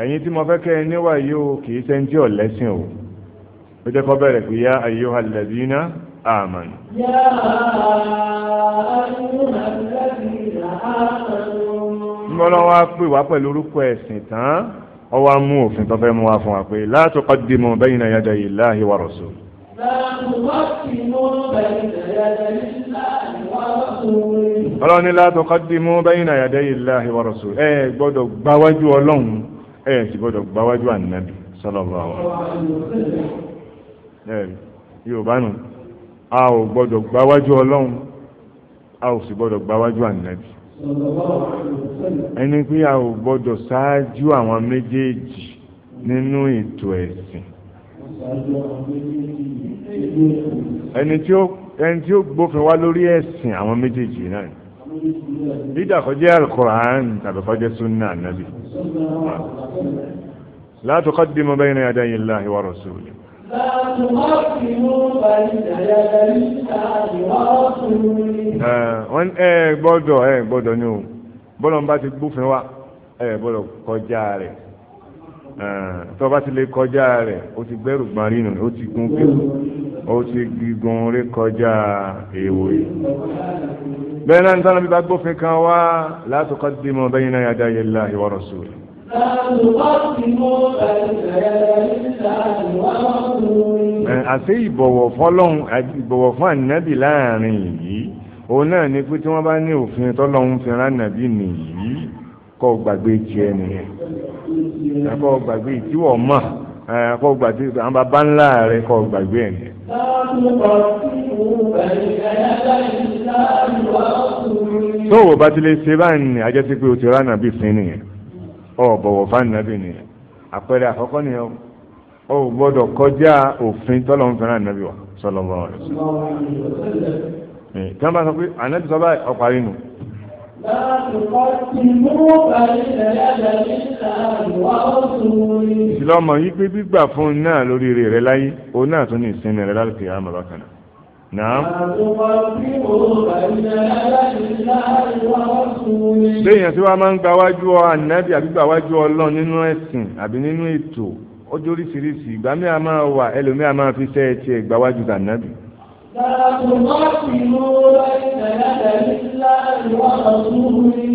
Speaker 2: ẹ̀yin tí mo fẹ́ kẹ́ ẹ níwà yìí o kì í ṣe ń tí ò o ó jẹ́ kọ́ bẹ̀rẹ̀ pé yá ayyuhal ladhina amanu.
Speaker 1: yá ayyuhal ladhina
Speaker 2: amanu. pè wá pẹ̀lú orúkọ ẹ̀sìn tán ọ wá mú òfin tó fẹ́ mú wá fún wa pé la tuqaddimu bayna yaday Allahi wa rasul. ọlọ́run ní la tuqaddimu bayna yaday Allahi wa rasul ẹ gbọ́dọ̀ gbáwájú ọlọ́run ẹ sì gbọ́dọ̀ gbáwájú ànábì sallallahu alaihi
Speaker 1: wasallam.
Speaker 2: yorùbá nù a ò gbọ́dọ̀ gbáwájú ọlọ́run a ò sì gbọ́dọ̀ gbáwájú ànábì ẹni pé a ò gbọ́dọ̀ ṣáájú àwọn méjèèjì nínú ètò ẹ̀sìn ẹni tí ó gbófin wá lórí ẹ̀sìn àwọn méjèèjì náà dídà kọjá alukoran tàbí kọjá sunna nabi la tuqaddimu bayna yadayi Allahi wa rasulihi. Eh, wọ́n ẹ eh, gbọ́dọ̀ ẹ eh, gbọ́dọ̀ ni o bọ́lọ̀ ń bá ti gbófin wa ẹ gbọ́dọ̀ kọjá rẹ̀ tó bá ti lè kọjá rẹ̀ ó ti gbẹ́rù gbọ́n rí nù ó ti gun pé ó ti gígun rí kọjá èèwọ̀ yìí. bẹ́ẹ̀ náà nítorí bí bá gbófin kan wá la tuqaddimu bayna yadayi Allahi wa rasuli àti ìbọ̀wọ̀ fọ́lọ́hun àti ìbọ̀wọ̀ fún ànábì láàrin yìí òun náà ni pé tí wọ́n bá ní òfin tọ́lọ́hun fi rán ànábì nìyí kọ́ gbàgbé tiẹ̀ nìyẹn kọ́ gbàgbé ìtíwọ̀ mọ̀ kọ́ gbàgbé àwọn bàbá ńlá rẹ̀ kọ́ gbàgbé ẹ̀ nìyẹn. tó o bá ti lè ṣe báyìí ni a pé o ti rán ànábì fún nìyẹn ọ bọ̀wọ̀ fánàbì nìyẹn àpẹẹrẹ àkọ́kọ́ nìyẹn ọ gbọ́dọ̀ kọjá òfin tọ́lọ̀ ń fẹ́ràn ànábì wa sallallahu alaihi wasallam. tí wọ́n bá sọ pé ànábì sọ báyìí ọparí nù. ìsìlọ́mọ yìí pé gbígbà fún un náà lórí rẹ̀ láyé òun náà tún ní ìsinmi rẹ̀ lálùkè àmọ́ bákan náà. Nàá. Béèyàn tí wàá máa ń gbawájú ọ ànábì àbí gbawájú ọlọ́run nínú ẹ̀sìn àbí nínú ètò ọjọ́ oríṣiríṣi ìgbà mi a máa wà a máa fi ṣe ẹtì ẹ̀ gbawájú ànábì.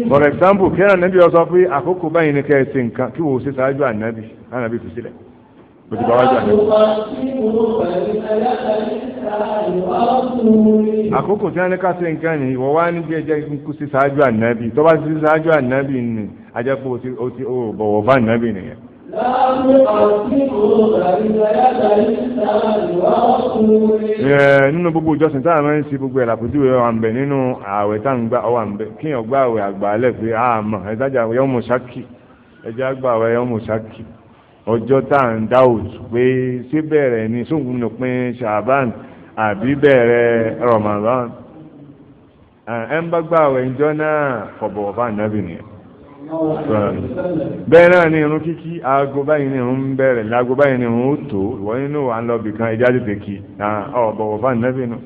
Speaker 2: For example, kí ànábì ọ sọ pé àkókò báyìí ni kẹ́ ẹ ṣe nǹkan kí wò ó ṣe ṣáájú ànábì ànábì fi sílẹ̀. mo ti bá wájà
Speaker 1: ní.
Speaker 2: àkókò tí wọ́n ní ká ṣe nǹkan ni ìwọ wá ní bí ẹjẹ́ kú sí ṣáájú ànábì tó bá sí ṣáájú ànábì ni ajẹ́pọ̀ o ti o bọ̀wọ̀ fún ànábì nìyẹn. nínú gbogbo ìjọsìn tá a máa ń ṣe gbogbo ẹ̀làpùtìwé ọ̀wà ń bẹ̀ nínú ààwẹ̀ tá à ń gbà ọ̀wà ń bẹ̀ kíyàn gbà àwẹ̀ àgbà alẹ́ pé àmọ̀ ẹ̀dájà yọ̀ọ́mù ṣákì àgbà àwẹ̀ yọ̀ọ́mù ọjọ́ tá à ń dá òtù pé ṣé bẹ̀rẹ̀ ni sóhun ní pin ṣàbán àbí bẹ̀rẹ̀ Ramadan ẹ ń bá gbà àwẹ̀ ìjọ náà kọ̀bọ̀ bá nàbì nìyẹn bẹ́ẹ̀ náà ni irun kíkí aago báyìí ni irun ń bẹ̀rẹ̀ láago báyìí ni irun ó tó ìwọ nínú wa ń lọ bìkan ẹja tètè kì ọ̀bọ̀wọ̀ bá nàbì nù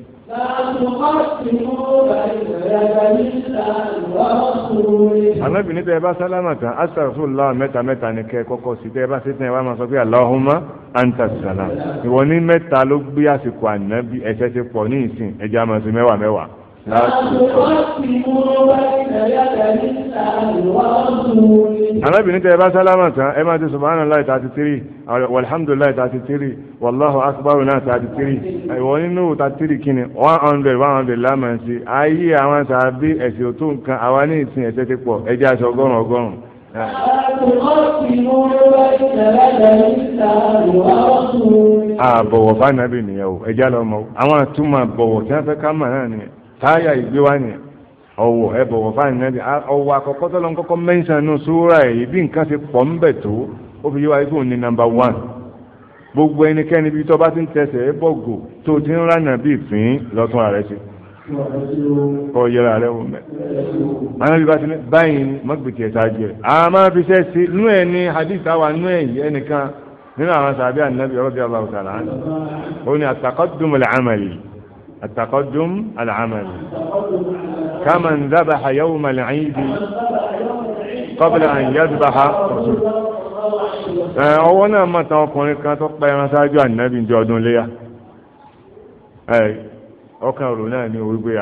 Speaker 2: alábìnrin tẹ ẹ bá sálámà tán asàfùlà mẹ́ta mẹ́ta ni kẹ kọ́kọ́ sí tẹ ẹ bá sẹtẹ ẹ bá máa sọ pé aláhùnmá àǹtà sàlám ìwọ ní mẹ́ta ló gbé àsìkò ànábì ẹsẹ ti pọ̀ ní ìsìn ẹjẹ àmọ́ sí mẹ́wàá mẹ́wàá arábìnrin tẹ ẹ bá sálámà tán ẹ máa ti subhanallahi thirty three walhamdulillahi thirty three wallahu akbar náà 33. three ìwọ nínú thirty three kìíní one hundred one hundred lámà sí ayé àwọn sàbí ẹ̀sìn òtún nǹkan àwa ní ìsìn ẹ̀sẹ̀ ti pọ̀ ẹ̀jẹ̀ aṣọ ọgọ́rùn-ún ọgọ́rùn-ún. àbọ̀wọ̀ bá nàbì nìyẹn o ẹ̀jẹ̀ àlọ́ mọ́ àwọn àtúmọ̀ àbọ̀wọ̀ tí wọ́n fẹ́ ká mà náà nìyẹn táyà ìgbé wá nìyẹn ọwọ́ ẹ bọ̀wọ̀ fáàní náà ọwọ́ àkọ́kọ́ tọ́lọ́ kọ́kọ́ mẹ́ńsàn nù súra ẹ̀ bí nǹkan ṣe pọ̀ ń bẹ̀ tó ó fi yé wa ikú ní nàmbà wán gbogbo ẹnikẹ́ni bí tó bá ti ń tẹsẹ̀ ẹ bọ̀gò tó ti ń rànà bí ìfín lọ́tún ààrẹ ṣe kọ́ yẹra rẹ wò mẹ́ àwọn bí bá ti ní báyìí ni mọ́gbìtì ẹ̀ ṣáájú ẹ̀ a máa fi ṣe sí nú ẹ̀ ní hadith àwa nú ẹ̀ yìí ẹnìkan nínú àwọn sàbí ànábì ọ̀rọ̀ bí aláwọ̀ sàlá ó ní àtàkọ́ dùnmọ̀lẹ̀ àmàlì التقدم العمل كمن ذبح يوم العيد
Speaker 1: قبل أن يذبح
Speaker 2: ọwọ́ náà mọ̀ tán ọkùnrin kan tó pa ẹran ṣáájú ànábì ní ọdún léyà ọkàn òrò náà ní orí pé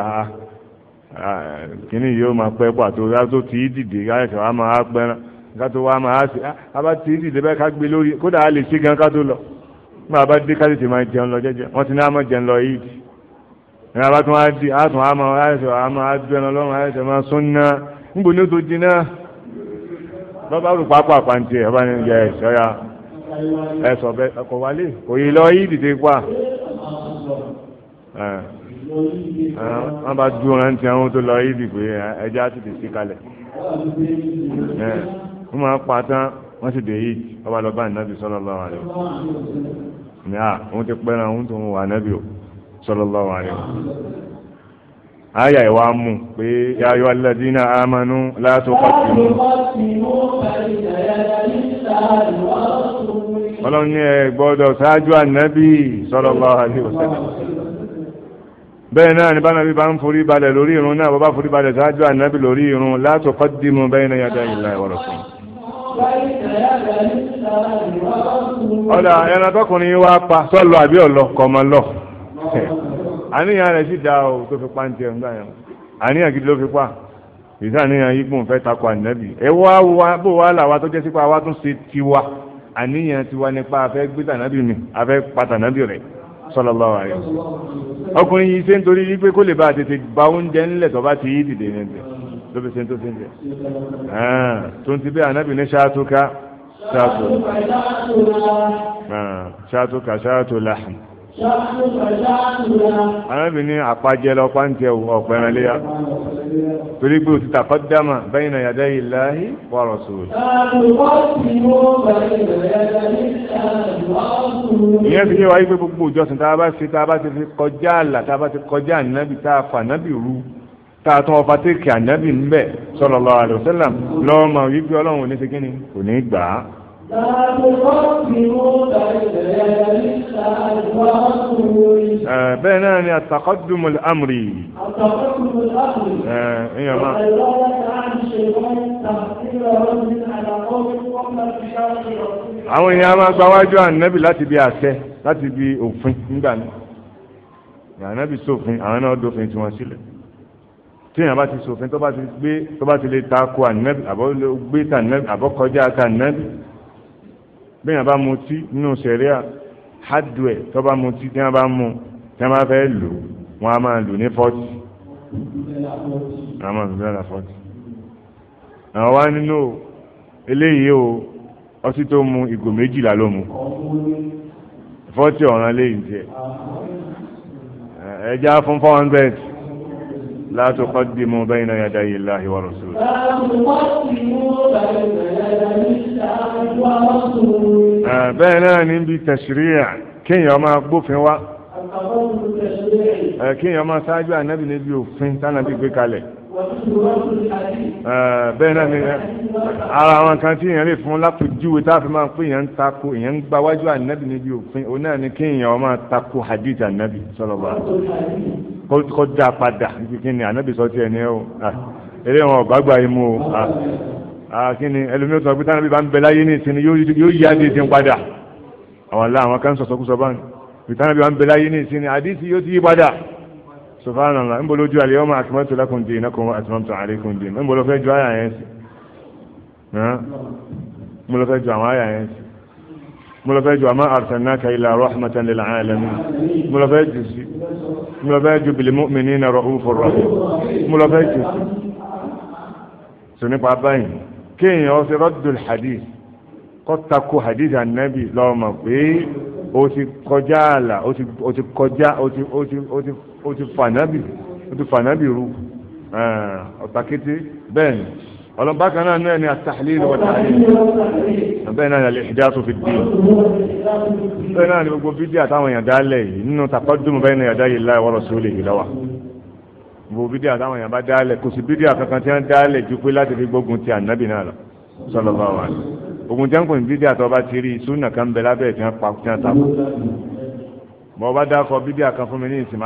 Speaker 2: kìíní yóò máa pẹ́ pàtó látó tí í dìde láìsẹ̀ wá máa pẹ́ran ká tó wá máa sí abá tí í dìde bẹ́ẹ̀ ká gbé lórí kódà á lè sí gan ká tó lọ nígbà bá dé ká tètè máa jẹun lọ jẹ́jẹ́ wọ́n ti ní àmọ́ jẹun lọ yìí ìrìn àbá tún á di àtún àmọ́ àìsàn àmọ́ àdúgbẹ́nu ọlọ́run àìsàn máa sún ná níbo ní o tó di náà bàbá rò pápá pàǹtí ẹ̀ bá ní ìyá ẹ̀ sọ́yà ẹ̀ sọ bẹ́ẹ̀ ọkọ̀ wálé kò yí lọ yí dìde pa
Speaker 1: wọ́n bá
Speaker 2: dúró rántí àwọn tó lọ yí dìbò ẹja ti dì sí kalẹ̀ wọ́n máa pa tán wọ́n sì dé yìí ọba lọ bá ìnábi sọ́lọ́ lọ́wọ́ rẹ̀ ní à òun ti pẹ́ràn òun tó ń wà nábì o sallallahu alaihi aya ìwà mú pé ya ayyuha alladhina amanu la
Speaker 1: tuqaddimu
Speaker 2: ọlọ́run ní ẹ gbọ́dọ̀ ṣáájú ànábì sallallahu alaihi wasallam bẹ́ẹ̀ náà ni bánabi bá ń forí balẹ̀ lórí irun náà bọ́ bá forí balẹ̀ ṣáájú ànábì lórí irun la tuqaddimu bayna yadayi Allahi wa rasulihi ọ̀dà ẹran tọkùnrin wa pa sọ́lọ àbí ọ̀lọ́ kọ̀ọ̀mọ́ lọ àníyàn rẹ̀ sì dá o tó fi pa ń tiẹ̀ ńgbà yẹn àníyàn gidi ló fi pa ìsá àníyàn yìí gbọ̀n fẹ́ takọ ànábì ẹ wá wá bó wá là wá tó jẹ́ sípa wá tún ṣe tiwa àníyàn tiwa nípa afẹ́ gbé tànábì mi afẹ́ pa tànábì rẹ̀ sallallahu alaihi wasallam ọkùnrin yìí ṣe ń torí wípé kó lè bá tètè gba oúnjẹ ńlẹ̀ tó bá ti yí dìde níbẹ̀ ló fi ṣe ń tó ṣe ń jẹ tó ń ti bẹ́ẹ̀ ànábì ní ṣáàtúkà ṣáàtúkà ṣáàtúkà ṣáàtúlà arábìnrin àpàjẹ lọ pàǹtẹ ọ̀pẹ̀rẹ̀ léyà torí pé òtítà kọ́dámà bẹ́yìn náà yàdá ìláhí wàrọ̀ sòrò. ìyẹn fi yé wa wípé gbogbo ìjọsìn tá a bá fi tá a bá ti fi kọjá àlà tá a bá ti kọjá ànábì tá a fà ànábì rú tá a tún ọba tẹ́kì ànábì ń bẹ̀ sallallahu alaihi lọ́wọ́ máa wípé ọlọ́run ò ní ṣe kí ni kò ní gbà á bẹ́ẹ̀ náà ni àtàkọ́dùmù amri ẹ̀yàn máa
Speaker 1: àwọn èèyàn máa gbáwájú
Speaker 2: ànábì láti bí àṣẹ láti bí òfin nígbà náà ànábì sófin àwọn náà dófin tí wọ́n sílẹ̀ tíyàn bá ti sófin tó bá ti lè takò ànábì àbọ̀ kọjá àtànábì bẹ́ẹ̀ yẹn bá mutí nínú sẹ̀ríà hardware tó bá mutí tí wọ́n bá mú tí wọ́n bá fẹ́ lò wọ́n á máa lò ní fọ́tì. àwọn àgbẹ̀ náà fọ́tì. àwọn wá nínú eléyìí o ọtí tó mu ìgò méjìlá ló mu fọ́tì ọ̀ràn léyìí tiẹ̀ ẹ̀já fún four hundred. لا تقدموا بين يدي الله ورسوله bẹ́ẹ̀ náà níbi tẹ̀síríà kéèyàn máa gbófin wá kéèyàn máa ṣáájú ànábì níbi òfin tánàbí gbé kalẹ̀ bẹ́ẹ̀ náà ni ara àwọn kan tí èèyàn lè fún lápòjúwe tá a fi máa pé èèyàn ń takò èèyàn ń gba wájú ànábì níbi òfin òun náà ni kéèyàn máa takò hadith ànábì sallallahu alaihi
Speaker 1: wasallam
Speaker 2: kọjá padà kíni ànábì sọ tiẹ̀ ní o eré wọn ọ̀gbá gba imú o kíni ẹlòmíràn tó ń gbé tánàbí bá ń bẹ láyé ní ìsinmi yóò yí àdìsí ń padà àwọn aláwọ̀ àwọn kan sọ̀sọ́kúsọ báyìí ìtànàbí bá ń bẹ láyé ní ìsinmi àdìsí yóò ti yí padà subhanallah ń bolo ju àlè ọmọ àtúmọ̀tò lakum dinakum àtúmọ̀tò alaykum din ń bolo fẹ́ ju àyà yẹn sí ń bolo fẹ́ ju àwọn àyà yẹn sí ń bolo fẹ́ ju àmọ́ arsalnaka illa rahmatan lil alamin ń bolo fẹ́ ju sí mo lọ fẹ́ ju bil mu'minina ra'ufur rahim mo lọ fẹ́ ju sọ nípa báyìí kéèyàn ọsẹ rọdùl hadith kọ́ tako hadith anabi lọ́mọ pé o ti kọjá àlà o ti kọjá o ti fànábì o ti fànábì ru ọ̀tàkété bẹ́ẹ̀ ọlọ́ba kan náà náà ni àtàlílù wọ́n tàlílù bẹ́ẹ̀ náà ni al-ihdathu fi ddin bẹ́ẹ̀ náà ni gbogbo fídíò àtàwọn èèyàn dálẹ̀ yìí nínú taqaddum bayna yadayi Allahi wa rasulihi lọ́wọ́ gbogbo fídíò àtàwọn èèyàn bá dálẹ̀ kò sí fídíò kankan tí wọ́n dálẹ̀ ju pé láti fi gbógun ti ànábì náà lọ sallallahu alaihi ogun tí wọ́n kò ní fídíò àtọ́ba ti rí sunna kan bẹ lábẹ́ tí wọ́n pa tí wọ́n ta mọ́ ọba dákọ̀ fídíò kan fún mi ní ìsìn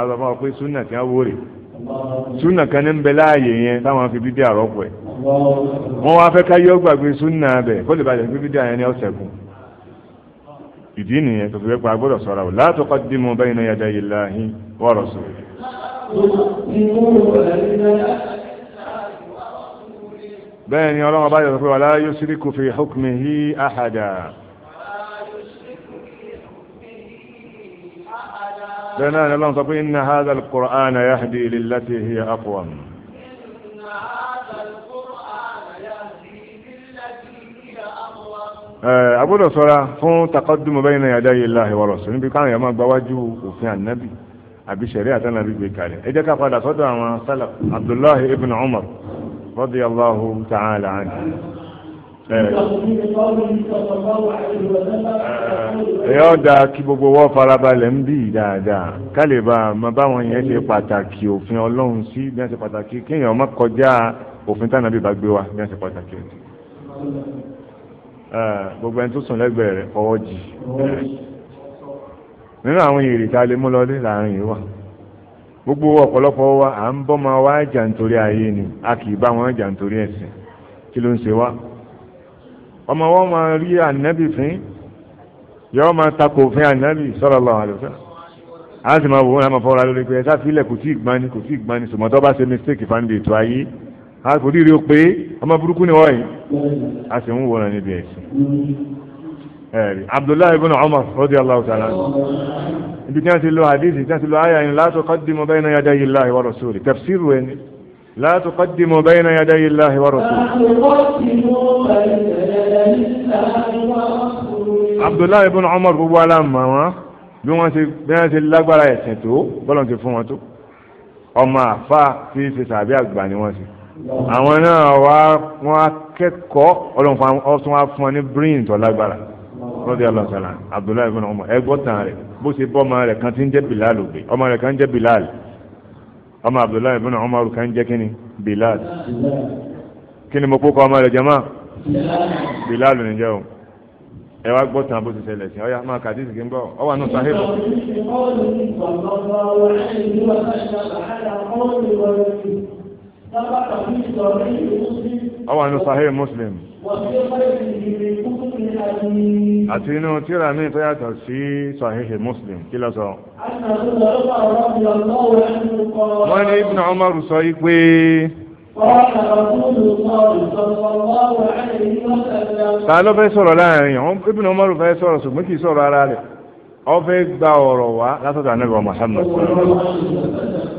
Speaker 2: súnà kan ní ń bẹ láàyè yẹn táwọn fi bídí àrọ́pọ̀ ẹ̀ wọ́n wá fẹ́ káyọ́ gbàgbé súnà bẹ̀ kó lè bàjẹ́ pé bídí àyẹn ni ó ṣẹ́kùn ìdí nìyẹn tó fi wípé agbọ́dọ̀ sọ̀rọ̀ ò la tuqaddimu bayna yaday Allahi wa rasulihi. bẹ́ẹ̀ ni ọlọ́run bá yọ̀ sọ pé wala yushriku fi hukmihi ahada. سنان اللهم صفو إن هذا القرآن يهدي للتي هي أقوى إن
Speaker 1: هذا القرآن يهدي للتي هي
Speaker 2: أقوى آه، أبو الرسول فون تقدم بين يدي الله ورسوله نبي كان يمان بواجه وفي النبي أبي شريعة النبي بكاري إذا كان قد صدر عبد الله ابن عمر رضي الله تعالى عنه
Speaker 1: ẹ̀yọ́ eh. da
Speaker 2: kí gbogbo wọ́n farabalẹ̀ ń bì dáadáa kálíbà máa báwọn yẹn ṣe pàtàkì òfin ọlọ́run sí bí wọ́n ṣe pàtàkì kéèyàn má kọjá òfin tánà bíbá gbé wa bí wọ́n ṣe pàtàkì òfin. Eh, gbogbo ẹni tó sùn lẹ́gbẹ̀ẹ́ rẹ̀ fọwọ́ jì eh. nínú àwọn èrè tá a lè mú lọlé láàrin yìí wà gbogbo ọ̀pọ̀lọpọ̀ wa à ń bọ́ máa wá jà nítorí ayé ni a kì í bá wọn jà nítorí ẹ̀sìn kí ló ń ṣe wá ọmọ wọn máa rí ànábì fín yọọ máa takò fín ànábì sallallahu alaihi wasallam a sì máa wò wọn àmọ́ fọwọ́ra lórí pé ẹ̀sà fílẹ̀ kò tí ì gbani kò tí ì gbani sọmọtọ́ bá ṣe mistake fáńdì ètò ayé a kò rí rí o pé ọmọ burúkú ni wọ́ọ̀yì a sì ń wòran níbi ẹ̀sìn ẹ̀rí Abdullahi ibn Umar radiyallahu ta'ala ibi tí wọ́n ti lo hadith tí wọ́n ti lo ayé àyìn la tuqaddimu bayna yadayi Allahi wa rasuli tafsiru ẹni لا تقدموا بين يدي الله ورسوله عبد الله بن عمر gbogbo aláma wọn bí wọn ti bí wọn ti lágbára ẹsẹ tó bọlọ ti fún wọn tó ọmọ àfa tí ṣe sàbí àgbà ni wọn ṣe àwọn náà wá wọn akẹ́kọ̀ọ́ ọlọ́run ọtún wá fún wọn ní brin tó lágbára rọdí alọsàlá abdullahi ibn umar ẹgbọtàn rẹ bó ṣe bọ ọmọ rẹ kan ti ń jẹ bilal ọmọ rẹ kan ń jẹ bilal ọmọ abdullahi ibn umar kan jẹ́ kíni bilal kíni mo kó kọ́ ọmọ rẹ̀ jẹ́mọ́ bilal ní jẹ́ o ẹ wá gbọ́ tán bó ti ṣẹlẹ̀ sí ọyá máa kàdí ìsìnkú gbọ́ ọ wà nù sáhẹ́bù.
Speaker 1: ọ wà nù sáhẹ́bù
Speaker 2: muslim àti inú tíra ní tó yàtọ̀ sí sahihi muslim kí lọ sọ
Speaker 1: wọ́n ní ibn umar sọ yí pé ta ló fẹ́ sọ̀rọ̀
Speaker 2: láàrin ibn umar fẹ́ sọ̀rọ̀ ṣùgbọ́n kì í sọ̀rọ̀ ara rẹ̀ ọfẹ́ gba ọ̀rọ̀ wá látọ̀dọ̀ anábìwọ̀ Muhammad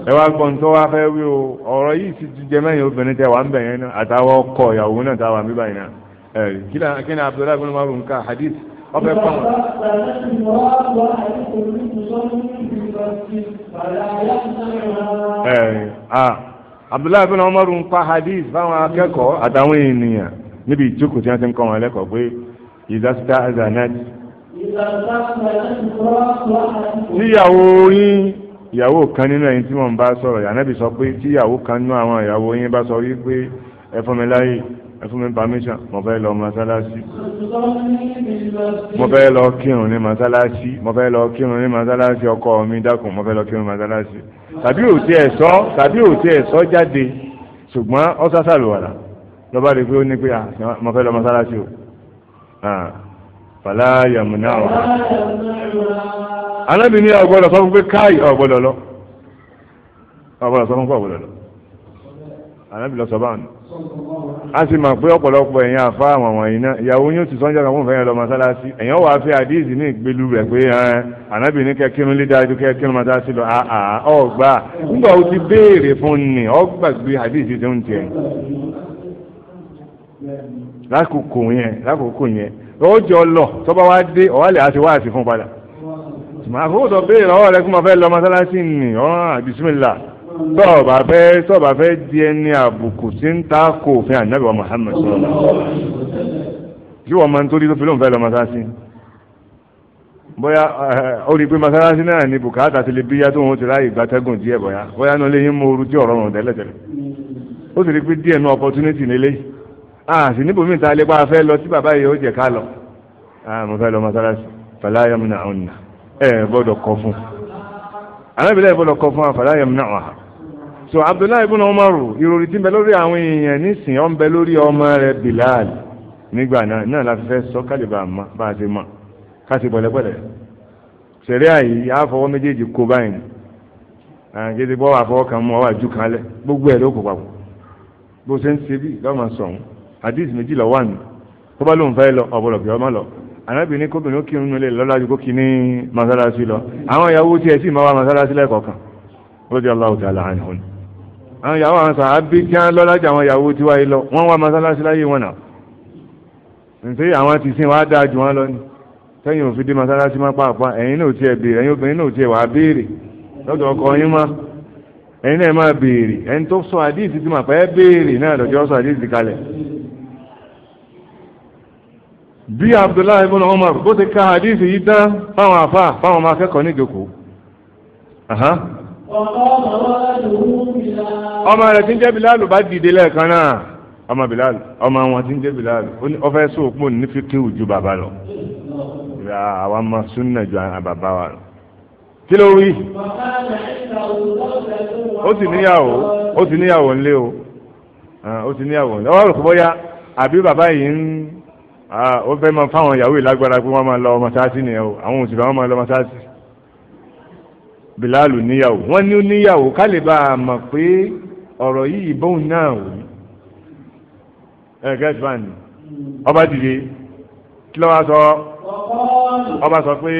Speaker 2: ẹ wá gbọ́n tó wá fẹ́ wí o ọ̀rọ̀ yìí ti obìnrin tẹ wà ń bẹ̀ yẹn àtàwọn ìyàwó náà báyìí náà ẹ Abdullahi bin hadith ọ ẹ Abdullahi bin hadith akẹ́kọ̀ọ́ àtàwọn ènìyàn níbi ìjókòó tí wọ́n ti ń kọ́ wọn lẹ́kọ̀ọ́ pé ìdásítà
Speaker 1: tíyàwó
Speaker 2: yín ìyàwó kan nínú ẹ̀yin tí wọ́n bá sọ̀rọ̀ yànẹ́bì sọ pé tíyàwó kan nínú àwọn ìyàwó yín bá sọ wípé ẹ fún mi láyè ẹ fún mi pàmíṣàn mo fẹ́ lọ mọ́sálásí mo fẹ́ lọ kírun ní mọ́sálásí mo fẹ́ lọ kírun ní mọ́sálásí ọkọ mi dákun mo fẹ́ lọ kírun mọ́sálásí tàbí òtí ẹ̀ sọ tàbí òtí ẹ̀ jáde ṣùgbọ́n ọ sásàlùwàlà lọ́ba pé ó ní pé ah, mo fẹ́ lọ mọ́sálásí o. Ah fàlá yàmùnà ọ̀hún.
Speaker 1: anábì ní ọgbọ́dọ̀ sọ fún pé káì ọgbọ́dọ̀
Speaker 2: lọ ọgbọ́dọ̀ sọ fún pé ọgbọ́dọ̀ lọ anábì lọ sọ báwọn. a sì mọ̀ pé ọ̀pọ̀lọpọ̀ ẹ̀yin àfa àwọn àwọn ẹ̀yin náà ìyàwó yóò ti sọ́njà kan fún ìfẹ́yìn lọ mọ́sálásí ẹ̀yin wà á fi àdíìsì ní ìgbélú rẹ̀ pé anábì ní kẹ́kínú lé dájú kẹ́kínú mọ́sálásí lọ ọgbà nígbà ó ti béèrè fún ni ọgbàgbé àdíìsì tó ń tiẹ̀ lákòókò yẹn lákòókò yẹn rọ́jọ́ lọ tó bá wá dé ọ̀wálẹ̀ àti wáàsí fún padà màá fowó sọ pé ìrànwọ́ rẹ fún ma fẹ́ lọ mọ́sálásí nì ọ́n bisimilá tọ́ọ̀bà fẹ́ tọ́ọ̀bà fẹ́ di ẹni àbùkù tí ń ta kò òfin ànábì wa Muhammad sọ́ọ́lá kí wọ́n máa ń torí tó fi lóun fẹ́ lọ mọ́sálásí bóyá eh, ó rí i pé mọ́sálásí náà ni bùkátà ti lè bíyá tó wọn ti ráyè gbàtẹ́gùn díẹ̀ bóyá bóyá náà lè yín mú ooru tí ọ̀rọ̀ rùn tẹ́lẹ̀tẹ́lẹ̀ ó sì rí pé díẹ̀ nu opportunity nílé àti ah, níbòmí ìta lè pa fẹ́ lọ tí bàbá yìí ó jẹ ká lọ ah, mo fẹ́ lọ mọ́sálásí fàlàyé mi náà ọ̀nà ẹ gbọ́dọ̀ kọ fún alábìlẹ̀ gbọ́dọ̀ kọ fún fàlàyé mi náà ọ̀hà so Abdullahi ibùnà Umaru ìròrí tí ń bẹ lórí àwọn èèyàn nísìn ọ́n bẹ lórí ọmọ rẹ̀ Bilal nígbà náà náà la fi fẹ́ sọ kálíbà má bá a ti mọ̀ ká ti bọ̀lẹ́bọ̀lẹ́ sẹ̀rí àyè àfọwọ́ méjèèjì kó báyìí àgẹ́dẹ́gbọ́ àfọwọ́ kan mú ọwọ́ àjú kan lẹ̀ gbogbo ẹ̀ ló kó papọ̀ bó ṣe ń ṣe bí lọ́mọ sọ̀hún hadith méjìlá wà ní tó bá lóun fẹ́ lọ ọ̀bọ̀lọ̀ kì ọmọ lọ arábìnrin kóbìnrin ó kí irun lè lọ́lájú kó kí ní masalasi lọ àwọn ìyàwó tí ẹ sì máa wá masalasi lẹ́ẹ̀kọ̀ọ̀kan radiyallahu ta'ala anhum àwọn ìyàwó àwọn sàábí kí wọ́n lọ́lájú àwọn ìyàwó tí wáyé lọ wọ́n wá masalasi láyé wọn náà nítorí àwọn ti sin wàá dáa jù wọn lọ ni tẹ́yìn òfin dé masalasi má pàápàá ẹ̀yin náà tiẹ̀ béèrè ẹ̀yin obìnrin náà tiẹ̀ wàá béèrè lọ́dọ̀ ọkọ yín má ẹ̀yin náà máa béèrè ẹni tó sọ àdíìsì ti mà pẹ́ béèrè náà lọ́jọ́ sọ àdíìsì kalẹ̀ bí abdullahi ibn umar bó ti ka hadith yìí tán fáwọn afa fáwọn ọmọ akẹ́kọ̀ọ́ níjòkó ọmọ rẹ̀ tí ń jẹ́ bilalu bá dìde lẹ́ẹ̀kan náà ọmọ bilalu ọmọ wọn tí ń jẹ́ bilalu ọfẹ́ sóòpó ní fíkíwù ju bàbá lọ àwọn ọmọ súnà ju bàbá wa lọ kí ló wí ó sì níyàwó ó sì níyàwó ńlé o ó sì níyàwó ńlé ọwọ́ rẹ̀ kò bọ́yá àbí bàbá yìí ń. Ah, ó fẹ́ máa fáwọn ìyàwó ìlágbára pé wọ́n máa lọ mọ́sáàsì nìyẹn o àwọn òsì báwọn máa lọ mọ́sáàsì bilalu níyàwó wọ́n ní níyàwó ká lè bá a mọ̀ pé ọ̀rọ̀ yìí bóun náà wò ẹ̀ gẹ́tù bá ní ọba dìde kí ló wá sọ ọba sọ pé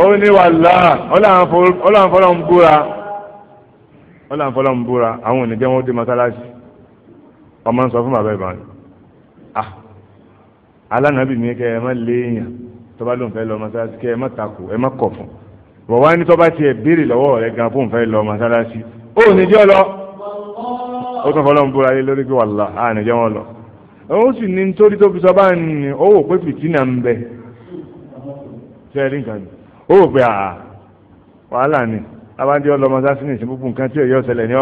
Speaker 2: ó ní wàhálà ọlọ́run fọlọ́run búra ọlọ́run fọlọ́run búra àwọn ò ní jẹ́ wọ́n dé mọ́sálásì ọmọ ń sọ fún bàbá ìbọn ah alánàbì mi kẹ ẹ má léèyàn tó bá lóun fẹ́ lọ mọ́sálásí kẹ ẹ má takò ẹ má kọ̀ fún bọ̀ wá ní tó bá tiẹ̀ béèrè lọ́wọ́ rẹ gan fóun fẹ́ lọ mọ́sálásí ó ní jẹ́ lọ ó tún fọlọ́n búra lé lórí pé wàlá á ní jẹ́ wọn lọ ó sì ní nítorí tó fi sọ bá ní ó wò pé fìtínà ń bẹ sẹ́ẹ̀rì nǹkan ni ó wò pé wàhálà ni abájọ́ lọ mọ́sálásí ní ìsìn púpù nǹkan tí èyí ọ̀sẹ̀lẹ̀ ni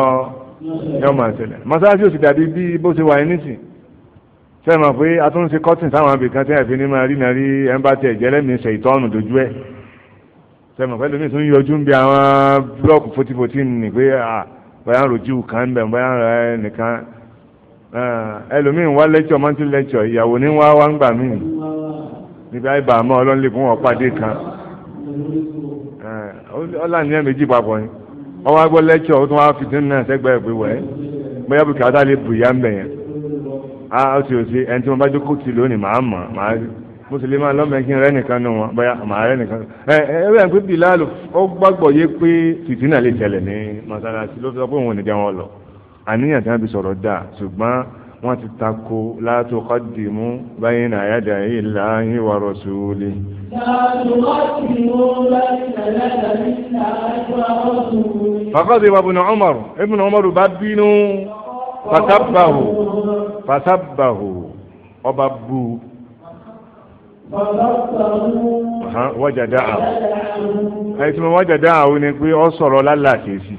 Speaker 2: yóò máa ṣẹlẹ̀ mọ́sálásí ò sì dàbí bí bó ṣe wà ní nísìn sẹ́yìn mọ̀ pé a tún ń ṣe kọ́tìn sáwọn abìkan tí àìfi ní máa rí náà rí ẹ̀ńbàtì ẹ̀jẹ̀ lẹ́mìí ṣe ìtọ́nù dojú ẹ̀ sẹ́yìn mọ̀ pé lómi tún yọjú ń bí àwọn búlọ́ọ̀kù fotifoti nì pé bóyá ń rojú kan ń bẹ̀ bóyá ń rẹ̀ nìkan ẹlòmíín wá lẹ́tọ̀ mọ́tì lẹ́tọ̀ ìyàwó ní wá wá ń gbà míì níbi àìbá àmọ́ ọlọ́nlẹ̀kùn wọn pàdé kan ọlá ní ẹ̀ méjì papọ̀ yìí ọwọ́ agbọ́ lẹ́kṣọ̀ ó tún wá fìdí náà sẹ́gbẹ́ ẹ̀pẹ́ wẹ̀ bóyá bùkátà lè bù yá mbẹ̀ yẹn a ó sì ó sì ẹni tí mo bá jókòó tì lónìí màá mọ̀ màá rí mo sì lè máa lọ́mọ ẹ̀kí rẹ nìkan nù wọn bóyá màá rẹ nìkan ẹ ẹ bẹ́ẹ̀ pé Bilal ó gbàgbọ́ yé pé fìdí náà lè tẹ̀lẹ̀ ní masalasi ló fi sọ pé òun ò ní jẹ́ wọn lọ àníyàn tí wọ́n fi sọ̀rọ̀ wọ́n ti tako la tuqaddimu bayna yadayi Allahi wa rasulihi. فغضب ابن عمر ابن عمر بابينو فسبه فسبه وببو وجدعه أي اسم وجدعه ni pé ó sọ̀rọ̀ lálàkèsí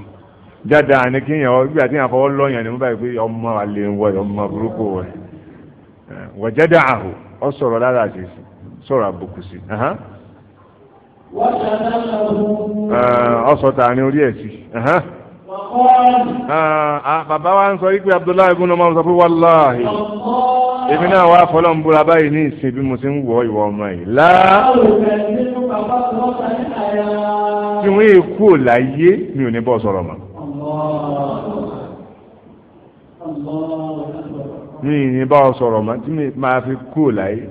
Speaker 2: dáadáa ni kíyàn ọ gbígbà tíyàn fọwọ́ lọ́yàn ni mo báyìí pé ọmọ àlè ń wọ ọmọ burúkú wọ wọ̀jẹ́dá àhò ọ sọ̀rọ̀ lára àṣìṣe sọ̀rọ̀ àbùkù sí ọ sọ tààrin orí ẹ̀ sí bàbá wa ń sọ wípé Abdullahi ibùnà máa ń sọ pé wàláhì èmi náà wá fọlọ́n búra báyìí ní ìsìn bí mo ti ń wọ ìwọ ọmọ yìí láà tí wọ́n yẹ kú ò láyé mi ò ní bọ́ sọ̀rọ̀ mọ́ ní ìní bá ọ sọ̀rọ̀ mọ́ tí máa fi kú láyé.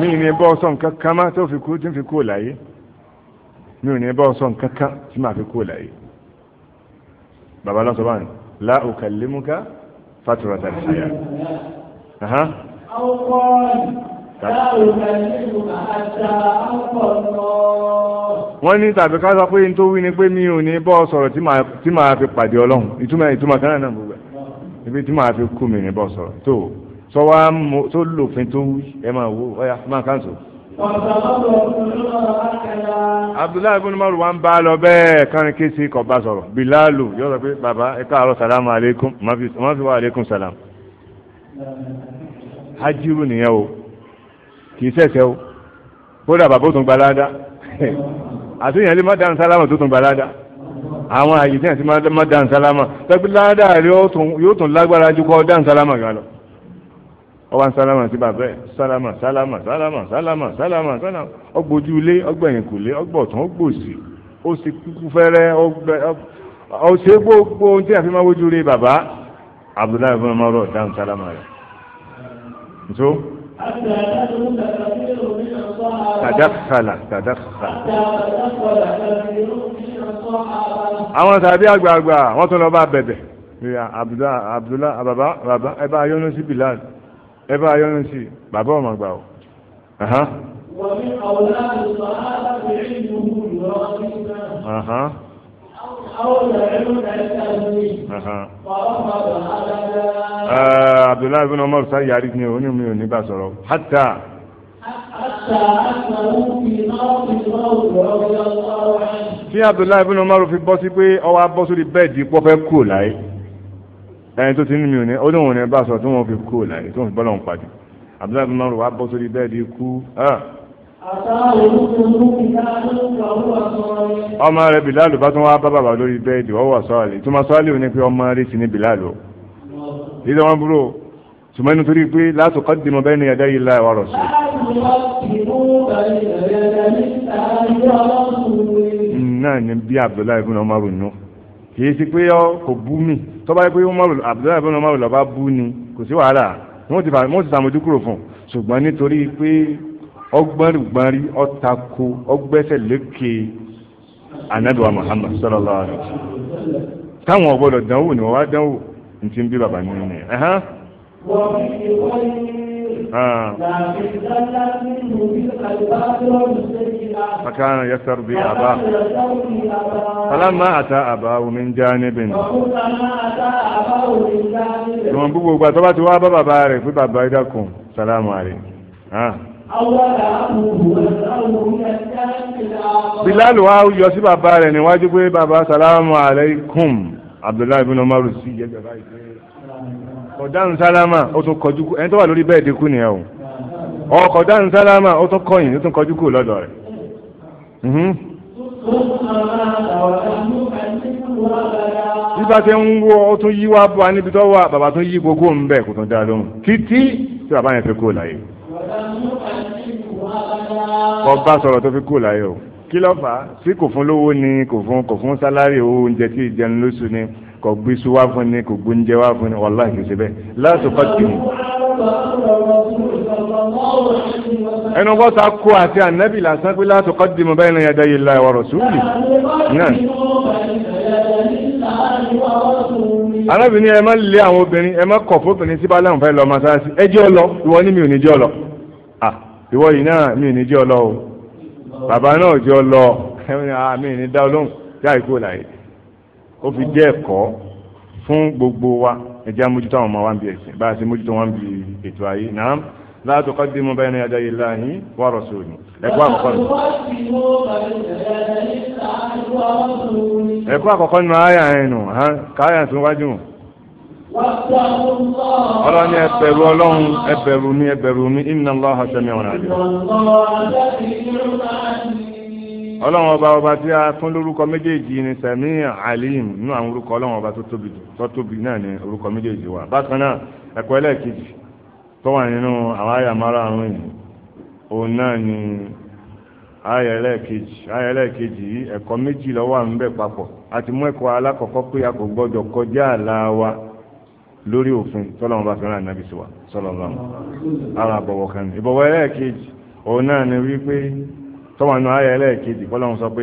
Speaker 1: mi ìní bá ọ sọ
Speaker 2: nǹkan kan má tó fi kú tí ń fi kú láyé mi ìní bá ọ sọ nǹkan kan tí máa fi kú láyé. bàbá lọ́sọ̀ báyìí la ukallimuka fatrata al-hayat wọ́n ní tàbí ká sọ pé n tó wí ni pé mi ò ní bọ́ sọ̀rọ̀ tí màá fi pàdé ọlọ́run ìtumọ̀ ìtumọ̀ kan náà gbogbo
Speaker 1: ẹ̀
Speaker 2: ibi tí màá fi kú mi ní bọ́ sọ̀rọ̀ tó sọ wá tó lòfin tó wí ẹ máa wò ó máa kàn sọ. Abdullahi ibn Umar wa ń bá lọ bẹ́ẹ̀ kárin kése kọ̀ bá sọ̀rọ̀ Bilalu yóò sọ pé bàbá ẹ káàárọ̀ salamu aleykum má fi wá aleykum salam. hajiru nìyẹn o kì í ṣẹ̀ṣẹ̀ o kódà bàbá ó tún gba ládá àti ìyẹn lè má dáhùn sálámà tó tún gba ládá àwọn àyè tí yẹn ti má dáhùn sálámà tẹ́gbẹ́ ládá rẹ yóò tún lágbára ju kọ́ dáhùn sálámà gan lọ ọwọ́n sálámà sí bàbá ẹ̀ sálámà sálámà sálámà sálámà sálámà sálámà ọgbójú ilé ọgbẹ̀yìn kò lé ọgbọ̀tún ọgbòsì ó sì kúkú fẹ́rẹ́ ọ̀sẹ̀ gbogbo ohun tí a fi máa wójú rí bàbá Abdullahi ibn Umar dáhùn sálámà rẹ̀
Speaker 1: tàdáfàlà
Speaker 2: tàdáfàlà. àwọn tàbí àgbààgbà wọ́n tún lọ bá bẹ̀bẹ̀ abdullah ababa baba ẹ bá yọ́nú sí bilal ẹ bá yọ́nú sí bàbá ọmọ gbà ó.
Speaker 1: wọ́n ní àwọn láti sọ ààbà bẹ̀rẹ̀ ìlú ìrọ̀ ọdún náà
Speaker 2: abdullahi bin umar sa yari ni o ni mi ò ní bá sọ̀rọ̀ hatta. tí abdullahi bin Omar fi bọ́ sí pé ọwọ́ abọ́ sórí bẹ́ẹ̀dì pọ́ fẹ́ kú láyé ẹni tó ti ní mi ò ní ó dóun ò ní bá sọ̀rọ̀ tó wọn fi kú láyé tó wọn fi bọ́ lọ́hùn padì abdullahi bin umar wà bọ́ sórí bẹ́ẹ̀dì kú. Ah ọmọ rẹ bilalu bá tún wá bá bàbá lórí bẹ́ẹ̀dì ọwọ́ sọ́ọ̀lì tó máa sọ́ọ̀lì ò ní pé ọmọ rẹ sí ní bilalu ìdá wọn búrò ṣùgbọ́n inú torí pé látò kọ́ dìmọ̀ bẹ́ẹ̀ ni ẹ̀dá yìí láì wà rọ̀ sí. náà ni bí Abdullahi ibùnà Umaru nù kì í sí pé kò bú mi tó bá yẹ pé Abdullahi ibùnà Umaru lọ́ba bú ni kò sí wàhálà wọ́n ti sàmójú kúrò fún ṣùgbọ́n nítorí pé ọgbọ́nrìngbọ́nrí ọ̀tako ọgbẹ́sẹ̀ lékè Muhammad sallallahu alaihi wasallam táwọn ọgbọ́dọ̀ dánwò ni wọn wá dánwò ní ti bí bàbá nínú ni.
Speaker 1: فكان يسر بي أباه فلما
Speaker 2: أتى أباه من جانب ثم بقوا بابا بابا بابا بابا بابا Bilal wa yọ sí bàbá rẹ̀ níwájú pé bàbá salamu alaykum Abdullahi bin Umar sí yẹgbẹ̀ báyìí kọ̀dáhùn sálámà ó tún kọjú kú ẹni tó wà lórí bẹ́ẹ̀dì kú nìyẹn o ọ kọ̀dáhùn sálámà ó tún kọ̀yìn ó tún kọjú kú lọ́dọ̀ rẹ̀. Mhm. bí bá ti ń wọ ó tún yí wá bọ́ a níbi tó tún yí gbogbo ń bẹ̀ tún dá lóhùn títí tí bàbá yẹn fi kú láyé ọba sọ̀rọ̀ tó fi kú láyé o kí ló fà á sí kò fún lówó ni kò fún kò fún sálárì owó oúnjẹ tí ìjẹun lóṣù ni kò gbé iṣu wá fún ni kò gbé oúnjẹ wá fún ni wàláhì kìí bẹ́ẹ̀ láti ọkọ tì mú. ẹnu bọ́ta àti ànábì lásán pé láti ọkọ tì báyìí náà yàda yìí la
Speaker 1: ìwà sùúrù
Speaker 2: arábìnrin ẹ má lé àwọn obìnrin ẹ má kọ̀ fóbìnrin tí bá láwọn fẹ́ lọ mọ́sálásí ẹ jẹ́ ọ lọ ìwọ ni mi ò ní jẹ́ ọ lọ à ìwọ yìí náà mi ò ní jẹ́ ọ lọ o bàbá náà jẹ́ ọ lọ ẹ mi ò ní dá ọ lóhùn já ìkó làyè ó fi jẹ́ ẹ̀kọ́ fún gbogbo wa ẹ jẹ́ àmójútó àwọn ọmọ wa ń bi ẹ̀sìn bá a ṣe mójútó wọn ń bi ètò ayé náà la tuqaddimu bayna yadayi llahi wa rasulihi ẹ̀kọ́ akọkọ nù. ẹ̀kọ́ àkọ́kọ́ nù ayà yẹn nù káyà tó wájú mu.
Speaker 1: ọlọ́run ní ẹbẹ̀rù ọlọ́run
Speaker 2: ẹbẹ̀rù mi ẹbẹ̀rù inna ọlọ́run ọba ọba tí a fún lórúkọ méjèèjì ni 'alim nínú àwọn orúkọ ọba tó tóbi náà méjèèjì wa bákan náà ẹ̀kọ́ ẹlẹ́ẹ̀kejì tó wà nínú àwọn òun náà ni ayẹlẹ́ẹ̀kejì yìí ẹ̀kọ́ méjì ló wà ń bẹ papọ̀ àti mú ẹ̀kọ́ alákọ̀ọ́kọ́ pé a kò gbọ́dọ̀ kọjá àlà wa lórí òfin fẹ́ràn ara àbọ̀wọ̀ kan ìbọ̀wọ̀ ẹlẹ́ẹ̀kejì òun ni wípé tọ́wọ̀nù ayẹ ẹlẹ́ẹ̀kejì sọ pé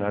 Speaker 2: la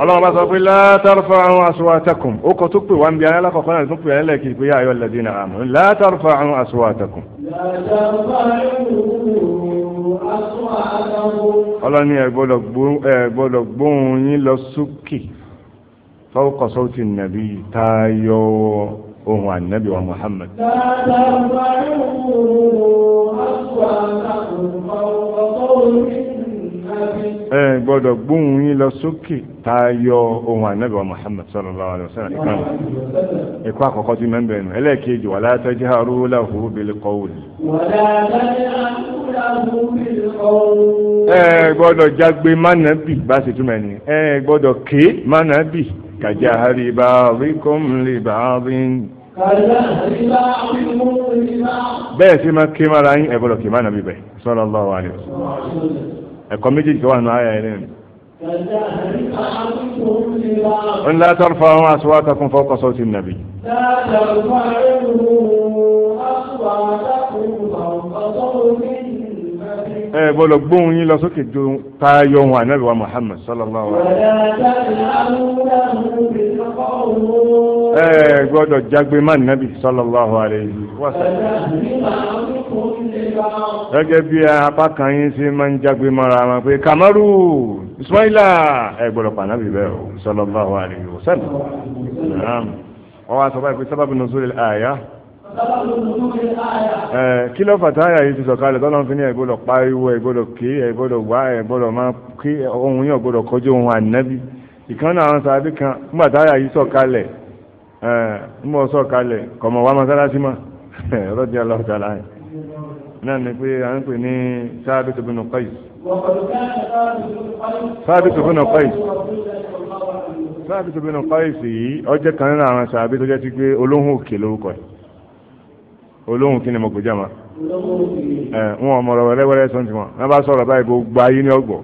Speaker 2: ọlọ́run bá sọ pé la tarfa'u aswatakum ó kọ tó pè wá ń bí ayé alákọ̀ọ́kọ́ náà tó pè ayé lẹ́ẹ̀kì pé ayọ̀ alladhina amanu la tarfa'u aswatakum. ọlọ́ni ẹ gbọ́dọ̀ gbóhùn yín lọ sókè fawqa sawti nàbí tayọ ohun ànábì wa Muhammad.
Speaker 1: la tarfa'u
Speaker 3: aswatakum fawqa sawti nàbí.
Speaker 2: ẹ gbọdọ gbóhùn yín lọ sókè tayọ ohun ànábì wa sallallahu alayhi wa sallam ìkan ẹ̀kọ́ àkọ́kọ́ tí nù ẹlẹ́ẹ̀kejì wala tajharu lahu bil qawl. ẹ jágbe mánàbì bá ṣe túmọ̀ ẹni ẹ ké mánàbì bẹ́ẹ̀ sí máa ké mára yín ẹ ké mánàbì bẹ́ẹ̀ wa ẹ̀kọ́ méjèèjì wà nù ayà ẹ̀rẹ́ rẹ̀. ń lá tọ́rọ̀fà àwọn aṣọ àtàkùn fọ́kọ̀ sọ́ọ̀tì nàbì.
Speaker 1: láàrín àwọn ẹ̀rù
Speaker 2: ẹ gbọ́dọ̀ gbóhùn yín lọ sókè ju tayọ ohun ànábì wa Muhammad sallallahu alaihi wasallam. ẹ gbọ́dọ̀ jágbe má nàbì sallallahu alaihi wasallam. gẹ́gẹ́ bí apá kan yín sí máa ń jágbe mọ́ra wọn pé kamaru ismaila ẹ gbọ́dọ̀ pa ànábì bẹ́ẹ̀ o sallallahu alaihi wasallam. wọ́n wá sọ báyìí pé sábàbí nuzul al
Speaker 1: Eh,
Speaker 2: kí ló fàtà àyà yìí ti sọ̀kalẹ̀ tọ́lọ́ fi ní ẹ̀gbọ́dọ̀ pariwo ẹ̀gbọ́dọ̀ ké ẹ̀gbọ́dọ̀ wá ẹ̀gbọ́dọ̀ máa kí ohun yẹn ọ̀gbọ́dọ̀ kọjú ohun ànábì ìkan àwọn sàbí kan nígbà táyà yìí sọ̀kalẹ̀ eh, (laughs) nígbà náà ni pé à ń pè ní sábì tó pẹ́yì.
Speaker 1: sábì tó pẹ́yì
Speaker 2: sábì tó pẹ́yì sì yìí ọjọ́ kan àwọn sàbí tó jẹ́ ti gbé olóhùn òkè lórúkọ yìí. olóhùn kí ni mo kò jẹ́ ma
Speaker 1: ẹ
Speaker 2: wọn ọmọ ọ̀rọ̀ wẹ́rẹ́wẹ́rẹ́ sọ ti wọn wọn bá sọ̀rọ̀ báyìí gbogbo ayé ní ọgbọ̀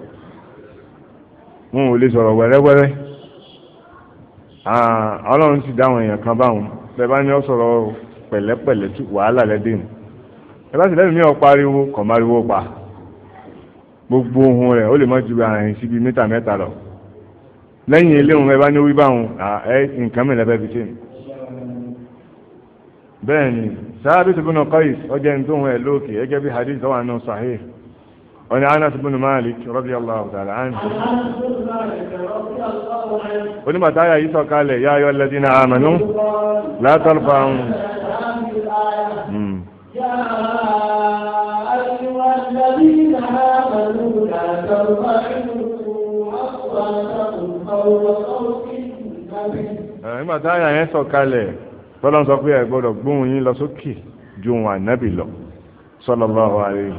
Speaker 2: wọn ò lè sọ̀rọ̀ wẹ́rẹ́wẹ́rẹ́ ọlọ́run ti dáwọn èèyàn kan báwọn bẹ́ẹ̀ bá ní ọ sọ̀rọ̀ pẹ̀lẹ́pẹ̀lẹ́ tí wàhálà lẹ́dẹ̀ nù ẹ bá sì lẹ́nu mi ò pariwo kọ̀ mariwo pa gbogbo ohun rẹ̀ ó lè mọ́ ju àrìn síbi mítà mẹ́ta lọ lẹ́yìn ilé òun ẹ bá ní wí báwọn nǹkan mìíràn fẹ́ fi ṣe bẹ́ẹ̀ ni ثابت بن قيس وجنته اللوكي يجب حديث أنه صحيح وعن أنس بن مالك رضي الله تعالى عنه ولما تعالى يسوع قال يا أيها الذين آمنوا لا ترفعوا يا أيها الذين آمنوا لا tọ́lọ́ sọ pé ẹ gbọ́dọ̀ gbóhùn yín lọ sókè ju wọn ànábì lọ sallallahu alaihi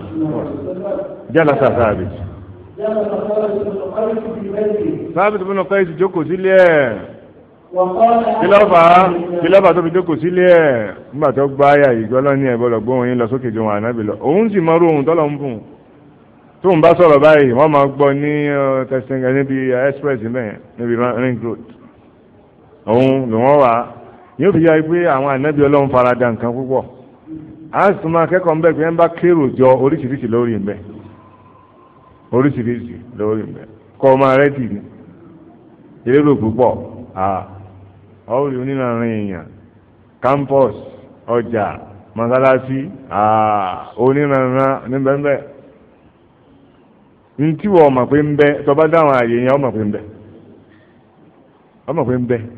Speaker 2: jala sàfàbì. sábìtì bínú káyìsì jókòó sílé ẹ̀
Speaker 1: kílọ́fà kílọ́fà tó
Speaker 2: fi jókòó sílé ẹ̀ nígbà tó gbá ayà ìgbọ́lọ́ ní ẹ gbọ́dọ̀ gbóhùn yín lọ sókè ju wọn ànábì lọ òun sì mọ́rú ohun tọ́lọ́ ń fún un tó ń bá sọ̀rọ̀ báyìí wọ́n máa gbọ́ ní uh, tẹ̀sán uh, níbi uh, express mẹ́ẹ̀ níbi ring road òun lòun wà yóò fi yá pé àwọn ànábì ọlọ́run farada nǹkan púpọ̀ a sì máa kẹ́kọ̀ọ́ ń pé ẹ ń bá kérò jọ oríṣiríṣi lórí ń bẹ oríṣiríṣi lórí ń bẹ kọ́ ọmọ rẹ dì campus ọjà mọ́sálásí onírànran níbẹ̀ńbẹ̀ ní tí wọ́n mọ̀ pé ń dáhùn àyè yẹn pé ń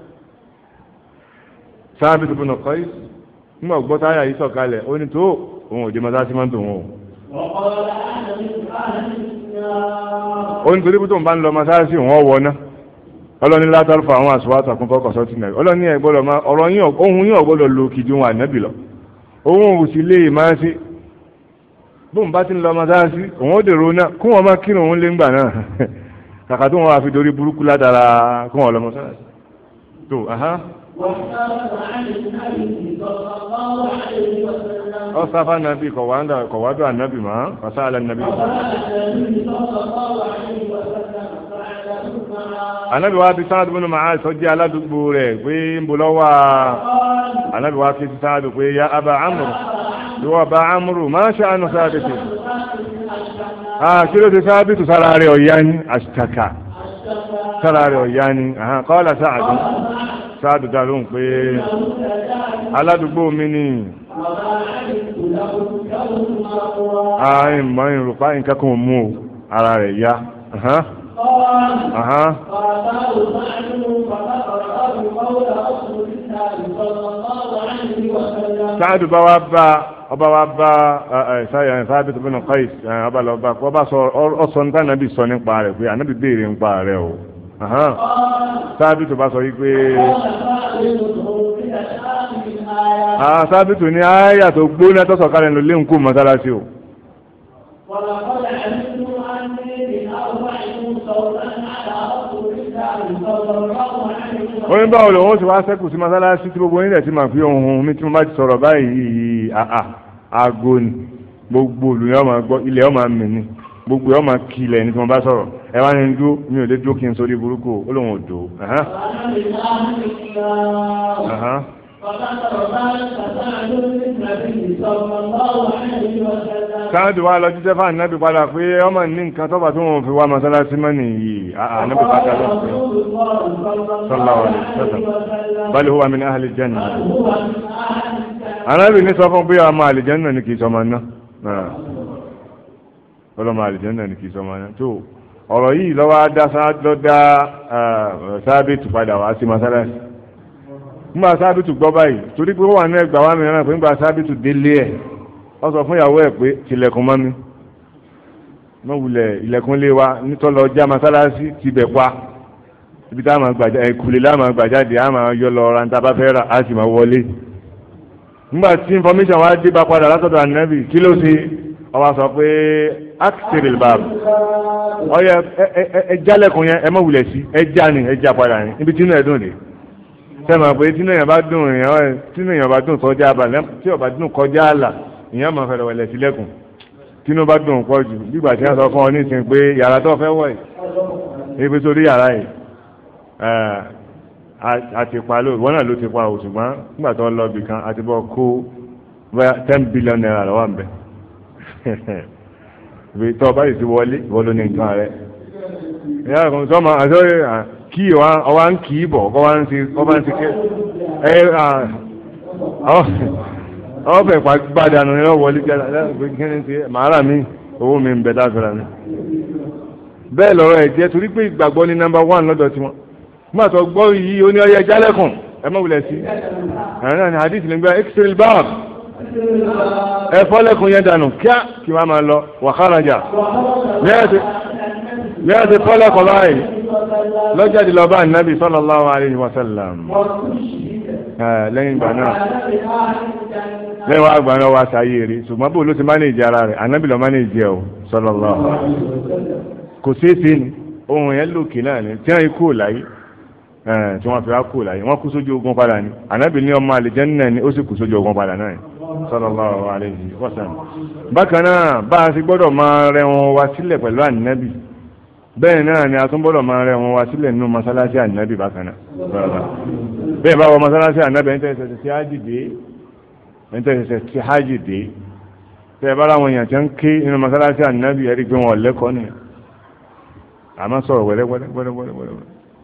Speaker 2: sábì tó bùnà kọ́ yìí nígbà gbọ́ táyà yìí sọ̀kalẹ̀ ó ní tó òun òde máa sáṣí máa ń tò wọn
Speaker 1: o. ó ní torí
Speaker 2: pé tóun bá ń lọ masáàsì wọn wọ ná ọlọ́ni látàrí fún àwọn àṣùwà àtàkùn kọ́kọ́ sọ́tì náà ọlọ́ni ẹ̀ gbọ́dọ̀ máa ọ̀rọ̀ yín ohun yín ọ̀gbọ́dọ̀ lo kìdí wọn ànábì lọ ohun ò sì lè máa ṣe bóun bá ti ń lọ masáàsì òun ó dèrò náà kó wọn máa kírun òun lé ńgbà náà (laughs) kàkà tó wọn wá dorí burúkú látara kó wọn lọ masáàsì tó ọ sáfà nàbì kọ̀wádọ̀ ànábì mọ́ ọ̀sá àlẹ́ nàbì. ànábì wa ti sáàdù bínú màá sọ jẹ́ aládùúgbò rẹ̀ pé ń bọ̀ lọ́wọ́ ànábì wa ti sáàdù pé ya abba amuru ìwọ bá amuru máa ṣe àánú sáàdù tì. kí ló sára rẹ̀ ọ̀yá ni àṣìkàkà sára rẹ̀ ọ̀yá ni kọ́lá sáàdù. sáàdù dá lóhùn pé aládùúgbò mi ni àìmọ̀ ìrùpá nǹkan kan mú o ara rẹ̀ yá. sáàdù bá wá bá ọba wa bá ṣáyà ṣáàbí tó bínú kọ́ ọba lọ bá ọba sọ nípa ànábì sọ nípa pé ànábì béèrè nípa o. sábìtù bá sọ wípé sábìtù ní àyà tó gbóná tó sọ̀kalẹ̀ ló lé nkú mọ́sálásí o.
Speaker 1: oyin báwo lòun ó
Speaker 2: sì wá sẹ́kù sí mọ́sálásí tí gbogbo onílẹ̀ ti máa fi ohun mi tí mo bá ti sọ̀rọ̀ báyìí àgọ́ ni gbogbo olùyọ́ ilẹ̀ ọ̀ máa mì ni gbogbo ọmọ kilẹ̀ ní tí wọ́n bá sọ̀rọ̀ ẹ wá ní dúró mi ò lè dúró kí n sórí burúkú ó lóun ò dò. sáàdù wa lọ jíjẹ́ fún ànábì padà pé ọmọ ní nǹkan tọ́ba tó wọn fi wá mọ́sálásí mọ́nì yìí ah, ànábì padà lọ pé
Speaker 1: sallallahu alaihi wasallam bal huwa min ahli janna
Speaker 3: ànábì ní sọ
Speaker 2: fún pé ọmọ àlìjẹ́nà ni kì í sọmọ náà. Ah ọlọ́mọ àlìjẹ́nà ní kì í sọmọ náà tó ọ̀rọ̀ yìí lọ́wọ́ dá sábẹ́tù padà wá sí masalasi nígbà sábẹ́tù gbọ́ báyìí torí pé ó wà ní ẹgbà wa mìíràn pé nígbà sábẹ́tù délé ẹ̀ ọ sọ fún ìyàwó ẹ̀ pé tilẹ̀kùn mọ́ mi mọ́ wulẹ̀ ilẹ̀kùn lé wa nítọ́lọ já masalasi ti bẹ̀ pa ibi tá a máa gbàjá ẹ̀kúlé lá máa gbàjáde a máa yọ lọ ra níta fẹ́ rà á sì máa wọlé nígbà tí information wa dé bá padà látọ̀dọ̀ ànábì kí ló ṣe ọwọ́ sọ pé axel bab ọyẹ ẹjálẹ̀kùn yẹn ẹ mọ̀ wulẹ̀ sí ẹjá ni ẹjá padà ni níbi tí inú ẹ̀ dùn dé sẹ́mi pé tí inú èèyàn bá dùn èèyàn tí inú èèyàn bá dùn kọjá àbàlẹ̀ tí ó bá dùn kọjá àlà èèyàn máa fẹ̀rẹ̀ wẹ̀lẹ̀ sílẹ̀kùn tí inú bá dùn pọ̀ jù nígbà tí wọ́n sọ fún ọ ní ìsìn pé yàrá tó fẹ́ wọ̀ yìí ebi sórí yàrá yìí àtìpa ló wọ́n náà ló ti pa òṣùgbọ́n nígbà tó lọ bìkan àtibọ́ kó ten billion naira lọ́wọ́ à ń bẹ́ẹ̀ ibi tó ọba yìí ti wọlé ìwọ ní nǹkan rẹ ìyá kan tó máa àti ọyẹ kí ọwá ń kì í bọ̀ kọ́ wá ń ti kọ́ bá ń ti ké ẹ ọ̀fẹ́ gbàdánù ni wọ́n wọlé jáde láti kí ni ti màárà mi owó mi ń bẹ dáfẹ́ra mi bẹ́ẹ̀ lọ́rọ̀ ẹ̀ jẹ́ torí pé ìgbàgbọ́ ní nọ́mbà wán lọ́dọ̀ tiwọn nígbà tó gbọ́ yìí ó ní ọyẹ jálẹ̀kùn ẹ má wulẹ̀ sí ẹ̀rọ náà ni hadith lè gba x-ray báàbù ẹ fọ́lẹ́kùn yẹn dànù kíá kí máa máa lọ wàhálàjà bí a ti fọ́lẹ́kùn báyìí lọ́jáde lọ́ba ànábì sallallahu alayhi wa sallam lẹ́yìn ìgbà náà lẹ́yìn wàá gbà náà wàá sáyé rí ṣùgbọ́n bó ló ti mánéèjì ara rẹ̀ ànábì ló mánéèjì ẹ̀ o sallallahu kò ṣeé ṣe ni ohun yẹn lòkè náà ni tí wọ́n kú láyé tí wọ́n fi wá kú láyé wọ́n kú sójú ogun padà ni ànábì ní ọmọ àlìjẹ́ náà ni ó sì kú sójú ogun padà náà ni sallallahu alayhi wa sallam bákan náà bá a sì gbọ́dọ̀ máa rẹ wọn wá sílẹ̀ pẹ̀lú ànábì bẹ́ẹ̀ náà ni a tún gbọ́dọ̀ máa rẹ wọn wá sílẹ̀ nínú masalasi ànábì bákan náà bẹ́ẹ̀ bá wọ masalasi ànábì ẹni tẹ́sẹ̀ sí hájì dé ẹni tẹ́sẹ̀ sí hájì dé tẹ́ ẹ bá láwọn èèyàn tí ń ké nínú masalasi ànábì ẹ̀rí pé wọn lẹ́kọ̀ọ́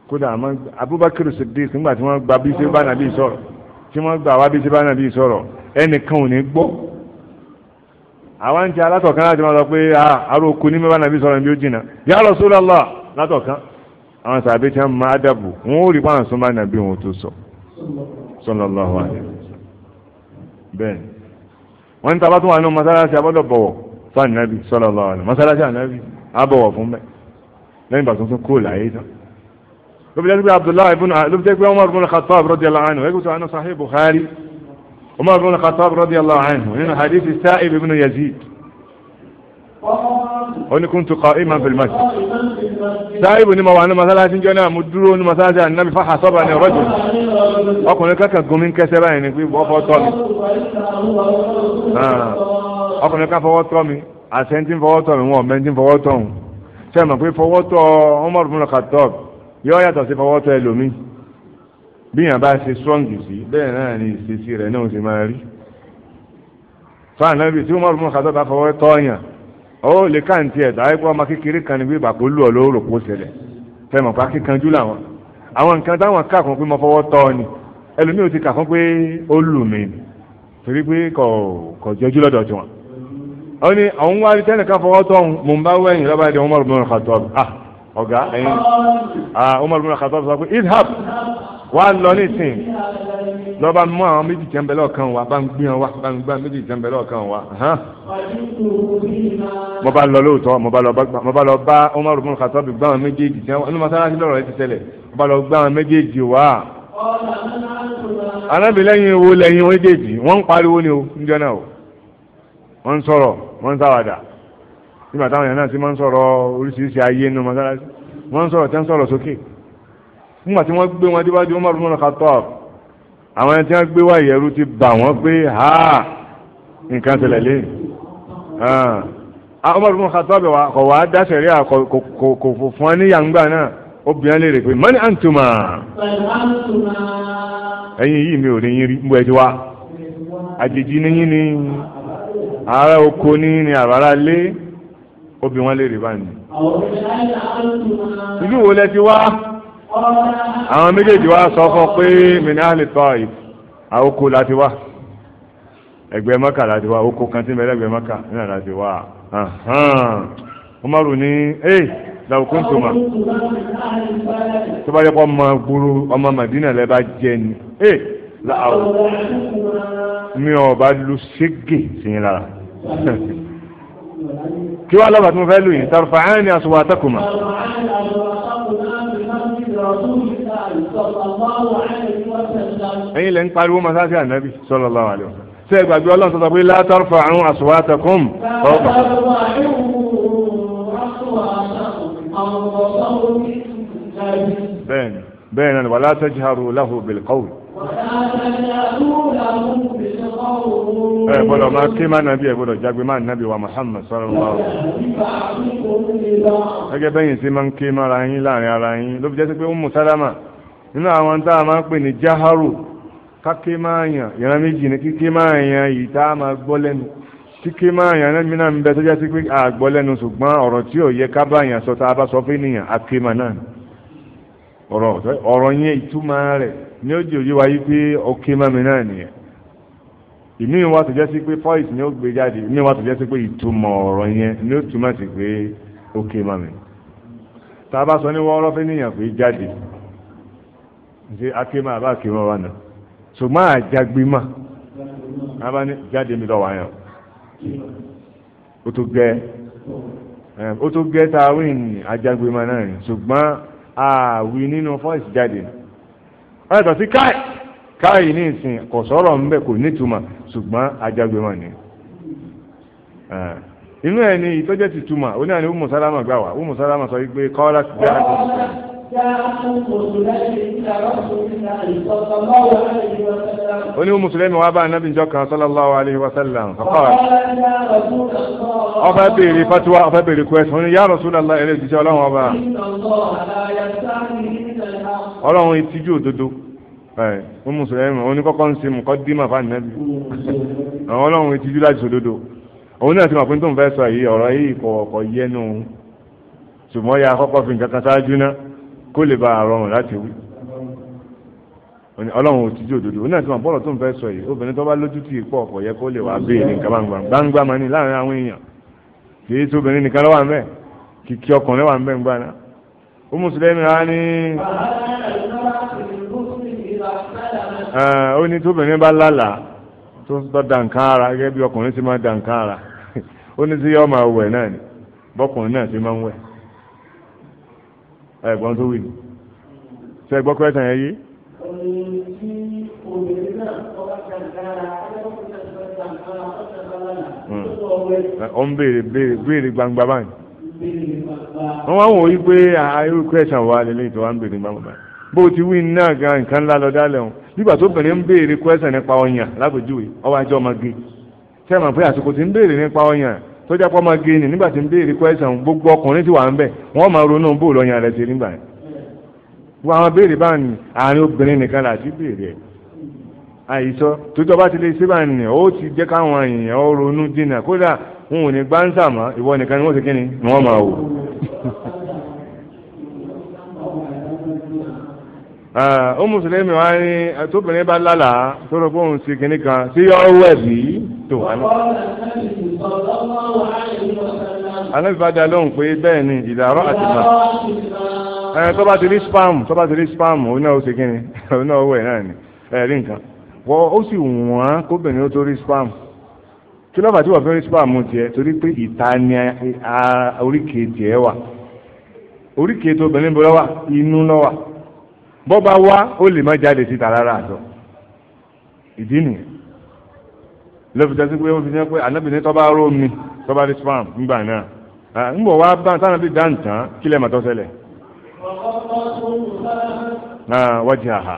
Speaker 2: kódà àmọ́ Abubakar Siddiq nígbà tí wọ́n gba bí sí bá nàbí sọ̀rọ̀ ẹnìkan ò ní gbọ́ àwọn ń ti alátọ̀kan láti máa sọ pé àárò okun ní mẹ́fà nàbí sọ̀rọ̀ bí ó jìnnà yà Rasulullah látọ̀kan àwọn sàbẹ̀ tí wọ́n máa dàbò wọ́n ó rí pàrọ̀ sọ́mà nàbí wọn tó sọ sallallahu alaihi wasallam bẹ́ẹ̀ wọ́n ní tabatú wà ní masalasi abọ́dọ̀ bọ̀wọ̀ fún ànábì sallallahu alaihi masalasi ànábì abọ̀wọ̀ fún bẹ́ẹ̀ lẹ́yìn ìgbà tuntun kúrò láyé tán ló jẹ́ pé Abdullahi ibùn ló jẹ́ pé Umar ibn Khattab radiyallahu anhu ẹgbẹ́ tó wà ní Sahih Umar bin Khattab radiyallahu anhu nínú hadithi Sa'ib ibn Yazid ó ní kuntu qa'iman fil
Speaker 1: masjid Sa'ib
Speaker 2: ní ma wà ní masalasi jọ náà mo dúró ní masalasi ànábi fa hasaba ní rajul ọkùnrin kankan gomi kẹsẹ̀ báyìí ni pé bọ́fọ́ tọ́ mi ah, ọkùnrin kan fọwọ́ tọ́ mi àṣẹntì fọwọ́ tọ́ mi wọn ọ̀mẹ́ntì fọwọ́ tọ́ òun sẹ́mi pé fọwọ́ tọ́ Umar bin Khattab yóò yàtọ̀ sí fọwọ́ tọ́ ẹlòmíì bí yàn bá ṣe strong sí bẹ́ẹ̀ náà ni ìṣesí rẹ̀ náà ṣe máa rí fáànà bíi tí Umar ibn Khattab bá fọwọ́ tọ́yàn ó lè káàntì ẹ̀dá ẹ̀kọ́ ọmọ kékeré kan níbi ìbàkó lù ọ lóòrò kó ṣẹlẹ̀ fẹ́mọ̀ pa kíkanjú làwọn àwọn nǹkan táwọn kà fún pé mo fọwọ́ tọ́ ni ẹlòmíì ò ti kà fún pé ó lù mí torí pé kò kò jọjú lọ́dọ̀ tiwọn. ó ní àwọn wá tẹ́lẹ̀ ká fọwọ́ tọ́ òun mò ń bá wẹ̀yìn lọ́ba ẹ̀dẹ̀ Umar ibn Khattab ah ọ̀gá ẹ̀yìn ah, Umar ibn Khattab sọ pé idhab wà lọ nísìn lọ́ba mú àwọn méjì jẹ́ ń bẹ lọ́ọ̀kan wa bá ń gbé wọn wá bá ń gbá méjì jẹ́ ń bẹ lọ́ọ̀kan wa. mo bá lọ lóòótọ́ mo bá lọ bá Umaru bin Khattab gbá àwọn méjèèjì jẹ́ wọn inú masalasi lọ́rọ̀ rẹ ti tẹ̀lẹ̀ mo bá lọ gbá àwọn méjèèjì wá. anábìlẹ́yìn wo lẹ́yìn méjèèjì wọ́n ń pariwo ni o ń jẹ́ náà o wọ́n ń sọ̀rọ̀ wọ́n ń sáwàdà nígbà táwọn yẹn náà ti máa ń sọ̀rọ̀ oríṣiríṣi ayé nínú masalasi wọ́n ń sọ̀rọ̀ tẹ́ ń sọ̀rọ̀ sókè nígbà tí wọ́n gbé wọn díwájú wọn márùn mọ́nà kàtọ́ àwọn ẹni tí wọ́n gbé wáyé ẹrú ti bà wọ́n pé ha nǹkan ṣẹlẹ̀ lé àwọn márùn mọ́nà kàtọ́ bẹ̀ wá kọ̀ wá dá sẹ̀rí àkókò fún ẹ ní yàǹgbà náà obìnrin lè rè pé mọ́ni àǹtùmá ẹ̀yin yìí mi ò rí yín rí mbọ́ ẹ wá àjèjì ní yín ni ará oko ní ní àbára lé obìnrin lè rè báyìí.
Speaker 1: ìlú wo lẹ ti wá àwọn méjèèjì wá sọ fún pé
Speaker 2: minali taif àwòkó láti wá ẹgbẹ́ mọ́kà láti wá àwòkó kan tí mẹ́lẹ́ ẹgbẹ́ mọ́kà náà láti wá Umaru ní ẹ́ làwùkún tó ma tó bá yẹ ọmọ gbúrú ọmọ Madina lẹ́ bá jẹ ni ẹ́ làwọ̀ mi ò bá lu ségè sí yín lára kí wàá lọ́ba tí mo fẹ́ lù yín tarfa'ani aswātakuma. ẹ̀yin lẹ́ ń pariwo masáàsì ànábì sallallahu alaihi wasallam ṣé gbàgbé ọlọ́run tó sọ pé la tarfa'u aswatakum ọ̀pọ̀. bẹ́ẹ̀ni bẹ́ẹ̀ náà wala tajharu lahu bil qawl.
Speaker 1: ẹ gbọ́dọ̀ máa ké máa nàbí
Speaker 2: ẹ gbọ́dọ̀ jágbe máa nàbí wa Muhammad sallallahu alaihi
Speaker 1: wasallam.
Speaker 2: gẹ́gẹ́ bẹ́yìn sí máa ń ké máa ra yín láàrin ara yín ló fi jẹ́ sí pé Ummu Salama nínú àwọn tá a máa ń pè ní jaharu káké yana yàn ne méjì ní kíké máa yàn yìí tá a máa gbọ́ lẹ́nu kíké máa yàn náà mìíràn ń bẹ tó jásí pé àgbọ́ lẹ́nu ṣùgbọ́n ọ̀rọ̀ tí ò yẹ ká bá yàn sọ tá a bá sọ fún ènìyàn akéma náà ọ̀rọ̀ ọ̀rọ̀ yẹn ìtumọ̀ rẹ̀ ní ó jẹ́ òye wa yí pé ọkéma mi voice ni ó gbé jáde ìmí wa tó jásí pé ìtumọ̀ ọ̀rọ̀ yẹn ni ó túmọ̀ sí pé ọkéma mi tá a bá sọ ní wọ́ọ́rọ́ fún ènìyàn pé jáde ṣe akéma àbá akéma wa náà ṣùgbọ́n àjàgbìmọ̀ abá ní jáde mi lọ́wọ́ àyàn ó tó gẹ́ ó tó gẹ́ tá a wí ní àjàgbìmọ̀ náà ni ṣùgbọ́n àwí nínú fọ́ọ̀sì jáde ọ̀yàtọ̀ sí káì káì ní ìsìn kò sọ̀rọ̀ ńbẹ kò nítumọ̀ ṣùgbọ́n àjàgbìmọ̀ ni inú ẹ̀ ni ìtọ́jẹ́ ti túmọ̀ ó ní àní Umu gbà wá Umu Salama sọ wípé kọ́lá ti dá
Speaker 1: àti
Speaker 2: oni musulmi wa bá anabi njọ kan sallallahu alayhi wa sallam ọkọ ọfẹ béèrè fatuwa ọfẹ béèrè kwẹsì wọn ni ya Rasulullah ẹlẹ ìdíjẹ Ọlọ́run ọba Ọlọ́run ìtìjú òdodo ẹ wọn musulmi wọn ni kọ́kọ́ ń ṣe muqaddima fa anabi Ọlọ́run ìtìjú láti sòdodo òun náà ti mọ̀ pé tó ń fẹ́ sọ yìí ọ̀rọ̀ yìí kọ̀ọ̀kọ̀ yẹnu ṣùgbọ́n ya kọ́kọ́ fi nǹkan kan ṣáájú náà. kó lè ba rọrùn láti wí ọlọ́run ò tíjú òdodo ó náà ti mọ̀ bọ́ọ̀lù tó ń fẹ́ sọ yìí obìnrin tó bá lójú tì í pọ̀ kò yẹ kó lè wá béèrè nǹkan gbangba gbangba máa ní láàrin àwọn èèyàn kì í tó nìkan lọ́wọ́ àmẹ́ kìkì ọkùnrin wà ń bẹ̀ ń gbà náà ó mùsùlùmí rárá ní. ó ní tóbìnrin bá lálàá tó ń tọ́ dànkan ara gẹ́gẹ́ bí ọkùnrin ti máa dànkan ara (laughs) ó ní sí ẹ̀gbọ́n tó wí ni ṣe ẹ̀gbọ́n kọ́ẹ̀tàn yẹn yé.
Speaker 1: Hmm.
Speaker 2: ó ń béèrè béèrè gbangba báyìí wọ́n wá wò ó yí pé irú kẹ́sàn wà lélẹ́yìn tó wá ń béèrè gbangba báyìí bó ti wí náà gan nǹkan ńlá lọ dálẹ̀ wọn nígbà tó bẹ̀rẹ̀ ń béèrè kwẹ́sàn nípa ọyàn lábòjúwe ọwọ́ ajọ́ ọmọ gé sẹ́mọ̀ pé àsìkò tí ń béèrè nípa ọyàn tó jẹ́ pọ́ máa gé ni nígbà tí ń béèrè question gbogbo ọkùnrin tí wà ń bẹ̀ wọ́n máa ronú bó lọ́yàn rẹ̀ ṣe nígbà yẹn wọ́n àwọn béèrè bá ní àárín obìnrin nìkan láti béèrè ẹ̀ àìsọ tó jọba ti lè síbà ní ó ti jẹ́ káwọn èèyàn ó ronú dínà kódà wọn ò ní gbáǹsà ìwọ nìkan ni wọ́n ti kí ni ni wọ́n máa wò. ó mùsùlùmí wa ní tóbìnrin bá lálàá tó rọ pé òun ti kan sí yọ ọwọ́ ẹ̀ bíi tó anábì bá dá lóhùn pé bẹ́ẹ̀ ni ìdàrọ́ àti
Speaker 1: ìgbà
Speaker 2: ẹ tó bá ti rí spam tó bá ti rí spam òun náà ó ṣe kíni (laughs) òun náà ó wẹ̀ náà ni ẹ rí nǹkan wọ́n ó sì wọ́n kóbìnrin ó tó rí spam kí lọ́ba tí wọ́n fi rí spam tiẹ̀ torí pé ìta ni oríkèé tiẹ̀ wà oríkèé tó obìnrin bọ́ lọ́wà inú lọ́wà bọ́ba wá ó lè má jáde síta rárá àtọ̀ ìdí nìyẹn lọ́fíjọ́ sí pé wọ́n fi jẹ́ pé anábìnrin tó bá ró mi tó bá rí spam ńgbà náà ńgbọ̀ wá bá sáà bí dáǹtàn kí lẹ́mọ̀ tó ṣẹlẹ̀ wájú àhà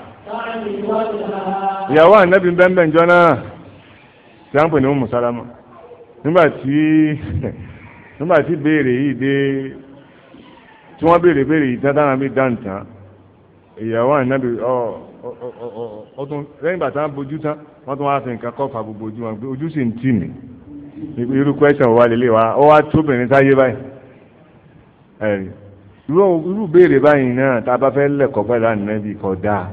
Speaker 2: ìyàwó ànábì bẹ́ẹ̀ jọ náà tí a ń pè ní Ummu Salama nígbà tí (laughs) béèrè yìí dé tí wọ́n béèrè béèrè yìí tán táwọn bí dáǹtàn ìyàwó ànábì ọ̀ ọ̀ ọ̀ ọ̀ lẹ́yìn bàtà bójú tán wọ́n tún wá fi nǹkan kọ́ fa gbogbo ojú wọn pé ojú sì ń tì mí irú kwẹ́sàn wà lélẹ̀ wa ó wá tóbìnrin sáyé báyìí irú béèrè báyìí náà tá a bá fẹ́ lẹ̀kọ́ pẹ̀lú ànábì kọ́ dáa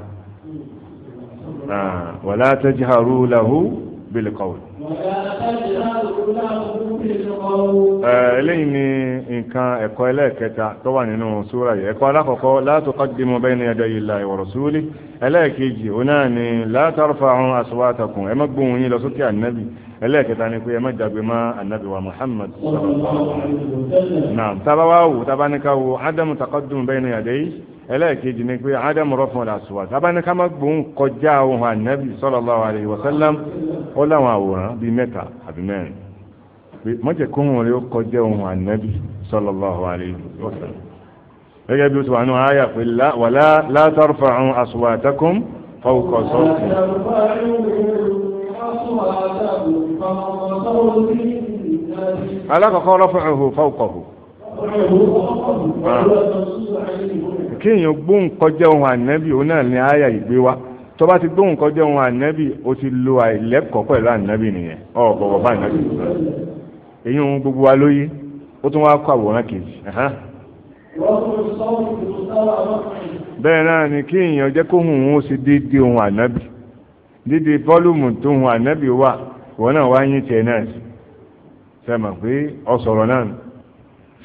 Speaker 2: ah, wàlá tajharu lahu bil qawl eléyìí ni nǹkan ẹ̀kọ́ ẹlẹ́ẹ̀kẹta tó wà nínú súra yìí ẹ̀kọ́ alákọ̀ọ́kọ́ la tuqaddimu bayna yadayi Allahi wa rasuli ẹlẹ́ẹ̀kejì òun náà ni la tarfa'u aswatakum ẹ má gbóhùn yín lọ sókè ànábì ẹlẹ́ẹ̀kẹta ni pé ẹ má jagbe má ànábì wa Muhammad náà tábà wò tábà ní ká wo ádámù taqaddimu bayna yadayi ẹlẹ́ẹ̀kejì ni pé ádámù rọ́fún àṣùwà sábàáníká má gbóhùn kọjá ohun ànábì sallallahu alaihi wasallam ó láwọn àwòrán bíi mẹ́ta àbí mẹ́rin pé mọ́jẹ̀ kóhùn rẹ̀ ó kọjá ohun ànábì sallallahu alaihi wasallam gẹ́gẹ́ bí ó ti wà nù áyà pé wàlá la tarfa'u aswatakum fawqa sawti. alákọ̀ọ́kọ́ rọ́fún ẹ̀hùn fọ́ọ̀kọ̀ kéèyàn gbóhùn kọjá ohun ànẹ́bì òun náà ni àyà ìgbé wa tó ti gbóhùn kọjá ohun ànẹ́bì ó ti lo àìlẹ́kọ̀ọ́ pẹ̀lú ànábì nìyẹn bọ̀bọ̀ bá èyí gbogbo wa lóye ó tún wá kọ àwòrán kejì bẹ́ẹ̀ náà ni kéèyàn jẹ́ kó hùn ó sì ohun ànábì déédéé fọ́lùmù tó ohun wà wọn náà wá tiẹ̀ náà sẹ́mọ̀ pé náà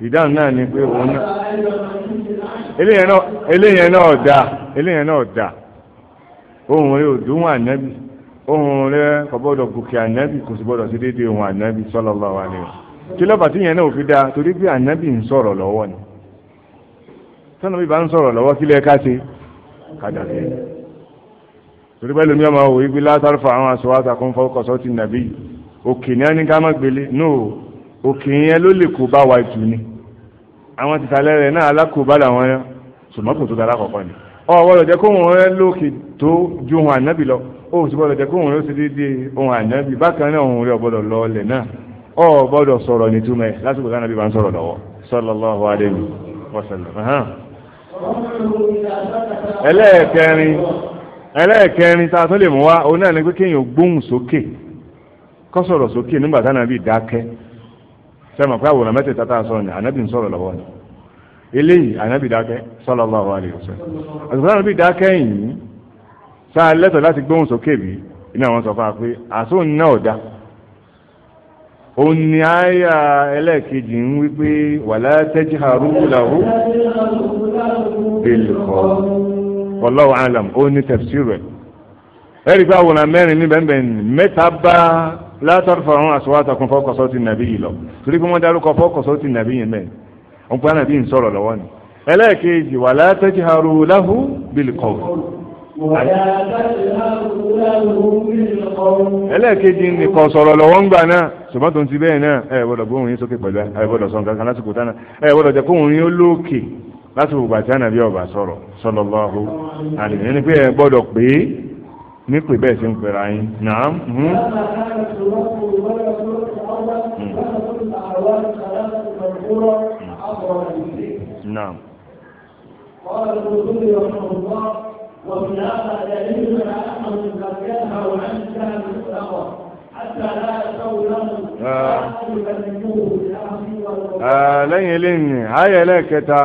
Speaker 2: ìdáhùn náà ni pé òun náà
Speaker 1: eléyẹn náà dáa
Speaker 2: eléyẹn náà dáa ohun rẹ̀ ò dùn ànábì ohun rẹ̀ kò gbọ́dọ̀ gòkè ànábì kò sì gbọ́dọ̀ sí déédéé ohun ànábì sallallahu alaihi wasallam kí lọ́ba tí yẹn náà ò fi dáa torí pé ànábì ń sọ̀rọ̀ lọ́wọ́ ni sọ́nà bíbá ń sọ̀rọ̀ lọ́wọ́ kílẹ̀ ká ṣe kàdà sí i torí pé lómi ọmọ òwe gbé látàrí fún àwọn aṣọ àtàkùn fọwọ́kọ̀sọ́ ti nàbí òkè ní á ní ká má gbélé náà òkè yẹn ló lè kó bá wa jù ni àwọn tìtàlẹ́ rẹ̀ náà alákòóbá làwọn yẹn ṣùgbọ́n tó dára kọ̀ọ̀kan ni ọ̀wọ́ lọ́jẹ́ kó wọn lókè tó ju ohun ànábì lọ ó sì gbọ́dọ̀ jẹ́ kó wọn ló ṣe ohun ànábì bákan náà lọ náà lásìkò tí bá ń sọrọ
Speaker 1: ẹlẹ́ẹ̀kẹrin
Speaker 2: ẹlẹ́ẹ̀kẹrin tá a tún lè mú òun náà sẹ́mọ̀ pé àwòrán mẹ́tẹ̀ẹ̀ta tá a sọ ni ànábì ń sọ̀rọ̀ lọ́wọ́ ni eléyìí ànábì dákẹ́ sallallahu alaihi wasallam àtùkọ́ ànábì dákẹ́ yìí sáà lẹ́tọ̀ láti gbóhùn sókè bí iná wọn sọ fún wa pé àsóhùn náà ọ̀dà òun ni àyà ẹlẹ́ẹ̀kejì ń wí pé wala tajharu lahu
Speaker 1: bil qawl
Speaker 2: wallahu alam ó ní tafsir rẹ̀ ẹ̀rí pé àwòrán mẹ́rin níbẹ̀ mẹ́ta látọ̀rọ̀fọ̀ àwọn àṣọwátọ̀kùn fọ́kọ̀sọ́ ti nàbí yìí lọ torí pé wọ́n dárúkọ fọ́kọ̀sọ́ ti nàbí yìí mẹ́rin wọ́n pe ànàbí ń sọ̀rọ̀ lọ́wọ́ ni ẹlẹ́ẹ̀kejì wà látẹ́jì haru láhù bílíkọ̀ọ́
Speaker 1: ẹlẹ́ẹ̀kejì nìkan sọ̀rọ̀ lọ́wọ́ ń
Speaker 2: gbà náà ṣùgbọ́n tó ń ti bẹ́ẹ̀ náà ẹ gbọ́dọ̀ gbóhùn yín sókè pẹ̀lú ẹ gbọ́dọ̀ sọ nǹkan kan lásìkò tánà ẹ gbọ́dọ̀ ní pè bẹ́ẹ̀ ṣe ń pèrà yín náà mú.
Speaker 1: نعم قال الرسول رحمه الله وفي هذا دليل على انه قد ينهى عن سهل الثمر حتى لا يسوي له
Speaker 2: lẹ́yìn eléyìí ayẹlẹ́kẹta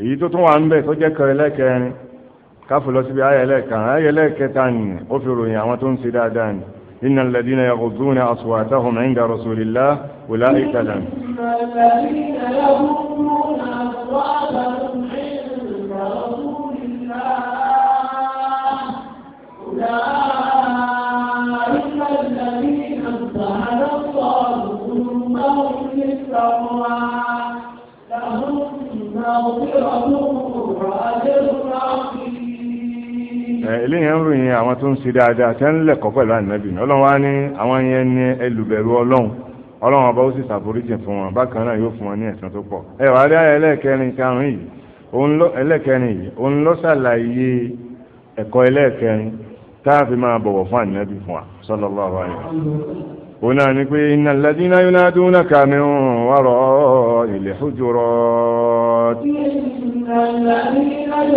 Speaker 2: èyí tó tún wà ń bẹ̀ tó jẹ́ kẹrẹlẹ́kẹrin káfù lọ síbi ayẹlẹ kan ayẹlẹ kẹta ni ó fi ròyìn àwọn tó ń ṣe dáadáa ni iná inna alladhina yaghuduna aswatahum 'inda rasulillah ulaika lahum.
Speaker 1: لهم مغفرة وأجر عظيم
Speaker 2: eléyìí ń ròyìn àwọn tó ń ṣe dáadáa tẹ́ ń lẹ̀kọ́ pẹ̀lú ànábì ọlọ́run wá ní àwọn yẹn ní ẹlùbẹ̀rù ọlọ́run ọlọ́run ọba ó sì ṣàforíjì fún wọn bákan náà yóò fún wọn ní ẹ̀san tó pọ̀ ẹ wàá rí ayé ẹlẹ́ẹ̀kẹrin karùn-ún yìí ẹlẹ́ẹ̀kẹrin yìí òun ló ṣàlàyé ẹ̀kọ́ ẹlẹ́ẹ̀kẹrin tá fi máa bọ̀wọ̀ fún ànábì fún wa sallallahu alaihi
Speaker 3: wasallam
Speaker 2: ona ni pé innal ladina yunadunaka min wara'il hujurat.
Speaker 1: innal ladina la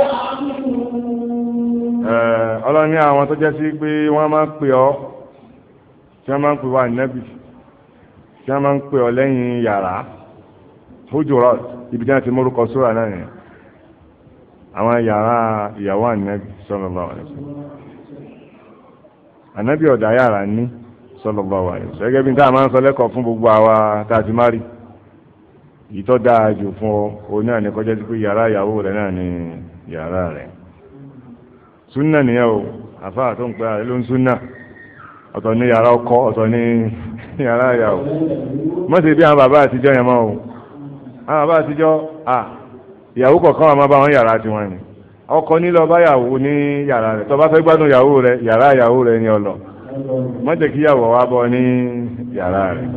Speaker 1: ya'qilun.
Speaker 2: ọlọ́ni àwọn tó jẹ́ sí pé wọ́n máa ń pè ọ́ tí wọ́n máa ń pè wá nẹ́bì tí wọ́n máa ń ibi ti mórúkọ sóra àwọn yàrá ìyàwó ànábì sallallahu alaihi wasallam ànábì ọ̀dà yàrá ní sallallahu alaihi wasallam gẹ́gẹ́ bí n táà máa ń sọ lẹ́kọ̀ọ́ fún gbogbo àwa tá a ti má rí ìtọ́ dáa jù fún ọ òun náà ní kọjá sí pé yàrá ìyàwó rẹ̀ náà ní yàrá rẹ̀ súnà nìyẹn o àfáà tó ń pẹ́ àrẹ ló ń súnà ọ̀tọ̀ ní yàrá ọkọ ọ̀tọ̀ ní (laughs) yàrá ìyàwó mọ́sẹ̀ bí àwọn bàbá àtijọ́ yẹn mọ́ o àwọn bàbá àtijọ́ à ìyàwó kọ̀ọ̀kan wà máa bá wọn yàrá tiwọn ni ọkọ nílọ bá yàwó ní yàrá rẹ̀ tó bá fẹ́ gbádùn yàwó rẹ̀ yàrá yàwó rẹ̀ ni ọlọ má jẹ́ kí yàwó wa bọ ní yàrá rẹ̀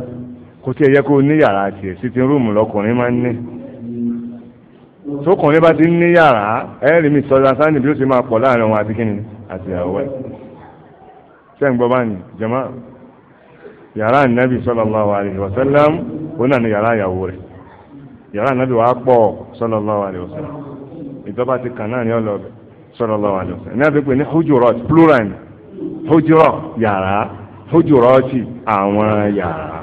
Speaker 2: kò tiẹ̀ yẹ kó ní yàrá tiẹ̀ sitting room lọkùnrin máa ń ní tókùnrin bá ti ń ní yàrá ẹ̀rí mi sọ̀rọ̀ sáni bí ó ti máa pọ̀ láàrin wọn àti kíni àti ìyàwó ẹ̀ ṣé ń gbọ́ bá ní jàmá yàrá ànábì sallallahu alaihi wasallam òun náà ní yàrá ìyàwó rẹ̀ yàrá nàbí wàá pọ̀ sallallahu alaihi wasallam ìjọba ti kàn náà ní ọlọ́ọ̀bẹ sallallahu alaihi wasallam ní àbẹ̀pẹ̀ ní hujurat plural ni hujura yàrá hujurati àwọn yàrá.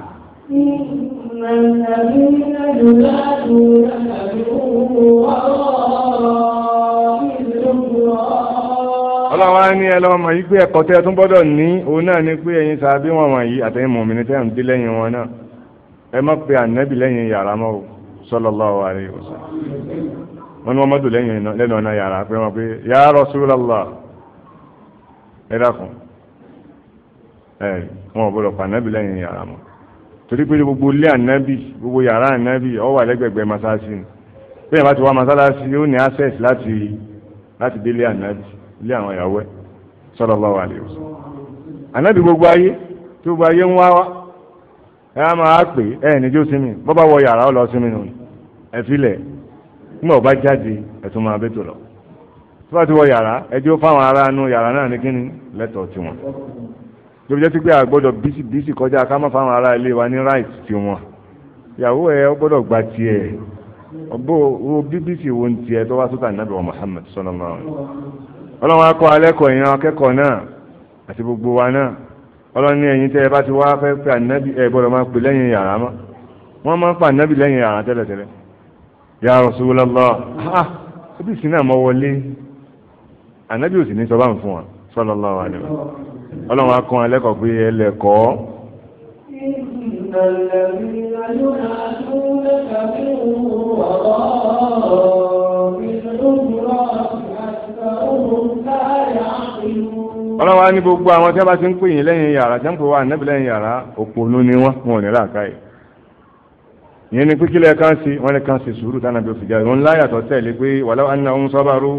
Speaker 2: ọlọ́wọ́ ní ẹ lọ́wọ́ mọ̀ yí pé ẹ̀kọ́ tẹ́ tún gbọ́dọ̀ ní òun náà ni pé ẹ̀yin sàbí wọn wọ̀nyí àtẹ̀yìn mọ̀mí ní tẹ́yìn dé lẹ́yìn wọn náà ẹ má pe ànábì lẹ́yìn yàrá mọ́ o. sallallahu alaihi wasallam wọ́n ní wọ́n mọ́tò lẹ́nu ọ̀nà yàrá pé pé ya Rasulullah ẹ dákun ẹ wọn ò gbọdọ̀ pa ànábì lẹ́yìn yàrá mọ́ gbogbo ilé gbogbo yàrá anabi ó wà lẹ́gbẹ̀gbẹ̀ masáàsì ni bí yàrá ti wá ó ní access láti láti dé ilé ilé àwọn ẹ sallallahu gbogbo efile nígbà ọba jáde ẹ̀tún máa bẹ́tò lọ tí wọ́n ti wọ yàrá ẹjọ́ fáwọn ará nu yàrá náà ní kíni lẹ́tọ̀ọ́ tiwọn tó fi jẹ́ sí pé àgbọ́dọ̀ bísí bísí kọjá ká má fáwọn ará ilé wa ní right tiwọn ìyàwó ẹ ọgbọ́dọ̀ gba tiẹ̀ ọgbọ́ wo bíbísì wo ń tiẹ̀ tó wá sókà nàbẹ̀ wa Muhammad sallallahu alaihi ọlọ́run akọ alẹ́kọ̀ọ́ ìran akẹ́kọ̀ọ́ náà àti gbogbo wa náà ọlọ́run ní ẹ̀yin tẹ́ ẹ bá ti wá fẹ́ pé ànábì ẹ gbọ́dọ̀ máa pè lẹ́yìn yàrá mọ́ wọ́n máa ń pa ànábì lẹ́yìn yàrá tẹ́lẹ̀tẹ́lẹ̀ ya Rasulullah ah ṣébí sinna mọ́ wọlé ànábì ò sì ní sọ bá ń fún wa sallallahu alaihi wasallam ọlọ́run akọ́ ẹlẹ́kọ̀ọ́ pé ẹlẹ́kọ̀ọ́. ọlọ́run á ní gbogbo àwọn tí wọ́n bá ti ń pè yín lẹ́yìn yàrá tí wọ́n ń pè wá ànábì lẹ́yìn yàrá òpònú ni wọ́n wọn ò ní làákàyè ìyẹn ni pínkìlẹ̀ kan sí wọn lè kan sí sùúrù tánà bí ó fi jáde wọn láyàtọ̀ tẹ̀lé pé wàlá àná ń sọ́bàrú.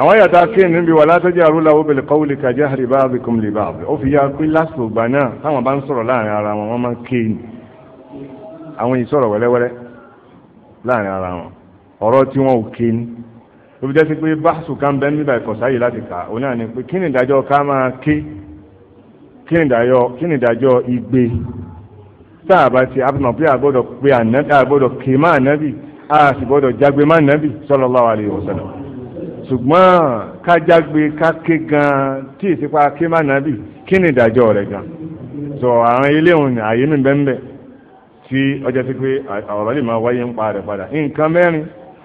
Speaker 2: àwọn yàtọ̀ akéwìn níbi wàlá tọ́jú àrùláwó bẹ̀lẹ̀ kọ́wùlì kàjẹ́ àríbá àbíkùn lè bá àbẹ̀ ó fi yá pé lásìkò ìgbà náà táwọn bá ń sọ̀rọ̀ láàrin ara wọn wọ́n máa ń kéwìn àwọn ìsọ̀rọ̀ wẹ́lẹ́wẹ́lẹ́ láàrin ara wọn ọ̀rọ̀ tí wọn ò ké ní ó fi jẹ́sí pé báṣù kan bẹ́ẹ̀ níbà ẹ̀kọ́ sáyé láti kà ó náà ni pé kí ni ìdájọ́ ká máa ké kí ni ìdájọ́ igbe tá a bá ti abúlé pé àgbọ́dọ̀ pé àgbọ́dọ̀ ké má ànábì a sì gbọ́dọ̀ jágbe má ànábì sallallahu alaihi wasallam ṣùgbọ́n ká jágbe ká ké gan tí ìsìnkú ké má ànábì kí ni ìdájọ́ rẹ̀ gan sọ àwọn ilé òun àyè mi bẹ́ẹ̀ tí ọjọ́ sí pé ọ̀rọ̀ lè máa wáyé ń pa rẹ̀ padà nǹkan mẹ́rin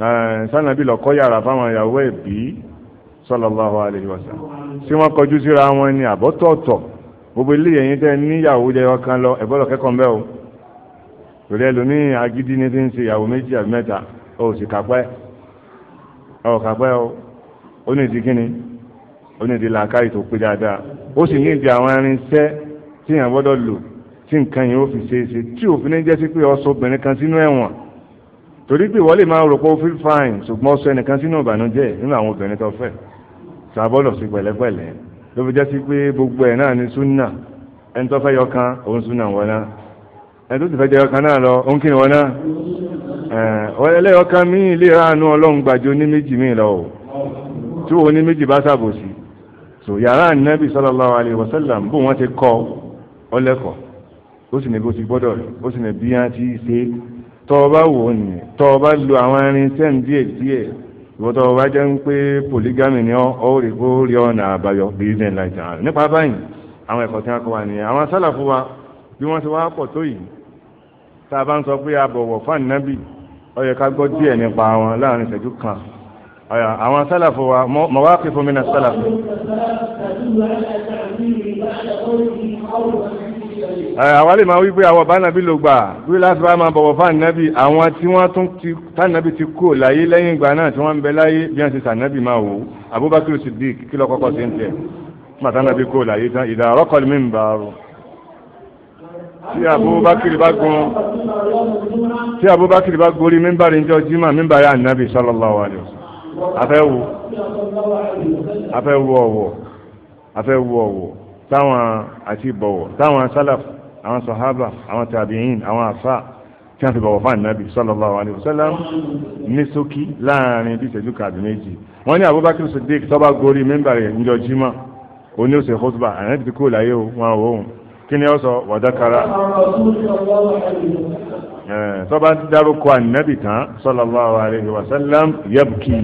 Speaker 2: Eh, sànàbí lọ kọ́ yàrá fáwọn ìyàwó ẹ̀ bí sallallahu alaihi wasallam sí wọ́n kọjú síra wọn ni àbọ́tọ̀ọ̀tọ̀ gbogbo ilé yẹn tẹ́ níyàwó jẹ́ ọkàn lọ ẹ̀bọ́lọ̀ kẹ́kọ̀ọ́ mbẹ́ o torí ẹlòmíì agídí ní ti ń ṣe ìyàwó méjì àbí mẹ́ta o sì kápẹ́ ọ kápẹ́ o ó ní ti kíni ó ní ti làákàyè tó pé dáadáa ó sì ní ìdí àwọn irinṣẹ́ tí èèyàn gbọ́dọ̀ lò tí nǹkan yẹn ó fi ṣeé ṣe tí òfin ní jẹ́ sí pé ọsọ obìnrin kan sínú torí pé ìwọ lè máa rò pé ó feel fine ṣùgbọ́n sọ ẹnìkan sínú ìbànújẹ́ nínú àwọn obìnrin tó fẹ́ sàbọ̀lọ̀ sí pẹ̀lẹ́pẹ̀lẹ́ ló fi jẹ́ sí pé gbogbo ẹ̀ náà ni súnà ẹni tó fẹ́ yọ kan òun súnà wọn náà ẹni tó sì fẹ́ jẹyọ kan náà lọ òun kí ni wọn náà ẹlẹ́yọ kan mí ilé ránu ọlọ́run gbàjọ ní méjì mí lọ o tí òun ní méjì bá ṣàbòsí so yàrá ànábì sallallahu alaihi wasallam bó wọn ti kọ ọlẹ́kọ̀ọ́ ó sì ní tọ́ọ̀bá wò ní tọ́ọ̀bá lo àwọn irinṣẹ́ díẹ̀ díẹ̀ ìwọ́tọ̀ ọba jẹ́ ń pé polygamy ni ó rí kó rí ọ̀nà àbáyọ business like that nípa báyìí àwọn ẹ̀kọ́ tí wọ́n kọ́ wa nìyẹn àwọn sálàfù wa bí wọ́n ti wá pọ̀ tó yìí tá a bá ń sọ pé a bọ̀wọ̀ fáànì nábì ó yẹ ká gbọ́ díẹ̀ nípa wọn láàrin ìṣẹ́jú kan àwọn sálàfù wa mọ̀wá kí fún mi náà sálàfù àwọn lè máa wí pé àwọn bánabi ló gbà bí láti bá máa bọ̀wọ̀ fáànàbì àwọn tí wọ́n tún ti fáànàbì ti kú láyé lẹ́yìn ìgbà náà tí wọ́n ń bẹ láyé bí wọ́n ti sànàbì máa wò ó Abubakar Siddiq kí lọ kọ́kọ́ sí ń tẹ̀ màtánàbì kú láyé tán ìdá àrọ́kọ̀lù mi ń bá a rò.
Speaker 1: tí Abubakar bá gun tí
Speaker 2: Abubakar bá gorí mímbàrí ń jọ jimá mímbàrí ànàbì sallallahu alaihi wasallam afẹ́ wo afẹ́ wo ọ̀wọ̀ afẹ́ wo ọ̀wọ̀ táwọn àti ìbọ̀wọ̀ táwọn sálàf àwọn sọ̀hábà àwọn tàbíyìn àwọn àfà tí wọ́n fi bọ̀wọ̀ fáànì nábì sallallahu alaihi wasallam ní ṣókí láàrin bí ìṣẹ́jú kàbí méjì wọ́n ní Abubakar Siddiq tó bá gorí mẹ́mbà rẹ̀ níjọ jímọ̀ oní òsè khutba àyàn ti kó láyé o wọn ò wọ́n kí ni ó sọ wàdákara tó bá dárúkọ ànábì tán sallallahu alaihi wasallam yabki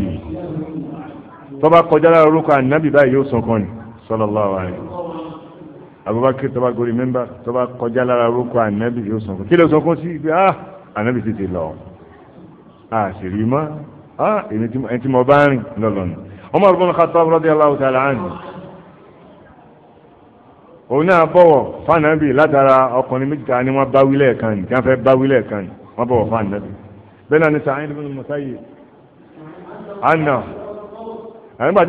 Speaker 2: tó Abubakar tó bá gorí mẹ́mbà tó bá kọjá lára orúkọ ànábì yóò sọkún kí ló sọkún sí pé ah ànábì tètè lọ ah sì rí ah èmi tí mo bá rìn lọ́lọ́nà Umar ibn Khattab radiyallahu ta'ala anhu òun náà bọ̀wọ̀ fànàbì látara ọkùnrin méjìlá ni wọ́n bá wílẹ̀ kan ní káfẹ́ bá wílẹ̀ kan ní wọ́n bọ̀wọ̀ fànàbì bẹ́ẹ̀ náà ni Sa'id àná àyìnbá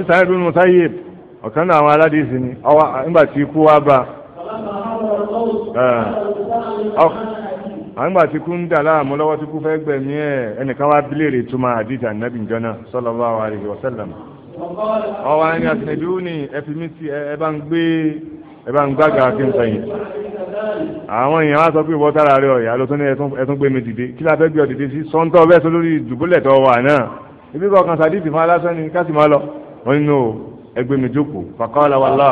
Speaker 2: ọ̀kan náà àwọn aládìsí ni nígbà tí ikú wá bá àgbà tí kú ń dà láàmú lọ́wọ́ tí kú fẹ́ gbẹ̀mí ẹ̀ ẹnìkan wá bílèrè tó máa àdìsí ànábì jọ́nà sallallahu alaihi wasallam ọwọ́ ẹni àtẹ̀dúró ni ẹfimítì ẹ bá ń gbé ẹ bá ń gbága kí n sẹ́yìn àwọn èèyàn wá sọ pé ìwọ tára rẹ ọ̀yà ló tún ní ẹtún gbé mi dìde kí la gbé ọ dìde sí sọ́ńtọ́ bẹ́ẹ̀ sọ lórí ìdùbúlẹ̀ tó wà náà ibi kọ̀ọ̀kan sàdíìtì fún alásán ni ká sì máa lọ wọn nínú ẹgbẹ́ mi jókòó fàkàlà wàlá.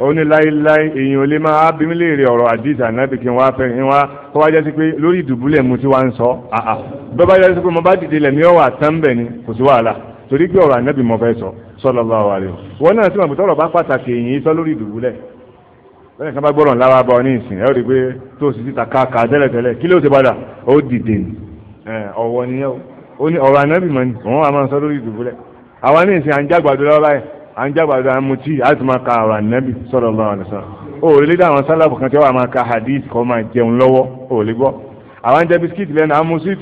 Speaker 2: ó ní láéláé èèyàn ò lè máa bí mi léèrè ọ̀rọ̀ àdìs ànábì kí n wá fẹ́ ń wá kó wá jẹ́ sí pé lórí ìdùbúlẹ̀ mu tí wá ń sọ àà bẹ́ẹ̀ bá jẹ́ sí pé mo bá dìde lẹ̀mí ọ̀wà tán bẹ̀ ni kò sí wàhálà torí pé ọ̀rọ̀ ànábì mo fẹ́ sọ sallallahu alaihi wọn náà sì mọ̀ pé tọ́rọ̀ bá pàtàkì èyí sọ lórí ìdùbúlẹ̀ lẹ́yìn kan bá gbọ́rọ̀ ńlá wa bọ̀ ní ìsìn ẹ̀ o sì ọ̀wọ́ nìyẹn o ó ní ọ̀rọ̀ ànábì mọ̀ ní wọ́n máa sọ lórí ìdùbúlẹ̀ àwa ní ìsìn àǹjàgbàdo a báyìí àǹjàgbàdo àmutí àti ka ọ̀rọ̀ ànábì sọ̀rọ̀ o ò lè dá àwọn sálàbù kan tí máa ka hadith máa jẹun o ò lè gbọ́ àwa ń jẹ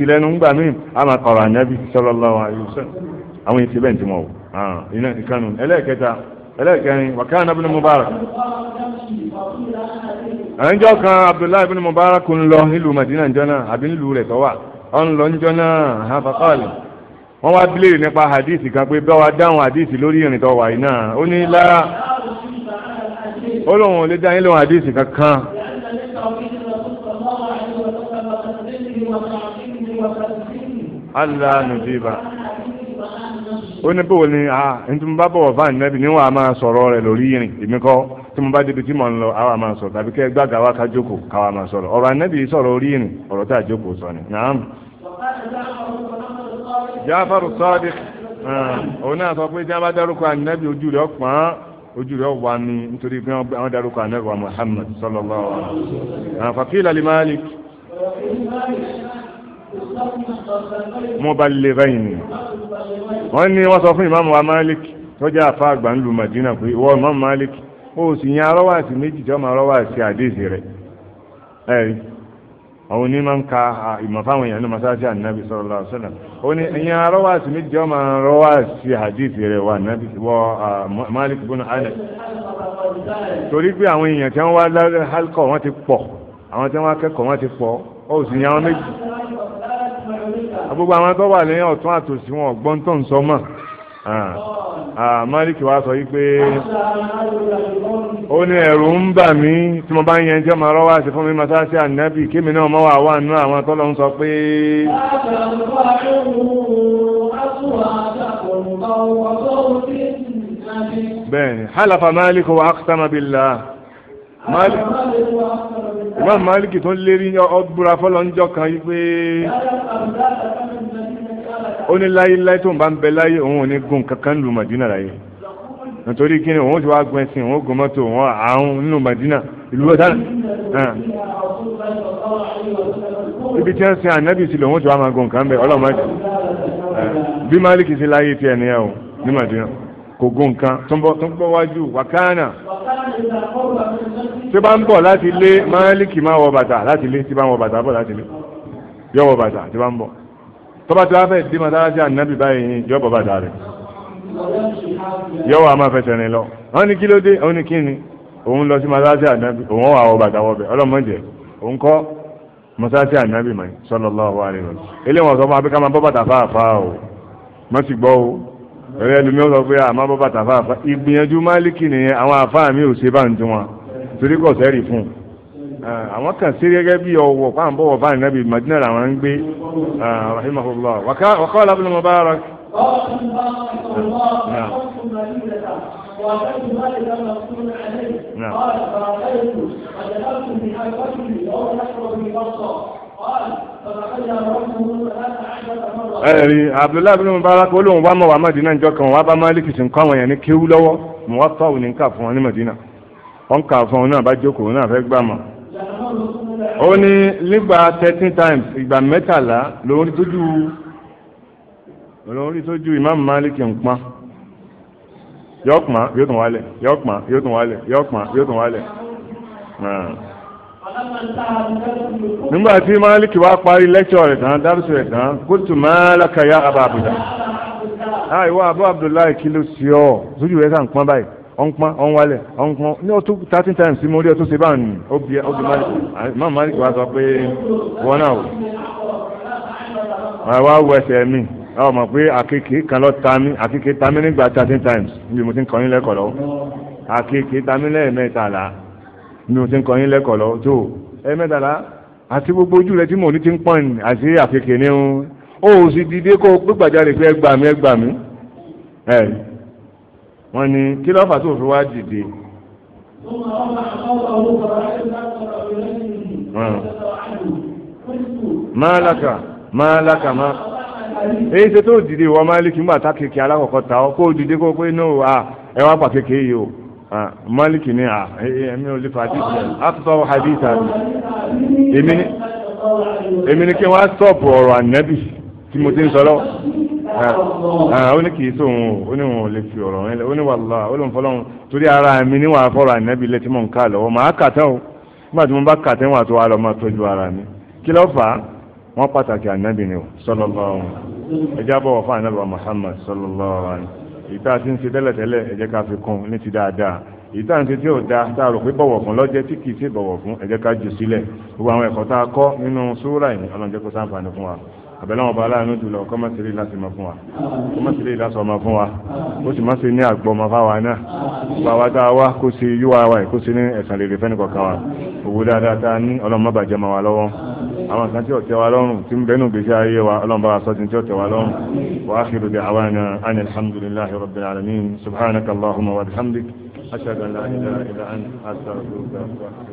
Speaker 2: lẹnu lẹ́nu a máa ka o ah, iná ìkànnù ẹlẹ́ẹ̀kẹta ẹlẹ́ẹ̀kẹrin mubarak kan abdullahi bin mubarak ń lọ nílùú madina àbí ọ̀nlọ ńjọ́ náà hafakọ́ọ̀lì wọ́n wá nípa hadith kan pé bá wa dáhùn hadith lórí ìrìn tó wà yìí náà ó ní lára ó lóun ò lè dá yín hadith kankan. Allah nùdíbà ó ní bò ní a ntí mo bá bọ̀wọ̀ nẹ́bí a máa sọ̀rọ̀ rẹ̀ lórí ìrìn èmi kọ́ tí mo bá débi tí mo ń lọ àwa máa sọ̀rọ̀ tàbí kẹ́ gbàgà wa ká jókòó káwa máa sọ̀rọ̀ ọ̀rọ̀ sọ̀rọ̀ orí ìrìn ọ̀rọ̀ tá a jókòó sọ ni. jáfàrù sadiq ah, òun náà sọ pé tí na bá dárúkọ ànábì ojú rẹ̀ ọ̀pọ̀n ojú rẹ̀ wà ní nítorí pé wọ́n dárúkọ ànábì wa Muhammad ah, Malik ní sọ fún ìmáàmù wa Malik tó jẹ́ àgbà ńlu Madina pé ìwọ ìmáàmù Malik o sì yan arọ́wàsí méjì tí àdéhìí àwọn onímọ̀ ń ka ìmọ̀ fáwọn èèyàn ní masáàsì ànábì sallallahu alaihi wasallam ó ní ìyẹn arọ́wàsí méjì ọmọ arọ́wàsí hadith rẹ̀ wà nábì wọ Malik ibn Anas torí pé àwọn èèyàn tí wọ́n wá lálẹ́ halkọ̀ wọ́n ti pọ̀ àwọn tí wọ́n wá kẹ́kọ̀ọ́ wọ́n ti pọ̀ ó sì ní àwọn méjì gbogbo àwọn tó wà lẹ́yìn ọ̀tún àtòsí wọn ọ̀gbọ́n tó ń sọ mọ́ Ah, Málíkì wá sọ yìí pé ó ní ẹ̀rù ń bà mí tí mo bá ń yẹn jẹ́ ọmọ ọlọ́wọ́ àti fún mi masáàsì ànábì kémi náà mọ́ wà wà nínú àwọn tọ́lọ́ ń sọ pé. bẹ́ẹ̀ni halafa Málíkì wa aqsama billah Imam Málíkì tó lérí ọbúra fọlọ́njọ́ kan yìí pé ó ní láyéláyé tó ń bá ń bẹ láyé òun ò ní gun kankan lu Madina láyé nítorí kí ni òun ti wá gun ẹsìn òun gun mọ́tò òun àrùn nínú Madina ìlú bọ́tà ibi tí wọ́n sin ànábì sílẹ̀ òun ti wá máa gun nǹkan bẹ́ẹ̀ ọlọ́mọdé bí Málíkì sí láyé tiẹ̀ nìyẹn o ní Madina kò gun nǹkan tó ń bọ́ wájú wákàánà tí bá ń bọ̀ láti lé Málíkì máa wọ bàtà láti lé tí bá ń wọ bàtà bọ̀ láti lé yọ wọ bàtà tí bá ń bọ̀ tọ́ba tí wọ́n fẹ́ dé mọ́sálásí ànábì báyìí ní ìjọba bàtà rẹ̀ yọ̀wọ̀ a máa fẹsẹ̀ rìn lọ wọ́n ní kí ló dé òun ní kí ni òun lọ sí mọ́sálásí ànábì òun wà wọ bàtà wọbẹ̀ ọlọ́mọdé òun kọ́ mọ́sálásí ànábì mọ̀ sallallahu alaihi wasallam eléyìí wọ́n sọ fún abẹ́ká máa bọ́ bàtà fáàfáà o mọ́ sì gbọ́ o ẹ̀rẹ́ ẹlòmí ó sọ pé àmọ́ bọ́ bàtà fáàfáà ìgbìyànjú máàlìkì nìyẹn àwọn àfáà mi ò ṣe bá ń tiwọn torí kò sẹ́rì fún Eh, àwọn kan sí gẹ́gẹ́ bí ọwọ́ pàm bọ́wọ́ bá nàbí madina làwọn ń gbé eh, rahimahullah wàkọ́ labinu mubarak.
Speaker 1: وأتيت مالك مقصود eh, عليه قال فأتيت فجلست بهذا الرجل وهو يشرب من بصره ẹ̀rí
Speaker 2: abdullahi bin mubarak olóhùn wa mọ̀ wá madina njọ́ kan wá bá malik sì ń àwọn èèyàn ní kéwú lọ́wọ́ mo wá fáwọn ní nǹka fún wọn ní madina wọn kà fún wọn náà bá jókòó náà fẹ́ gbà mọ́ ó ní nígbà thirteen times ìgbà mẹ́tàlá lòun rí tójú lòun rí tójú imam malik ń pọn yọ pọn yóò tún wálẹ̀ yọ pọn yóò tún wálẹ̀ yọ pọn yóò tún wálẹ̀ nígbà tí malik wá parí lẹ́kṣọ̀ rẹ̀ tán dárúsọ rẹ̀ tán kóòtù mọ́lákàyà abàbùdà àìwọ́ abọ́ abdullahi kí ló sí ọ sójú rẹ̀ sàn pọ́n báyìí ọ̀npọ̀n ọ̀nwalẹ̀ ọ̀npọ̀n ní ọtún thirteen times tí mo rí ọtún ṣe bá nù obì obì máa máa wá sọ pé wọn náà wò wá wọ ẹsẹ̀ mi ọ mọ̀ pé àkekèé kan lọ ta mí àkekèé ta mí nígbà thirteen times níbi mo ti ń kọyín lẹ́kọ̀ọ́ lọ́wọ́ àkekèé ta mí lẹ́ẹ̀mẹ́tàlá níbi mo ti ń kọyín lẹ́kọ̀ọ́ lọ́wọ́ tó ẹ̀ẹ́mẹ́tàlá àti gbogbo ojú rẹ tí mo ní ti ń pọ́n àti àkekèé ní ó sì dìde kó gbàjáde pé ẹgbàmí ẹgbàmí ẹ̀ wọ́n ní kí lọ́fà tó fi wá dìde. máa hmm. lákà máa lákà máa èyí ṣe tó dìde ìwọ máàlìkì ń bàtà kéèké alákọ̀ọ́kọ́ ta ọ kó dìde kó pé no à ẹ wá pa kéèké yìí o máàlìkì ni à èmi ò lè fà dìde àtúntò hadith àti èmi ni kí wọ́n á stop ọ̀rọ̀ ànábì tí mo ti ń sọ lọ́wọ́. Ah, ó ní kì í sóhun ó ní òun ò lè fi ọ̀rọ̀ rẹ̀ ó ní wàllá ó lóun fọlọ́run torí ara mi níwà fọ́rọ̀ ànábì létí mò ń ká lọ́wọ́ màá kà tán o nígbà tí mo bá kà tán wà tó wà lọ́ máa tọ́jú ara mi kí ló fà á wọ́n pàtàkì ànábì ni o sallallahu ẹjá bọ̀wọ̀ fún ànábì wa Muhammad sallallahu ìta tí ń ṣe tẹ́lẹ̀tẹ́lẹ̀ ẹ jẹ́ ká fi kún ní ti dáadáa ìta ń ṣe tí ò da tá a rò pé bọ̀wọ̀ fún lọ́jẹ́ tí kì í ṣe bọ̀wọ̀ fún ẹ jẹ́ ká jù sílẹ̀ gbogbo àwọn ẹ̀kọ́ tá a kọ́ nínú súrà yìí ọlọ́njẹ́ kó sáǹfààní fún wa àbẹ̀lẹ́ wọn bá aláàánú jùlọ kọ́ má ṣeré láti mọ̀ fún wa kọ́ má ṣeré láti ọmọ fún wa ó sì má ṣe ní àgbọ̀ ọmọ fáwa náà gbogbo àwa tá a wá kó ṣe yíwá wa kó ṣe ní ẹ̀sán rere fẹ́ni kọ̀ọ̀kan wa òwò dáadáa tá a ní ọlọ́mọ bàjẹ́ mọ́ wa lọ́wọ́ àwọn kan tí ó tẹ́ wa lọ́rùn tí ń bẹnu gbèsè ayé wa ọlọ́mọ bá sọ tí ó tẹ́ wa lọ́rùn wa akhiru da'wana ani alhamdulillahi rabbil alamin subhanaka allahumma wa bihamdik ashhadu la ilaha illa anta astaghfiruka wa atubu